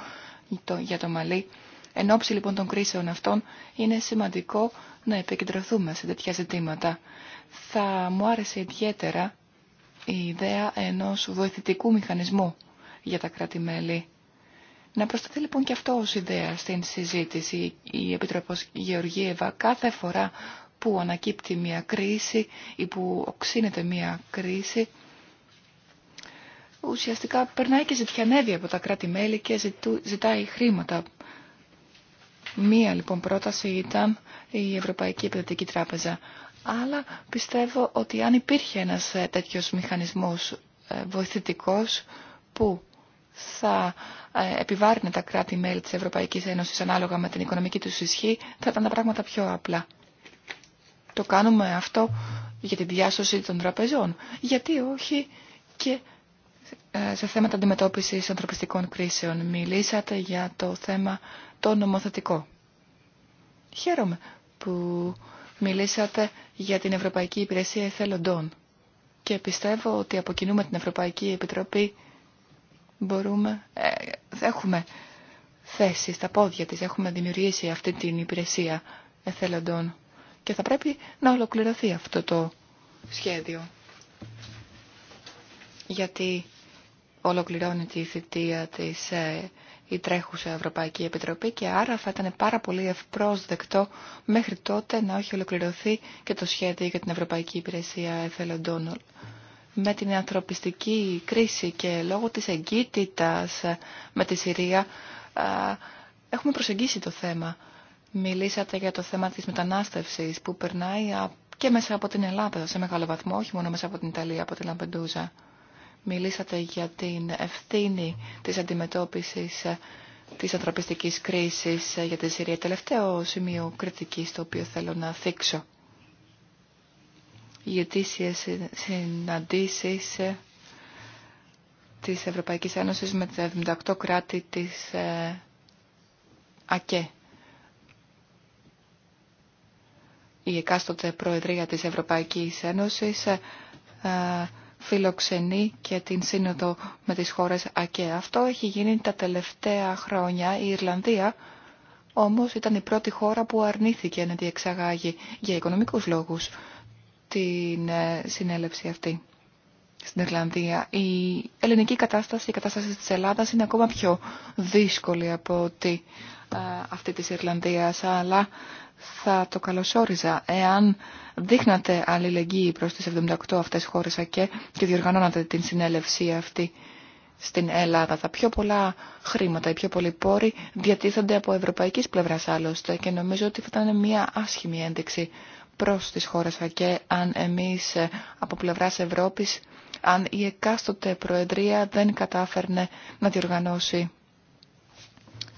για το Μαλί. Εν ώψη λοιπόν των κρίσεων αυτών, είναι σημαντικό να επικεντρωθούμε σε τέτοια ζητήματα. Θα μου άρεσε ιδιαίτερα η ιδέα ενός βοηθητικού μηχανισμού για τα κράτη-μέλη. Να προσταθεί λοιπόν και αυτό ως ιδέα στην συζήτηση. Η Επιτροπός Γεωργίευα κάθε φορά που ανακύπτει μια κρίση ή που οξύνεται μια κρίση, ουσιαστικά περνάει και ζητιανεύει από τα κράτη-μέλη και ζητού, ζητάει χρήματα. Μία λοιπόν πρόταση ήταν η Ευρωπαϊκή απο τα κρατη μελη και ζηταει χρηματα Τράπεζα αλλά πιστεύω ότι αν υπήρχε ένας ε, τέτοιος μηχανισμός ε, βοηθητικός που θα ε, επιβάρυνε τα κράτη-μέλη της Ευρωπαϊκής Ένωσης ανάλογα με την οικονομική τους ισχύ, θα ήταν τα πράγματα πιο απλά. Το κάνουμε αυτό για τη διάσωση των τραπεζών. Γιατί όχι και σε θέματα αντιμετώπισης ανθρωπιστικών κρίσεων. Μιλήσατε για το θέμα το νομοθετικό. Χαίρομαι που μιλήσατε για την Ευρωπαϊκή Υπηρεσία Εθελοντών και πιστεύω ότι από κοινού με την Ευρωπαϊκή Επιτροπή μπορούμε, ε, έχουμε θέση στα πόδια της, έχουμε δημιουργήσει αυτή την υπηρεσία εθελοντών και θα πρέπει να ολοκληρωθεί αυτό το σχέδιο. Γιατί ολοκληρώνεται τη θητεία της ε, η τρέχουσα Ευρωπαϊκή Επιτροπή και άρα θα ήταν πάρα πολύ ευπρόσδεκτο μέχρι τότε να έχει ολοκληρωθεί και το σχέδιο για την Ευρωπαϊκή Υπηρεσία Εθελοντών. Με την ανθρωπιστική κρίση και λόγω της εγκύτητας με τη Συρία έχουμε προσεγγίσει το θέμα. Μιλήσατε για το θέμα της μετανάστευσης που περνάει και μέσα από την Ελλάδα σε μεγάλο βαθμό, όχι μόνο μέσα από την Ιταλία, από την Λαμπεντούζα. Μιλήσατε για την ευθύνη της αντιμετώπισης της ανθρωπιστικής κρίσης για τη Συρία. Τελευταίο σημείο κριτικής το οποίο θέλω να θίξω. Οι αιτήσιες συναντήσεις της Ευρωπαϊκής Ένωσης με τα 78 κράτη της ε, ΑΚΕ. Η εκάστοτε Προεδρία της Ευρωπαϊκής Ένωσης ε, φιλοξενεί και την σύνοδο με τις χώρες ΑΚΕ. Αυτό έχει γίνει τα τελευταία χρόνια. Η Ιρλανδία όμως ήταν η πρώτη χώρα που αρνήθηκε να διεξαγάγει για οικονομικούς λόγους την ε, συνέλευση αυτή στην Ιρλανδία. Η ελληνική κατάσταση, η κατάσταση της Ελλάδας είναι ακόμα πιο δύσκολη από ότι ε, αυτή της Ιρλανδίας, αλλά θα το καλωσόριζα εάν δείχνατε αλληλεγγύη προς τις 78 αυτές χώρες ΑΚΕ και διοργανώνατε την συνέλευση αυτή στην Ελλάδα. Τα πιο πολλά χρήματα, οι πιο πολλοί πόροι διατίθενται από ευρωπαϊκής πλευράς άλλωστε και νομίζω ότι θα ήταν μια άσχημη ένδειξη προς τις χώρες ΑΚΕ αν εμείς ε, από πλευράς Ευρώπης, αν η εκάστοτε Προεδρία δεν κατάφερνε να διοργανώσει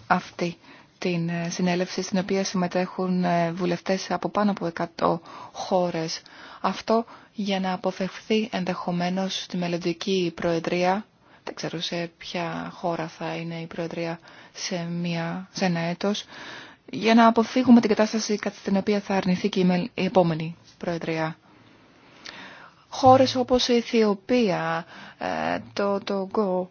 αυτή την ε, συνέλευση στην οποία συμμετέχουν ε, βουλευτές από πάνω από 100 χώρες. Αυτό για να αποφευχθεί ενδεχομένως τη μελλοντική προεδρία, δεν ξέρω σε ποια χώρα θα είναι η προεδρία σε, μια, σε ένα έτος, για να αποφύγουμε την κατάσταση κατά την οποία θα αρνηθεί και η επόμενη προεδρία. Χώρες όπως η Αιθιοπία, ε, το Τογκό,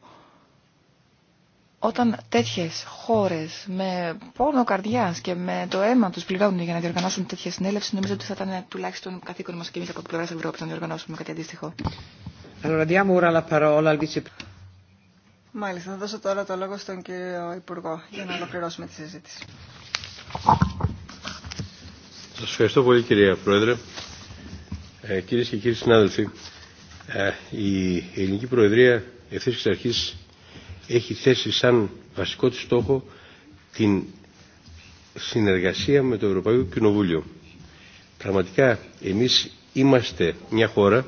όταν τέτοιες χώρες με πόνο καρδιάς και με το αίμα τους πληρώνουν για να διοργανώσουν τέτοια συνέλευση, νομίζω ότι θα ήταν τουλάχιστον καθήκον μας και εμείς από την
πλευρά Ευρώπη Ευρώπης να διοργανώσουμε κάτι αντίστοιχο.
Μάλιστα, θα δώσω τώρα το λόγο στον κύριο Υπουργό για να ολοκληρώσουμε τη συζήτηση.
Σας ευχαριστώ πολύ κυρία Πρόεδρε. Ε, κυρίες και κύριοι συνάδελφοι, ε, η Ελληνική Προεδρία ευθύς εξ αρχής έχει θέσει σαν βασικό της στόχο την συνεργασία με το Ευρωπαϊκό Κοινοβούλιο. Πραγματικά εμείς είμαστε μια χώρα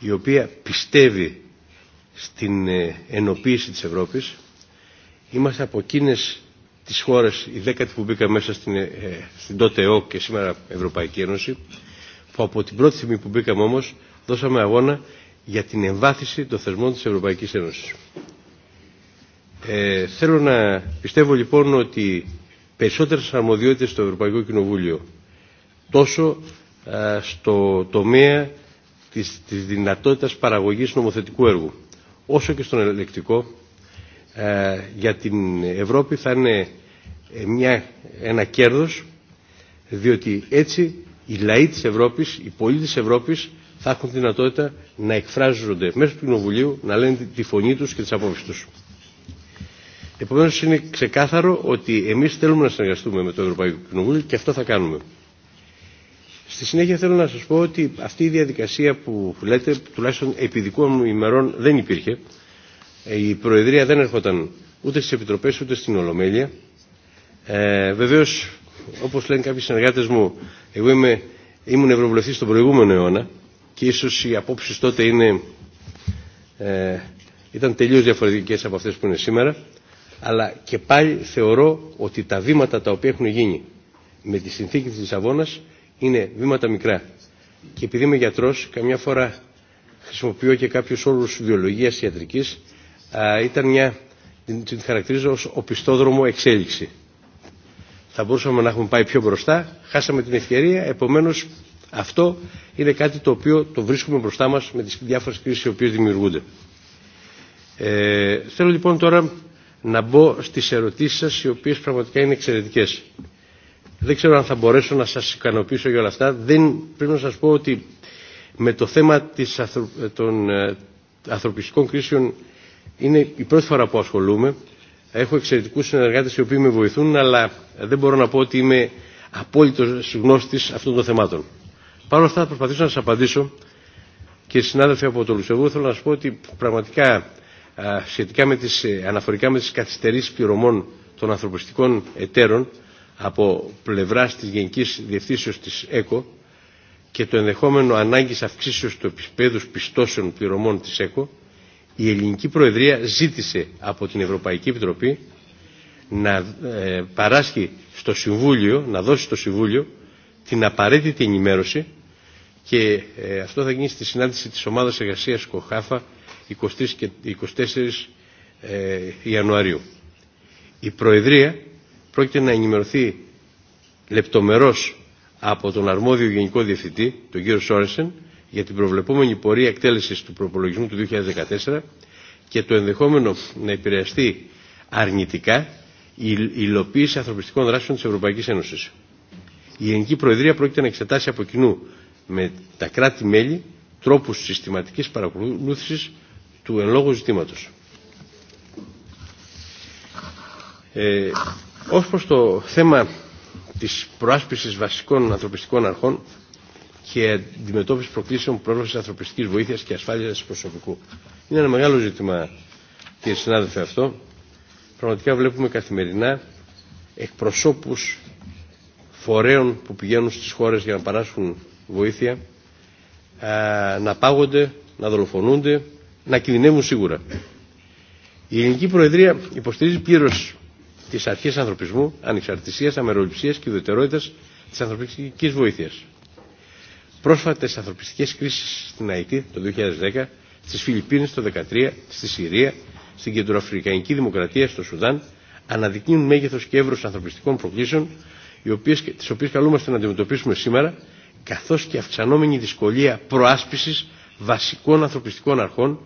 η οποία πιστεύει στην ε, ενοποίηση της Ευρώπης. Είμαστε από εκείνες τις χώρες, η δέκατη που μπήκα μέσα στην, ε, ε, στην τότε ΕΟ και σήμερα Ευρωπαϊκή Ένωση, που από την πρώτη στιγμή που μπήκαμε όμως δώσαμε αγώνα για την εμβάθυνση των θεσμών της Ευρωπαϊκής Ένωσης. Ε, θέλω να πιστεύω λοιπόν ότι περισσότερες αρμοδιότητες στο Ευρωπαϊκό Κοινοβούλιο τόσο ε, στο τομέα της, της δυνατότητας παραγωγής νομοθετικού έργου όσο και στον ελεκτικό ε, για την Ευρώπη θα είναι ε, μια, ένα κέρδος διότι έτσι οι λαοί της Ευρώπης, οι πολίτες της Ευρώπης θα έχουν δυνατότητα να εκφράζονται μέσω του Κοινοβουλίου, να λένε τη φωνή τους και τις απόψεις τους. Επομένω είναι ξεκάθαρο ότι εμεί θέλουμε να συνεργαστούμε με το Ευρωπαϊκό Κοινοβούλιο και αυτό θα κάνουμε. Στη συνέχεια θέλω να σα πω ότι αυτή η διαδικασία που λέτε, τουλάχιστον επί δικών μου ημερών δεν υπήρχε. Η Προεδρία δεν έρχονταν ούτε στι επιτροπέ ούτε στην Ολομέλεια. Ε, βεβαίως, όπως λένε κάποιοι συνεργάτε μου, εγώ είμαι, ήμουν Ευρωβουλευτή τον προηγούμενο αιώνα και ίσω οι απόψει τότε είναι, ε, ήταν τελείω διαφορετικέ από αυτέ που είναι σήμερα αλλά και πάλι θεωρώ ότι τα βήματα τα οποία έχουν γίνει με τη συνθήκη της Λισαβόνας είναι βήματα μικρά. Και επειδή είμαι γιατρός, καμιά φορά χρησιμοποιώ και κάποιους όρους βιολογίας, ιατρικής, ήταν μια, την, χαρακτηρίζω ως οπισθόδρομο εξέλιξη. Θα μπορούσαμε να έχουμε πάει πιο μπροστά, χάσαμε την ευκαιρία, επομένως αυτό είναι κάτι το οποίο το βρίσκουμε μπροστά μας με τις διάφορες κρίσεις οι οποίες δημιουργούνται. Ε, θέλω λοιπόν τώρα να μπω στις ερωτήσεις σας οι οποίες πραγματικά είναι εξαιρετικές. Δεν ξέρω αν θα μπορέσω να σας ικανοποιήσω για όλα αυτά. Δεν, πρέπει να σας πω ότι με το θέμα της των ε, ανθρωπιστικών κρίσεων είναι η πρώτη φορά που ασχολούμαι. Έχω εξαιρετικούς συνεργάτες οι οποίοι με βοηθούν, αλλά δεν μπορώ να πω ότι είμαι απόλυτος γνώστης αυτών των θεμάτων. Παρ' όλα αυτά θα προσπαθήσω να σας απαντήσω και συνάδελφοι από το Λουσέβου, θέλω να σας πω ότι πραγματικά ε, σχετικά με τις, ε, αναφορικά με τις καθυστερήσεις πληρωμών των ανθρωπιστικών εταίρων από πλευράς της Γενικής Διευθύνσεως της ΕΚΟ και το ενδεχόμενο ανάγκης αυξήσεως του επίπεδου πιστώσεων πληρωμών της ΕΚΟ, η Ελληνική Προεδρία ζήτησε από την Ευρωπαϊκή Επιτροπή να ε, παράσχει στο Συμβούλιο, να δώσει στο Συμβούλιο την απαραίτητη ενημέρωση και αυτό θα γίνει στη συνάντηση της Ομάδας Εργασίας Κοχάφα 23 και 24 ε, Ιανουαρίου. Η Προεδρία πρόκειται να ενημερωθεί λεπτομερώς από τον αρμόδιο Γενικό Διευθυντή, τον κύριο Σόρενσεν, για την προβλεπόμενη πορεία εκτέλεσης του προπολογισμού του 2014 και το ενδεχόμενο να επηρεαστεί αρνητικά η υλοποίηση ανθρωπιστικών δράσεων της Ευρωπαϊκής Ένωσης. Η Γενική Προεδρία πρόκειται να εξετάσει από κοινού με τα κράτη-μέλη τρόπους συστηματικής παρακολούθησης του εν λόγω ζητήματος. Ε, ως το θέμα της προάσπισης βασικών ανθρωπιστικών αρχών και αντιμετώπιση προκλήσεων πρόσβαση ανθρωπιστική βοήθεια και ασφάλεια προσωπικού. Είναι ένα μεγάλο ζήτημα, κύριε συνάδελφε, αυτό. Πραγματικά βλέπουμε καθημερινά εκπροσώπου φορέων που πηγαίνουν στι χώρε για να παράσχουν βοήθεια να πάγονται, να δολοφονούνται, να κινδυνεύουν σίγουρα. Η Ελληνική Προεδρία υποστηρίζει πλήρω τι αρχέ ανθρωπισμού, ανεξαρτησία, αμεροληψία και ιδιωτερότητα τη ανθρωπιστική βοήθεια. Πρόσφατε ανθρωπιστικέ κρίσει στην ΑΕΤ το 2010, στι Φιλιππίνες το 2013, στη Συρία, στην Κεντροαφρικανική Δημοκρατία, στο Σουδάν, αναδεικνύουν μέγεθο και εύρο ανθρωπιστικών προκλήσεων, τι οποίε καλούμαστε να αντιμετωπίσουμε σήμερα, καθώ και αυξανόμενη δυσκολία προάσπιση βασικών ανθρωπιστικών αρχών,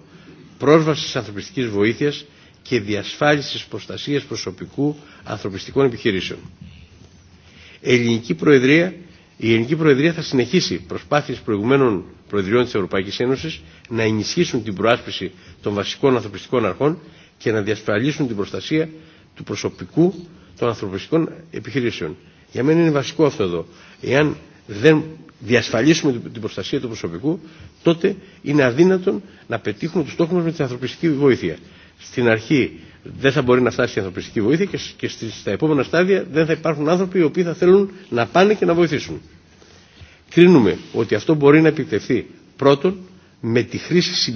πρόσβασης ανθρωπιστικής βοήθειας και διασφάλισης προστασίας προσωπικού ανθρωπιστικών επιχειρήσεων. Η Ελληνική Προεδρία, η Ελληνική Προεδρία θα συνεχίσει προσπάθειες προηγουμένων Προεδριών της Ευρωπαϊκής Ένωσης να ενισχύσουν την προάσπιση των βασικών ανθρωπιστικών αρχών και να διασφαλίσουν την προστασία του προσωπικού των ανθρωπιστικών επιχειρήσεων. Για μένα είναι βασικό αυτό εδώ. Εάν δεν διασφαλίσουμε την προστασία του προσωπικού, τότε είναι αδύνατον να πετύχουμε τους στόχου μας με την ανθρωπιστική βοήθεια. Στην αρχή δεν θα μπορεί να φτάσει η ανθρωπιστική βοήθεια και στα επόμενα στάδια δεν θα υπάρχουν άνθρωποι οι οποίοι θα θέλουν να πάνε και να βοηθήσουν. Κρίνουμε ότι αυτό μπορεί να επιτευχθεί πρώτον με τη χρήση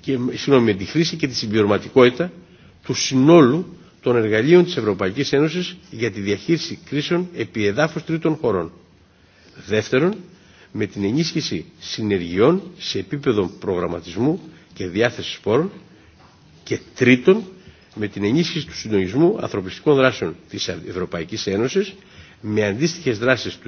και, με τη χρήση και τη συμπληρωματικότητα του συνόλου των εργαλείων της Ευρωπαϊκής Ένωσης για τη διαχείριση κρίσεων επί εδάφους τρίτων χωρών. Δεύτερον, με την ενίσχυση συνεργειών σε επίπεδο προγραμματισμού και διάθεσης πόρων και τρίτον, με την ενίσχυση του συντονισμού ανθρωπιστικών δράσεων της Ευρωπαϊκής Ένωσης με αντίστοιχες δράσεις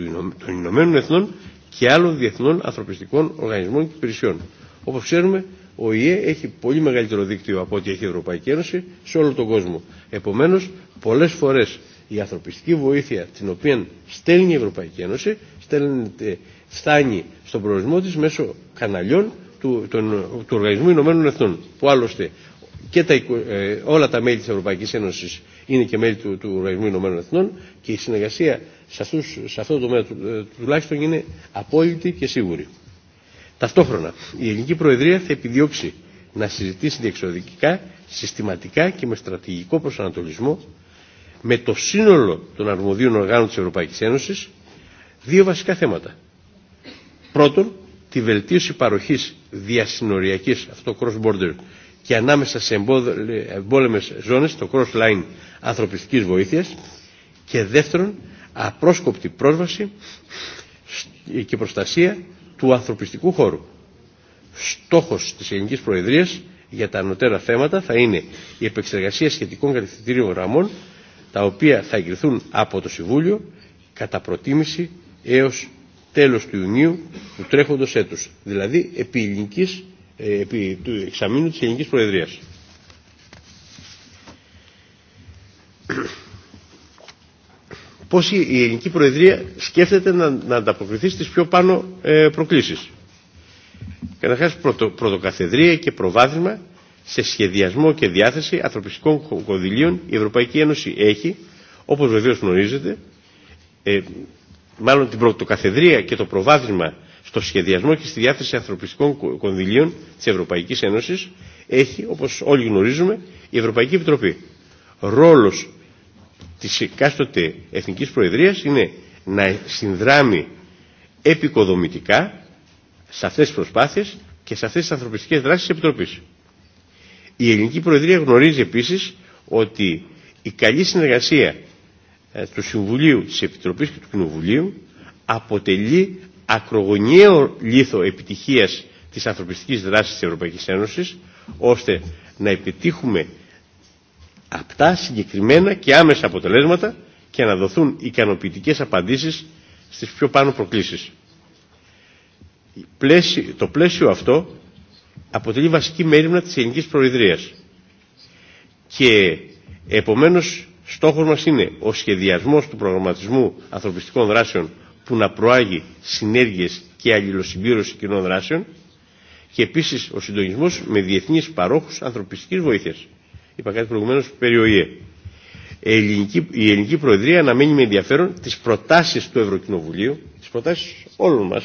των Ηνωμένων Εθνών και άλλων διεθνών ανθρωπιστικών οργανισμών και υπηρεσιών. Όπως ξέρουμε, ο ΙΕ έχει πολύ μεγαλύτερο δίκτυο από ό,τι έχει η Ευρωπαϊκή Ένωση σε όλο τον κόσμο. Επομένω, πολλέ φορέ η ανθρωπιστική βοήθεια την οποία στέλνει η Ευρωπαϊκή Ένωση στέλνεται, φτάνει στον προορισμό τη μέσω καναλιών του, του Οργανισμού Ηνωμένων Εθνών, που άλλωστε και τα, ε, όλα τα μέλη τη Ευρωπαϊκής Ένωσης είναι και μέλη του, του Οργανισμού Ηνωμένων Εθνών και η συνεργασία σε, αυτό το τομέα του, ε, τουλάχιστον είναι απόλυτη και σίγουρη. Ταυτόχρονα, η Ελληνική Προεδρία θα επιδιώξει να συζητήσει διεξοδικά, συστηματικά και με στρατηγικό προσανατολισμό με το σύνολο των αρμοδίων οργάνων της Ευρωπαϊκής Ένωσης δύο βασικά θέματα. Πρώτον, τη βελτίωση παροχής διασυνοριακής, αυτό cross-border, και ανάμεσα σε εμπόλεμες ζώνες, το cross-line ανθρωπιστικής βοήθειας και δεύτερον, απρόσκοπτη πρόσβαση και προστασία του ανθρωπιστικού χώρου. Στόχος της ελληνικής προεδρίας για τα ανωτέρα θέματα θα είναι η επεξεργασία σχετικών κατευθυντήριων γραμμών τα οποία θα εγκριθούν από το Συμβούλιο κατά προτίμηση έως τέλος του Ιουνίου του τρέχοντος έτους, δηλαδή επί, ελληνικής, ε, επί του εξαμήνου της ελληνικής προεδρίας πώς η ελληνική προεδρία σκέφτεται να, να ανταποκριθεί στις πιο πάνω ε, προκλήσεις. Καταρχάς πρωτοκαθεδρία και προβάδισμα σε σχεδιασμό και διάθεση ανθρωπιστικών κονδυλίων η Ευρωπαϊκή Ένωση έχει, όπως βεβαίως γνωρίζετε, ε, μάλλον την πρωτοκαθεδρία και το προβάδισμα στο σχεδιασμό και στη διάθεση ανθρωπιστικών κονδυλίων της Ευρωπαϊκής Ένωσης έχει, όπως όλοι γνωρίζουμε, η Ευρωπαϊκή Επιτροπή. Ρόλος της εκάστοτε Εθνικής Προεδρίας είναι να συνδράμει επικοδομητικά σε αυτές τις προσπάθειες και σε αυτές τις ανθρωπιστικές δράσεις της Επιτροπής. Η Ελληνική Προεδρία γνωρίζει επίσης ότι η καλή συνεργασία ε, του Συμβουλίου, της Επιτροπής και του Κοινοβουλίου αποτελεί ακρογωνιαίο λίθο επιτυχίας της ανθρωπιστικής δράσης της Ευρωπαϊκής Ένωσης ώστε να επιτύχουμε απτά, συγκεκριμένα και άμεσα αποτελέσματα και να δοθούν ικανοποιητικές απαντήσεις στις πιο πάνω προκλήσεις. Το πλαίσιο αυτό αποτελεί βασική μέρημνα της ελληνικής προεδρίας και επομένως στόχος μας είναι ο σχεδιασμός του προγραμματισμού ανθρωπιστικών δράσεων που να προάγει συνέργειες και αλληλοσυμπήρωση κοινών δράσεων και επίσης ο συντονισμός με διεθνείς παρόχους ανθρωπιστικής βοήθειας είπα κάτι προηγουμένως, περιοχή. Η ελληνική, η ελληνική Προεδρία αναμένει με ενδιαφέρον τι προτάσει του Ευρωκοινοβουλίου, τι προτάσει όλων μα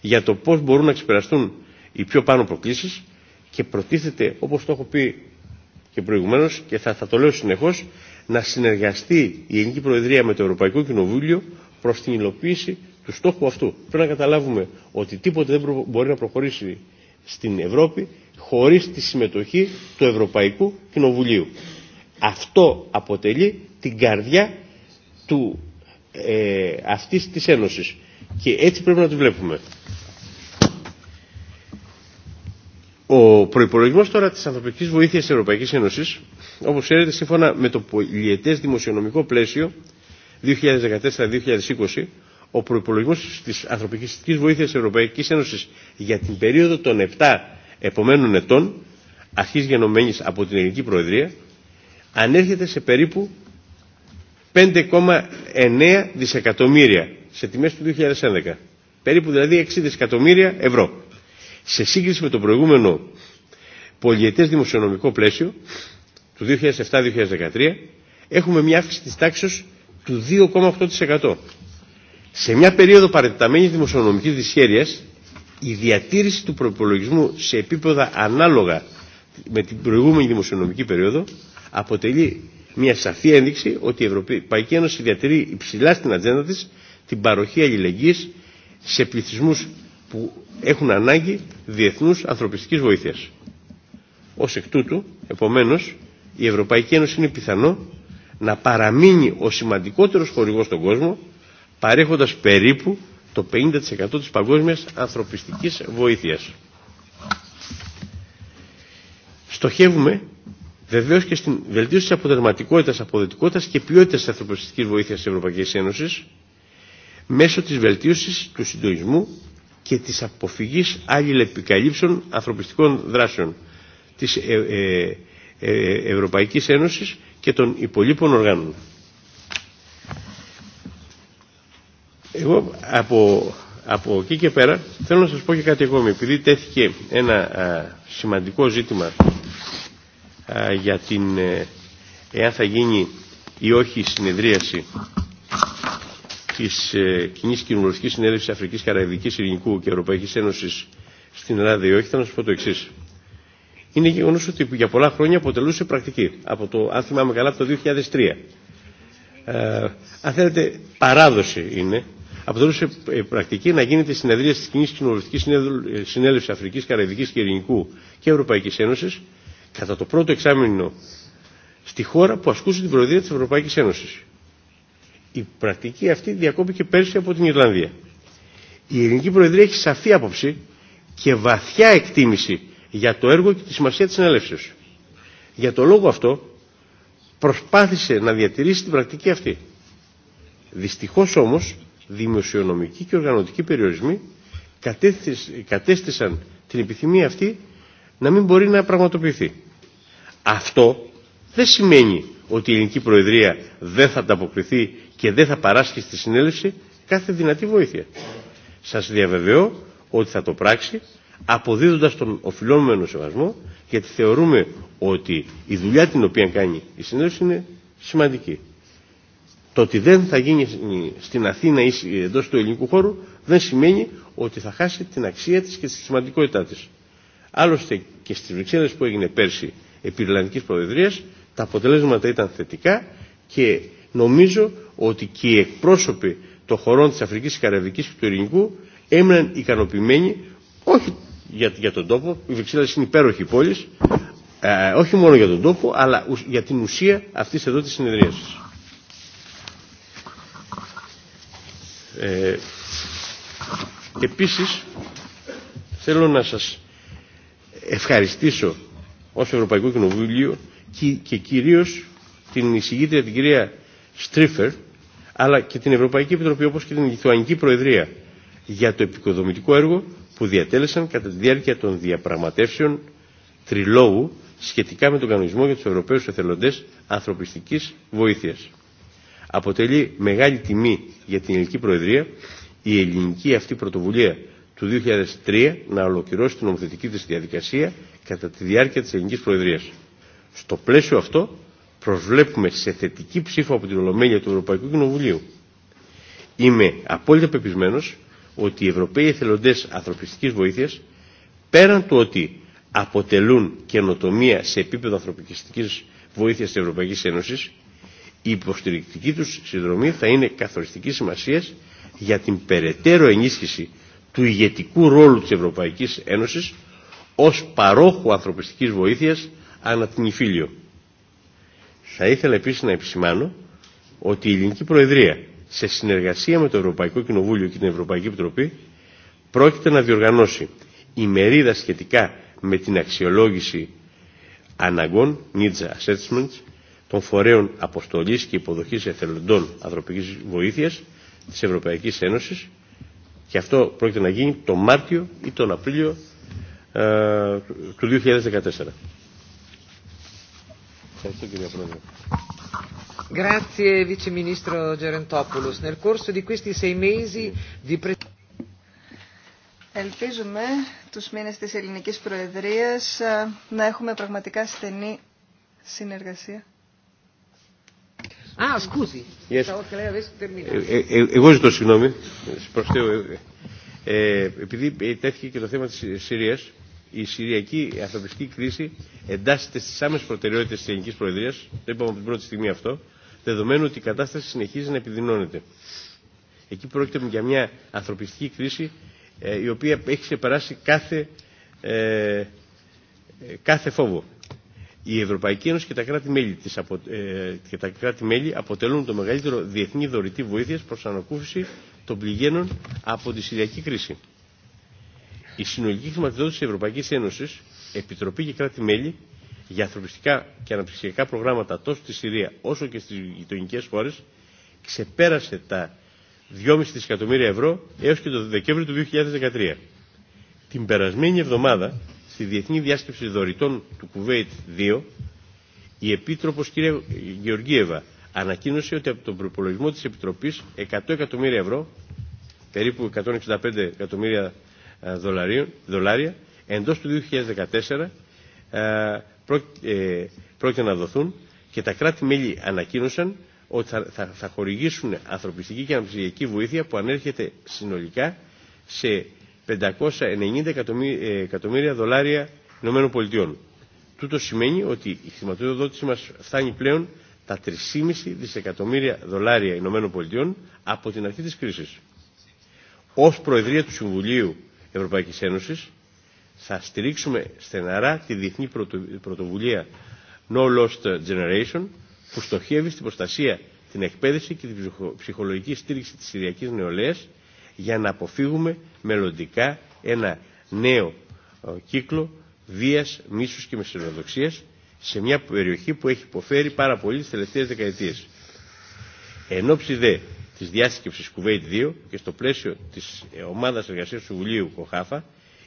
για το πώ μπορούν να ξεπεραστούν οι πιο πάνω προκλήσει και προτίθεται, όπω το έχω πει και προηγουμένω και θα, θα το λέω συνεχώ να συνεργαστεί η Ελληνική Προεδρία με το Ευρωπαϊκό Κοινοβούλιο προ την υλοποίηση του στόχου αυτού. Πρέπει να καταλάβουμε ότι τίποτε δεν μπορεί να προχωρήσει στην Ευρώπη χωρίς τη συμμετοχή του Ευρωπαϊκού Κοινοβουλίου. Αυτό αποτελεί την καρδιά του, ε, αυτής της Ένωσης και έτσι πρέπει να το βλέπουμε. Ο προπολογισμό τώρα τη ανθρωπική βοήθεια τη Ευρωπαϊκή Ένωση, όπω ξέρετε, σύμφωνα με το πολιετέ δημοσιονομικό πλαίσιο 2014-2020, ο προπολογισμό τη ανθρωπιστική βοήθεια τη Ευρωπαϊκή Ένωση για την περίοδο των 7 επομένων ετών, αρχή γενομένη από την Ελληνική Προεδρία, ανέρχεται σε περίπου 5,9 δισεκατομμύρια σε τιμές του 2011. Περίπου δηλαδή 6 δισεκατομμύρια ευρώ. Σε σύγκριση με το προηγούμενο πολιετές δημοσιονομικό πλαίσιο του 2007-2013 έχουμε μια αύξηση της τάξης του 2,8%. Σε μια περίοδο παρέτηταμένη δημοσιονομικής δυσχέρειας, η διατήρηση του προπολογισμού σε επίπεδα ανάλογα με την προηγούμενη δημοσιονομική περίοδο αποτελεί μια σαφή ένδειξη ότι η Ευρωπαϊκή Ένωση διατηρεί υψηλά στην ατζέντα της την παροχή αλληλεγγύης σε πληθυσμού που έχουν ανάγκη διεθνούς ανθρωπιστικής βοήθειας. Ως εκ τούτου, επομένως, η Ευρωπαϊκή Ένωση είναι πιθανό να παραμείνει ο σημαντικότερος χορηγό στον κόσμο παρέχοντας περίπου το 50% της παγκόσμιας ανθρωπιστικής βοήθειας. Στοχεύουμε βεβαίως και στην βελτίωση της αποτελεσματικότητας, αποδοτικότητας και ποιότητας της ανθρωπιστικής βοήθειας της Ευρωπαϊκής Ένωσης μέσω της βελτίωσης του συντονισμού και της αποφυγής αλληλεπικαλύψεων ανθρωπιστικών δράσεων της ε- ε- ε- Ευρωπαϊκής Ένωσης και των υπολείπων οργάνων. Εγώ από, από εκεί και πέρα θέλω να σας πω και κάτι εγώ, Επειδή τέθηκε ένα σημαντικό ζήτημα για την ε, εάν θα γίνει ή όχι η συνεδρίαση της ε, κοινή κοινωνικής συνέλευσης Αφρικής Καραϊβικής Ελληνικού και Ευρωπαϊκής Ένωσης στην Ελλάδα ή όχι, θα σας πω το εξής. Είναι γεγονός ότι για πολλά χρόνια αποτελούσε πρακτική. Από το, αν θυμάμαι καλά, από το 2003. Ε, αν θέλετε, παράδοση είναι αποτελούσε ε, πρακτική να γίνεται συνεδρία τη κοινή κοινοβουλευτική ε, συνέλευση Αφρική, Καραϊβική και Ελληνικού... και Ευρωπαϊκή Ένωση κατά το πρώτο εξάμεινο στη χώρα που ασκούσε την προεδρία τη Ευρωπαϊκή Ένωση. Η πρακτική αυτή διακόπηκε πέρσι από την Ιρλανδία. Η ελληνική προεδρία έχει σαφή άποψη και βαθιά εκτίμηση για το έργο και τη σημασία τη συνέλευση. Για το λόγο αυτό προσπάθησε να διατηρήσει την πρακτική αυτή. Δυστυχώς όμως δημοσιονομικοί και οργανωτικοί περιορισμοί κατέστησαν την επιθυμία αυτή να μην μπορεί να πραγματοποιηθεί. Αυτό δεν σημαίνει ότι η ελληνική προεδρία δεν θα ανταποκριθεί και δεν θα παράσχει στη συνέλευση κάθε δυνατή βοήθεια. Σας διαβεβαιώ ότι θα το πράξει αποδίδοντας τον οφειλόμενο σεβασμό γιατί θεωρούμε ότι η δουλειά την οποία κάνει η συνέλευση είναι σημαντική. Το ότι δεν θα γίνει στην Αθήνα ή εντό του ελληνικού χώρου δεν σημαίνει ότι θα χάσει την αξία τη και τη σημαντικότητά τη. Άλλωστε και στι Βρυξέλλε που έγινε πέρσι επί Ιρλανδική Προεδρία τα αποτελέσματα ήταν θετικά και νομίζω ότι και οι εκπρόσωποι των χωρών τη Αφρική, τη Καραβική και του ελληνικού έμειναν ικανοποιημένοι όχι για, για τον τόπο, οι Βρυξέλλε είναι υπέροχη πόλη, ε, όχι μόνο για τον τόπο αλλά για την ουσία αυτή εδώ τη συνεδρίαση. Ε, επίσης, θέλω να σας ευχαριστήσω ως Ευρωπαϊκό Κοινοβούλιο και, και κυρίως την εισηγήτρια την κυρία Στρίφερ αλλά και την Ευρωπαϊκή Επιτροπή όπως και την Λιθουανική Προεδρία για το επικοδομητικό έργο που διατέλεσαν κατά τη διάρκεια των διαπραγματεύσεων τριλόγου σχετικά με τον κανονισμό για τους Ευρωπαίους εθελοντές ανθρωπιστικής βοήθειας. Αποτελεί μεγάλη τιμή για την ελληνική Προεδρία η ελληνική αυτή πρωτοβουλία του 2003 να ολοκληρώσει την νομοθετική της διαδικασία κατά τη διάρκεια της ελληνικής Προεδρίας. Στο πλαίσιο αυτό προσβλέπουμε σε θετική ψήφο από την Ολομέλεια του Ευρωπαϊκού Κοινοβουλίου. Είμαι απόλυτα πεπισμένος ότι οι Ευρωπαίοι εθελοντές ανθρωπιστικής βοήθειας πέραν του ότι αποτελούν καινοτομία σε επίπεδο ανθρωπιστικής βοήθειας της Ευρωπαϊκής Ένωσης η υποστηρικτική τους συνδρομή θα είναι καθοριστική σημασίας για την περαιτέρω ενίσχυση του ηγετικού ρόλου της Ευρωπαϊκής Ένωσης ως παρόχου ανθρωπιστικής βοήθειας ανά την Ιφίλιο. Θα ήθελα επίσης να επισημάνω ότι η Ελληνική Προεδρία σε συνεργασία με το Ευρωπαϊκό Κοινοβούλιο και την Ευρωπαϊκή Επιτροπή πρόκειται να διοργανώσει η μερίδα σχετικά με την αξιολόγηση αναγκών, needs assessments, των φορέων αποστολή και υποδοχή εθελοντών ανθρωπικής βοήθεια τη Ευρωπαϊκή Ένωση και αυτό πρόκειται να γίνει τον Μάρτιο ή τον Απρίλιο ε, του 2014. Ευχαριστώ κύριε Πρόεδρε.
Grazie Vice Ministro Gerentopoulos. Nel corso di questi sei mesi
Ελπίζουμε του μήνε τη ελληνική Προεδρία ε, να έχουμε πραγματικά στενή συνεργασία.
Α, Yes. Ε, ε, ε,
εγώ ζητώ συγγνώμη. Επειδή τέθηκε και το θέμα της Συρίας, η συριακή ανθρωπιστική κρίση εντάσσεται στις άμεσες προτεραιότητες της ελληνική Προεδρίας, το είπαμε από την πρώτη στιγμή αυτό, δεδομένου ότι η κατάσταση συνεχίζει να επιδεινώνεται. Εκεί πρόκειται για μια ανθρωπιστική κρίση η οποία έχει ξεπεράσει κάθε, κάθε φόβο. Η Ευρωπαϊκή Ένωση ε, και τα κράτη-μέλη αποτελούν το μεγαλύτερο διεθνή δωρητή βοήθειας προς ανακούφιση των πληγένων από τη Συριακή κρίση. Η συνολική χρηματοδότηση της Ευρωπαϊκής Ένωσης, Επιτροπή και κράτη-μέλη για ανθρωπιστικά και αναπτυξιακά προγράμματα τόσο στη Συρία όσο και στις γειτονικές χώρες ξεπέρασε τα 2,5 δισεκατομμύρια ευρώ έως και το Δεκέμβριο του 2013. Την περασμένη εβδομάδα στη Διεθνή Διάσκεψη Δωρητών του Κουβέιτ 2, η Επίτροπος κ. Γεωργίευα ανακοίνωσε ότι από τον προπολογισμό της Επιτροπής 100 εκατομμύρια ευρώ, περίπου 165 εκατομμύρια ε, δολάρια, εντός του 2014 ε, ε, πρόκειται να δοθούν και τα κράτη-μέλη ανακοίνωσαν ότι θα, θα, χορηγήσουν ανθρωπιστική και αναψυγιακή βοήθεια που ανέρχεται συνολικά σε 590 ε, εκατομμύρια δολάρια Ηνωμένων Πολιτειών. Τούτο σημαίνει ότι η χρηματοδότησή μας φτάνει πλέον τα 3,5 δισεκατομμύρια δολάρια Ηνωμένων Πολιτειών από την αρχή της κρίσης. Ως Προεδρία του Συμβουλίου Ευρωπαϊκής Ένωσης θα στηρίξουμε στεναρά τη διεθνή πρωτοβουλία No Lost Generation που στοχεύει στην προστασία, την εκπαίδευση και την ψυχολογική στήριξη της Συριακής νεολαίας για να αποφύγουμε μελλοντικά ένα νέο ε, κύκλο βίας, μίσους και μεσηλοδοξίας σε μια περιοχή που έχει υποφέρει πάρα πολύ τις τελευταίες δεκαετίες. Εν ώψη δε της διάσκεψης Κουβέιτ 2 και στο πλαίσιο της ε, ομάδας εργασίας του Βουλίου Κοχάφα,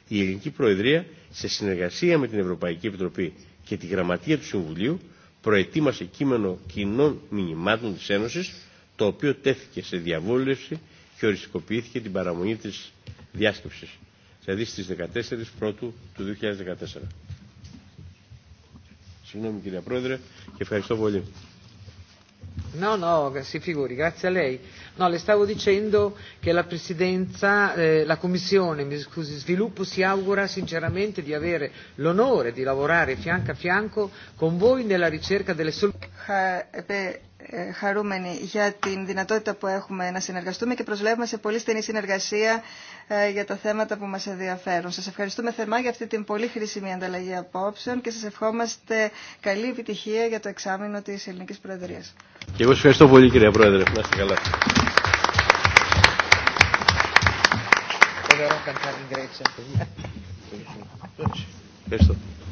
η Ελληνική Προεδρία σε συνεργασία με την Ευρωπαϊκή Επιτροπή και τη Γραμματεία του Συμβουλίου προετοίμασε κείμενο κοινών μηνυμάτων της Ένωσης το οποίο τέθηκε σε διαβούλευση και οριστικοποιήθηκε την παραμονή της διάσκεψης, δηλαδή στις 14 Πρώτου του 2014. Συγγνώμη κυρία Πρόεδρε και ευχαριστώ πολύ.
No, no, si figuri, grazie a lei. No, le stavo dicendo che la Presidenza, la Commissione mi scusi, Sviluppo si augura sinceramente di avere l'onore di lavorare fianco a fianco con voi nella ricerca delle soluzioni
ε, χαρούμενοι για την δυνατότητα που έχουμε να συνεργαστούμε και προσβλέπουμε σε πολύ στενή συνεργασία ε, για τα θέματα που μας ενδιαφέρουν. Σας ευχαριστούμε θερμά για αυτή την πολύ χρήσιμη ανταλλαγή απόψεων και σας ευχόμαστε καλή επιτυχία για το εξάμεινο της Ελληνικής Προεδρίας.
Και εγώ σας ευχαριστώ πολύ κυρία Πρόεδρε. Να είστε καλά.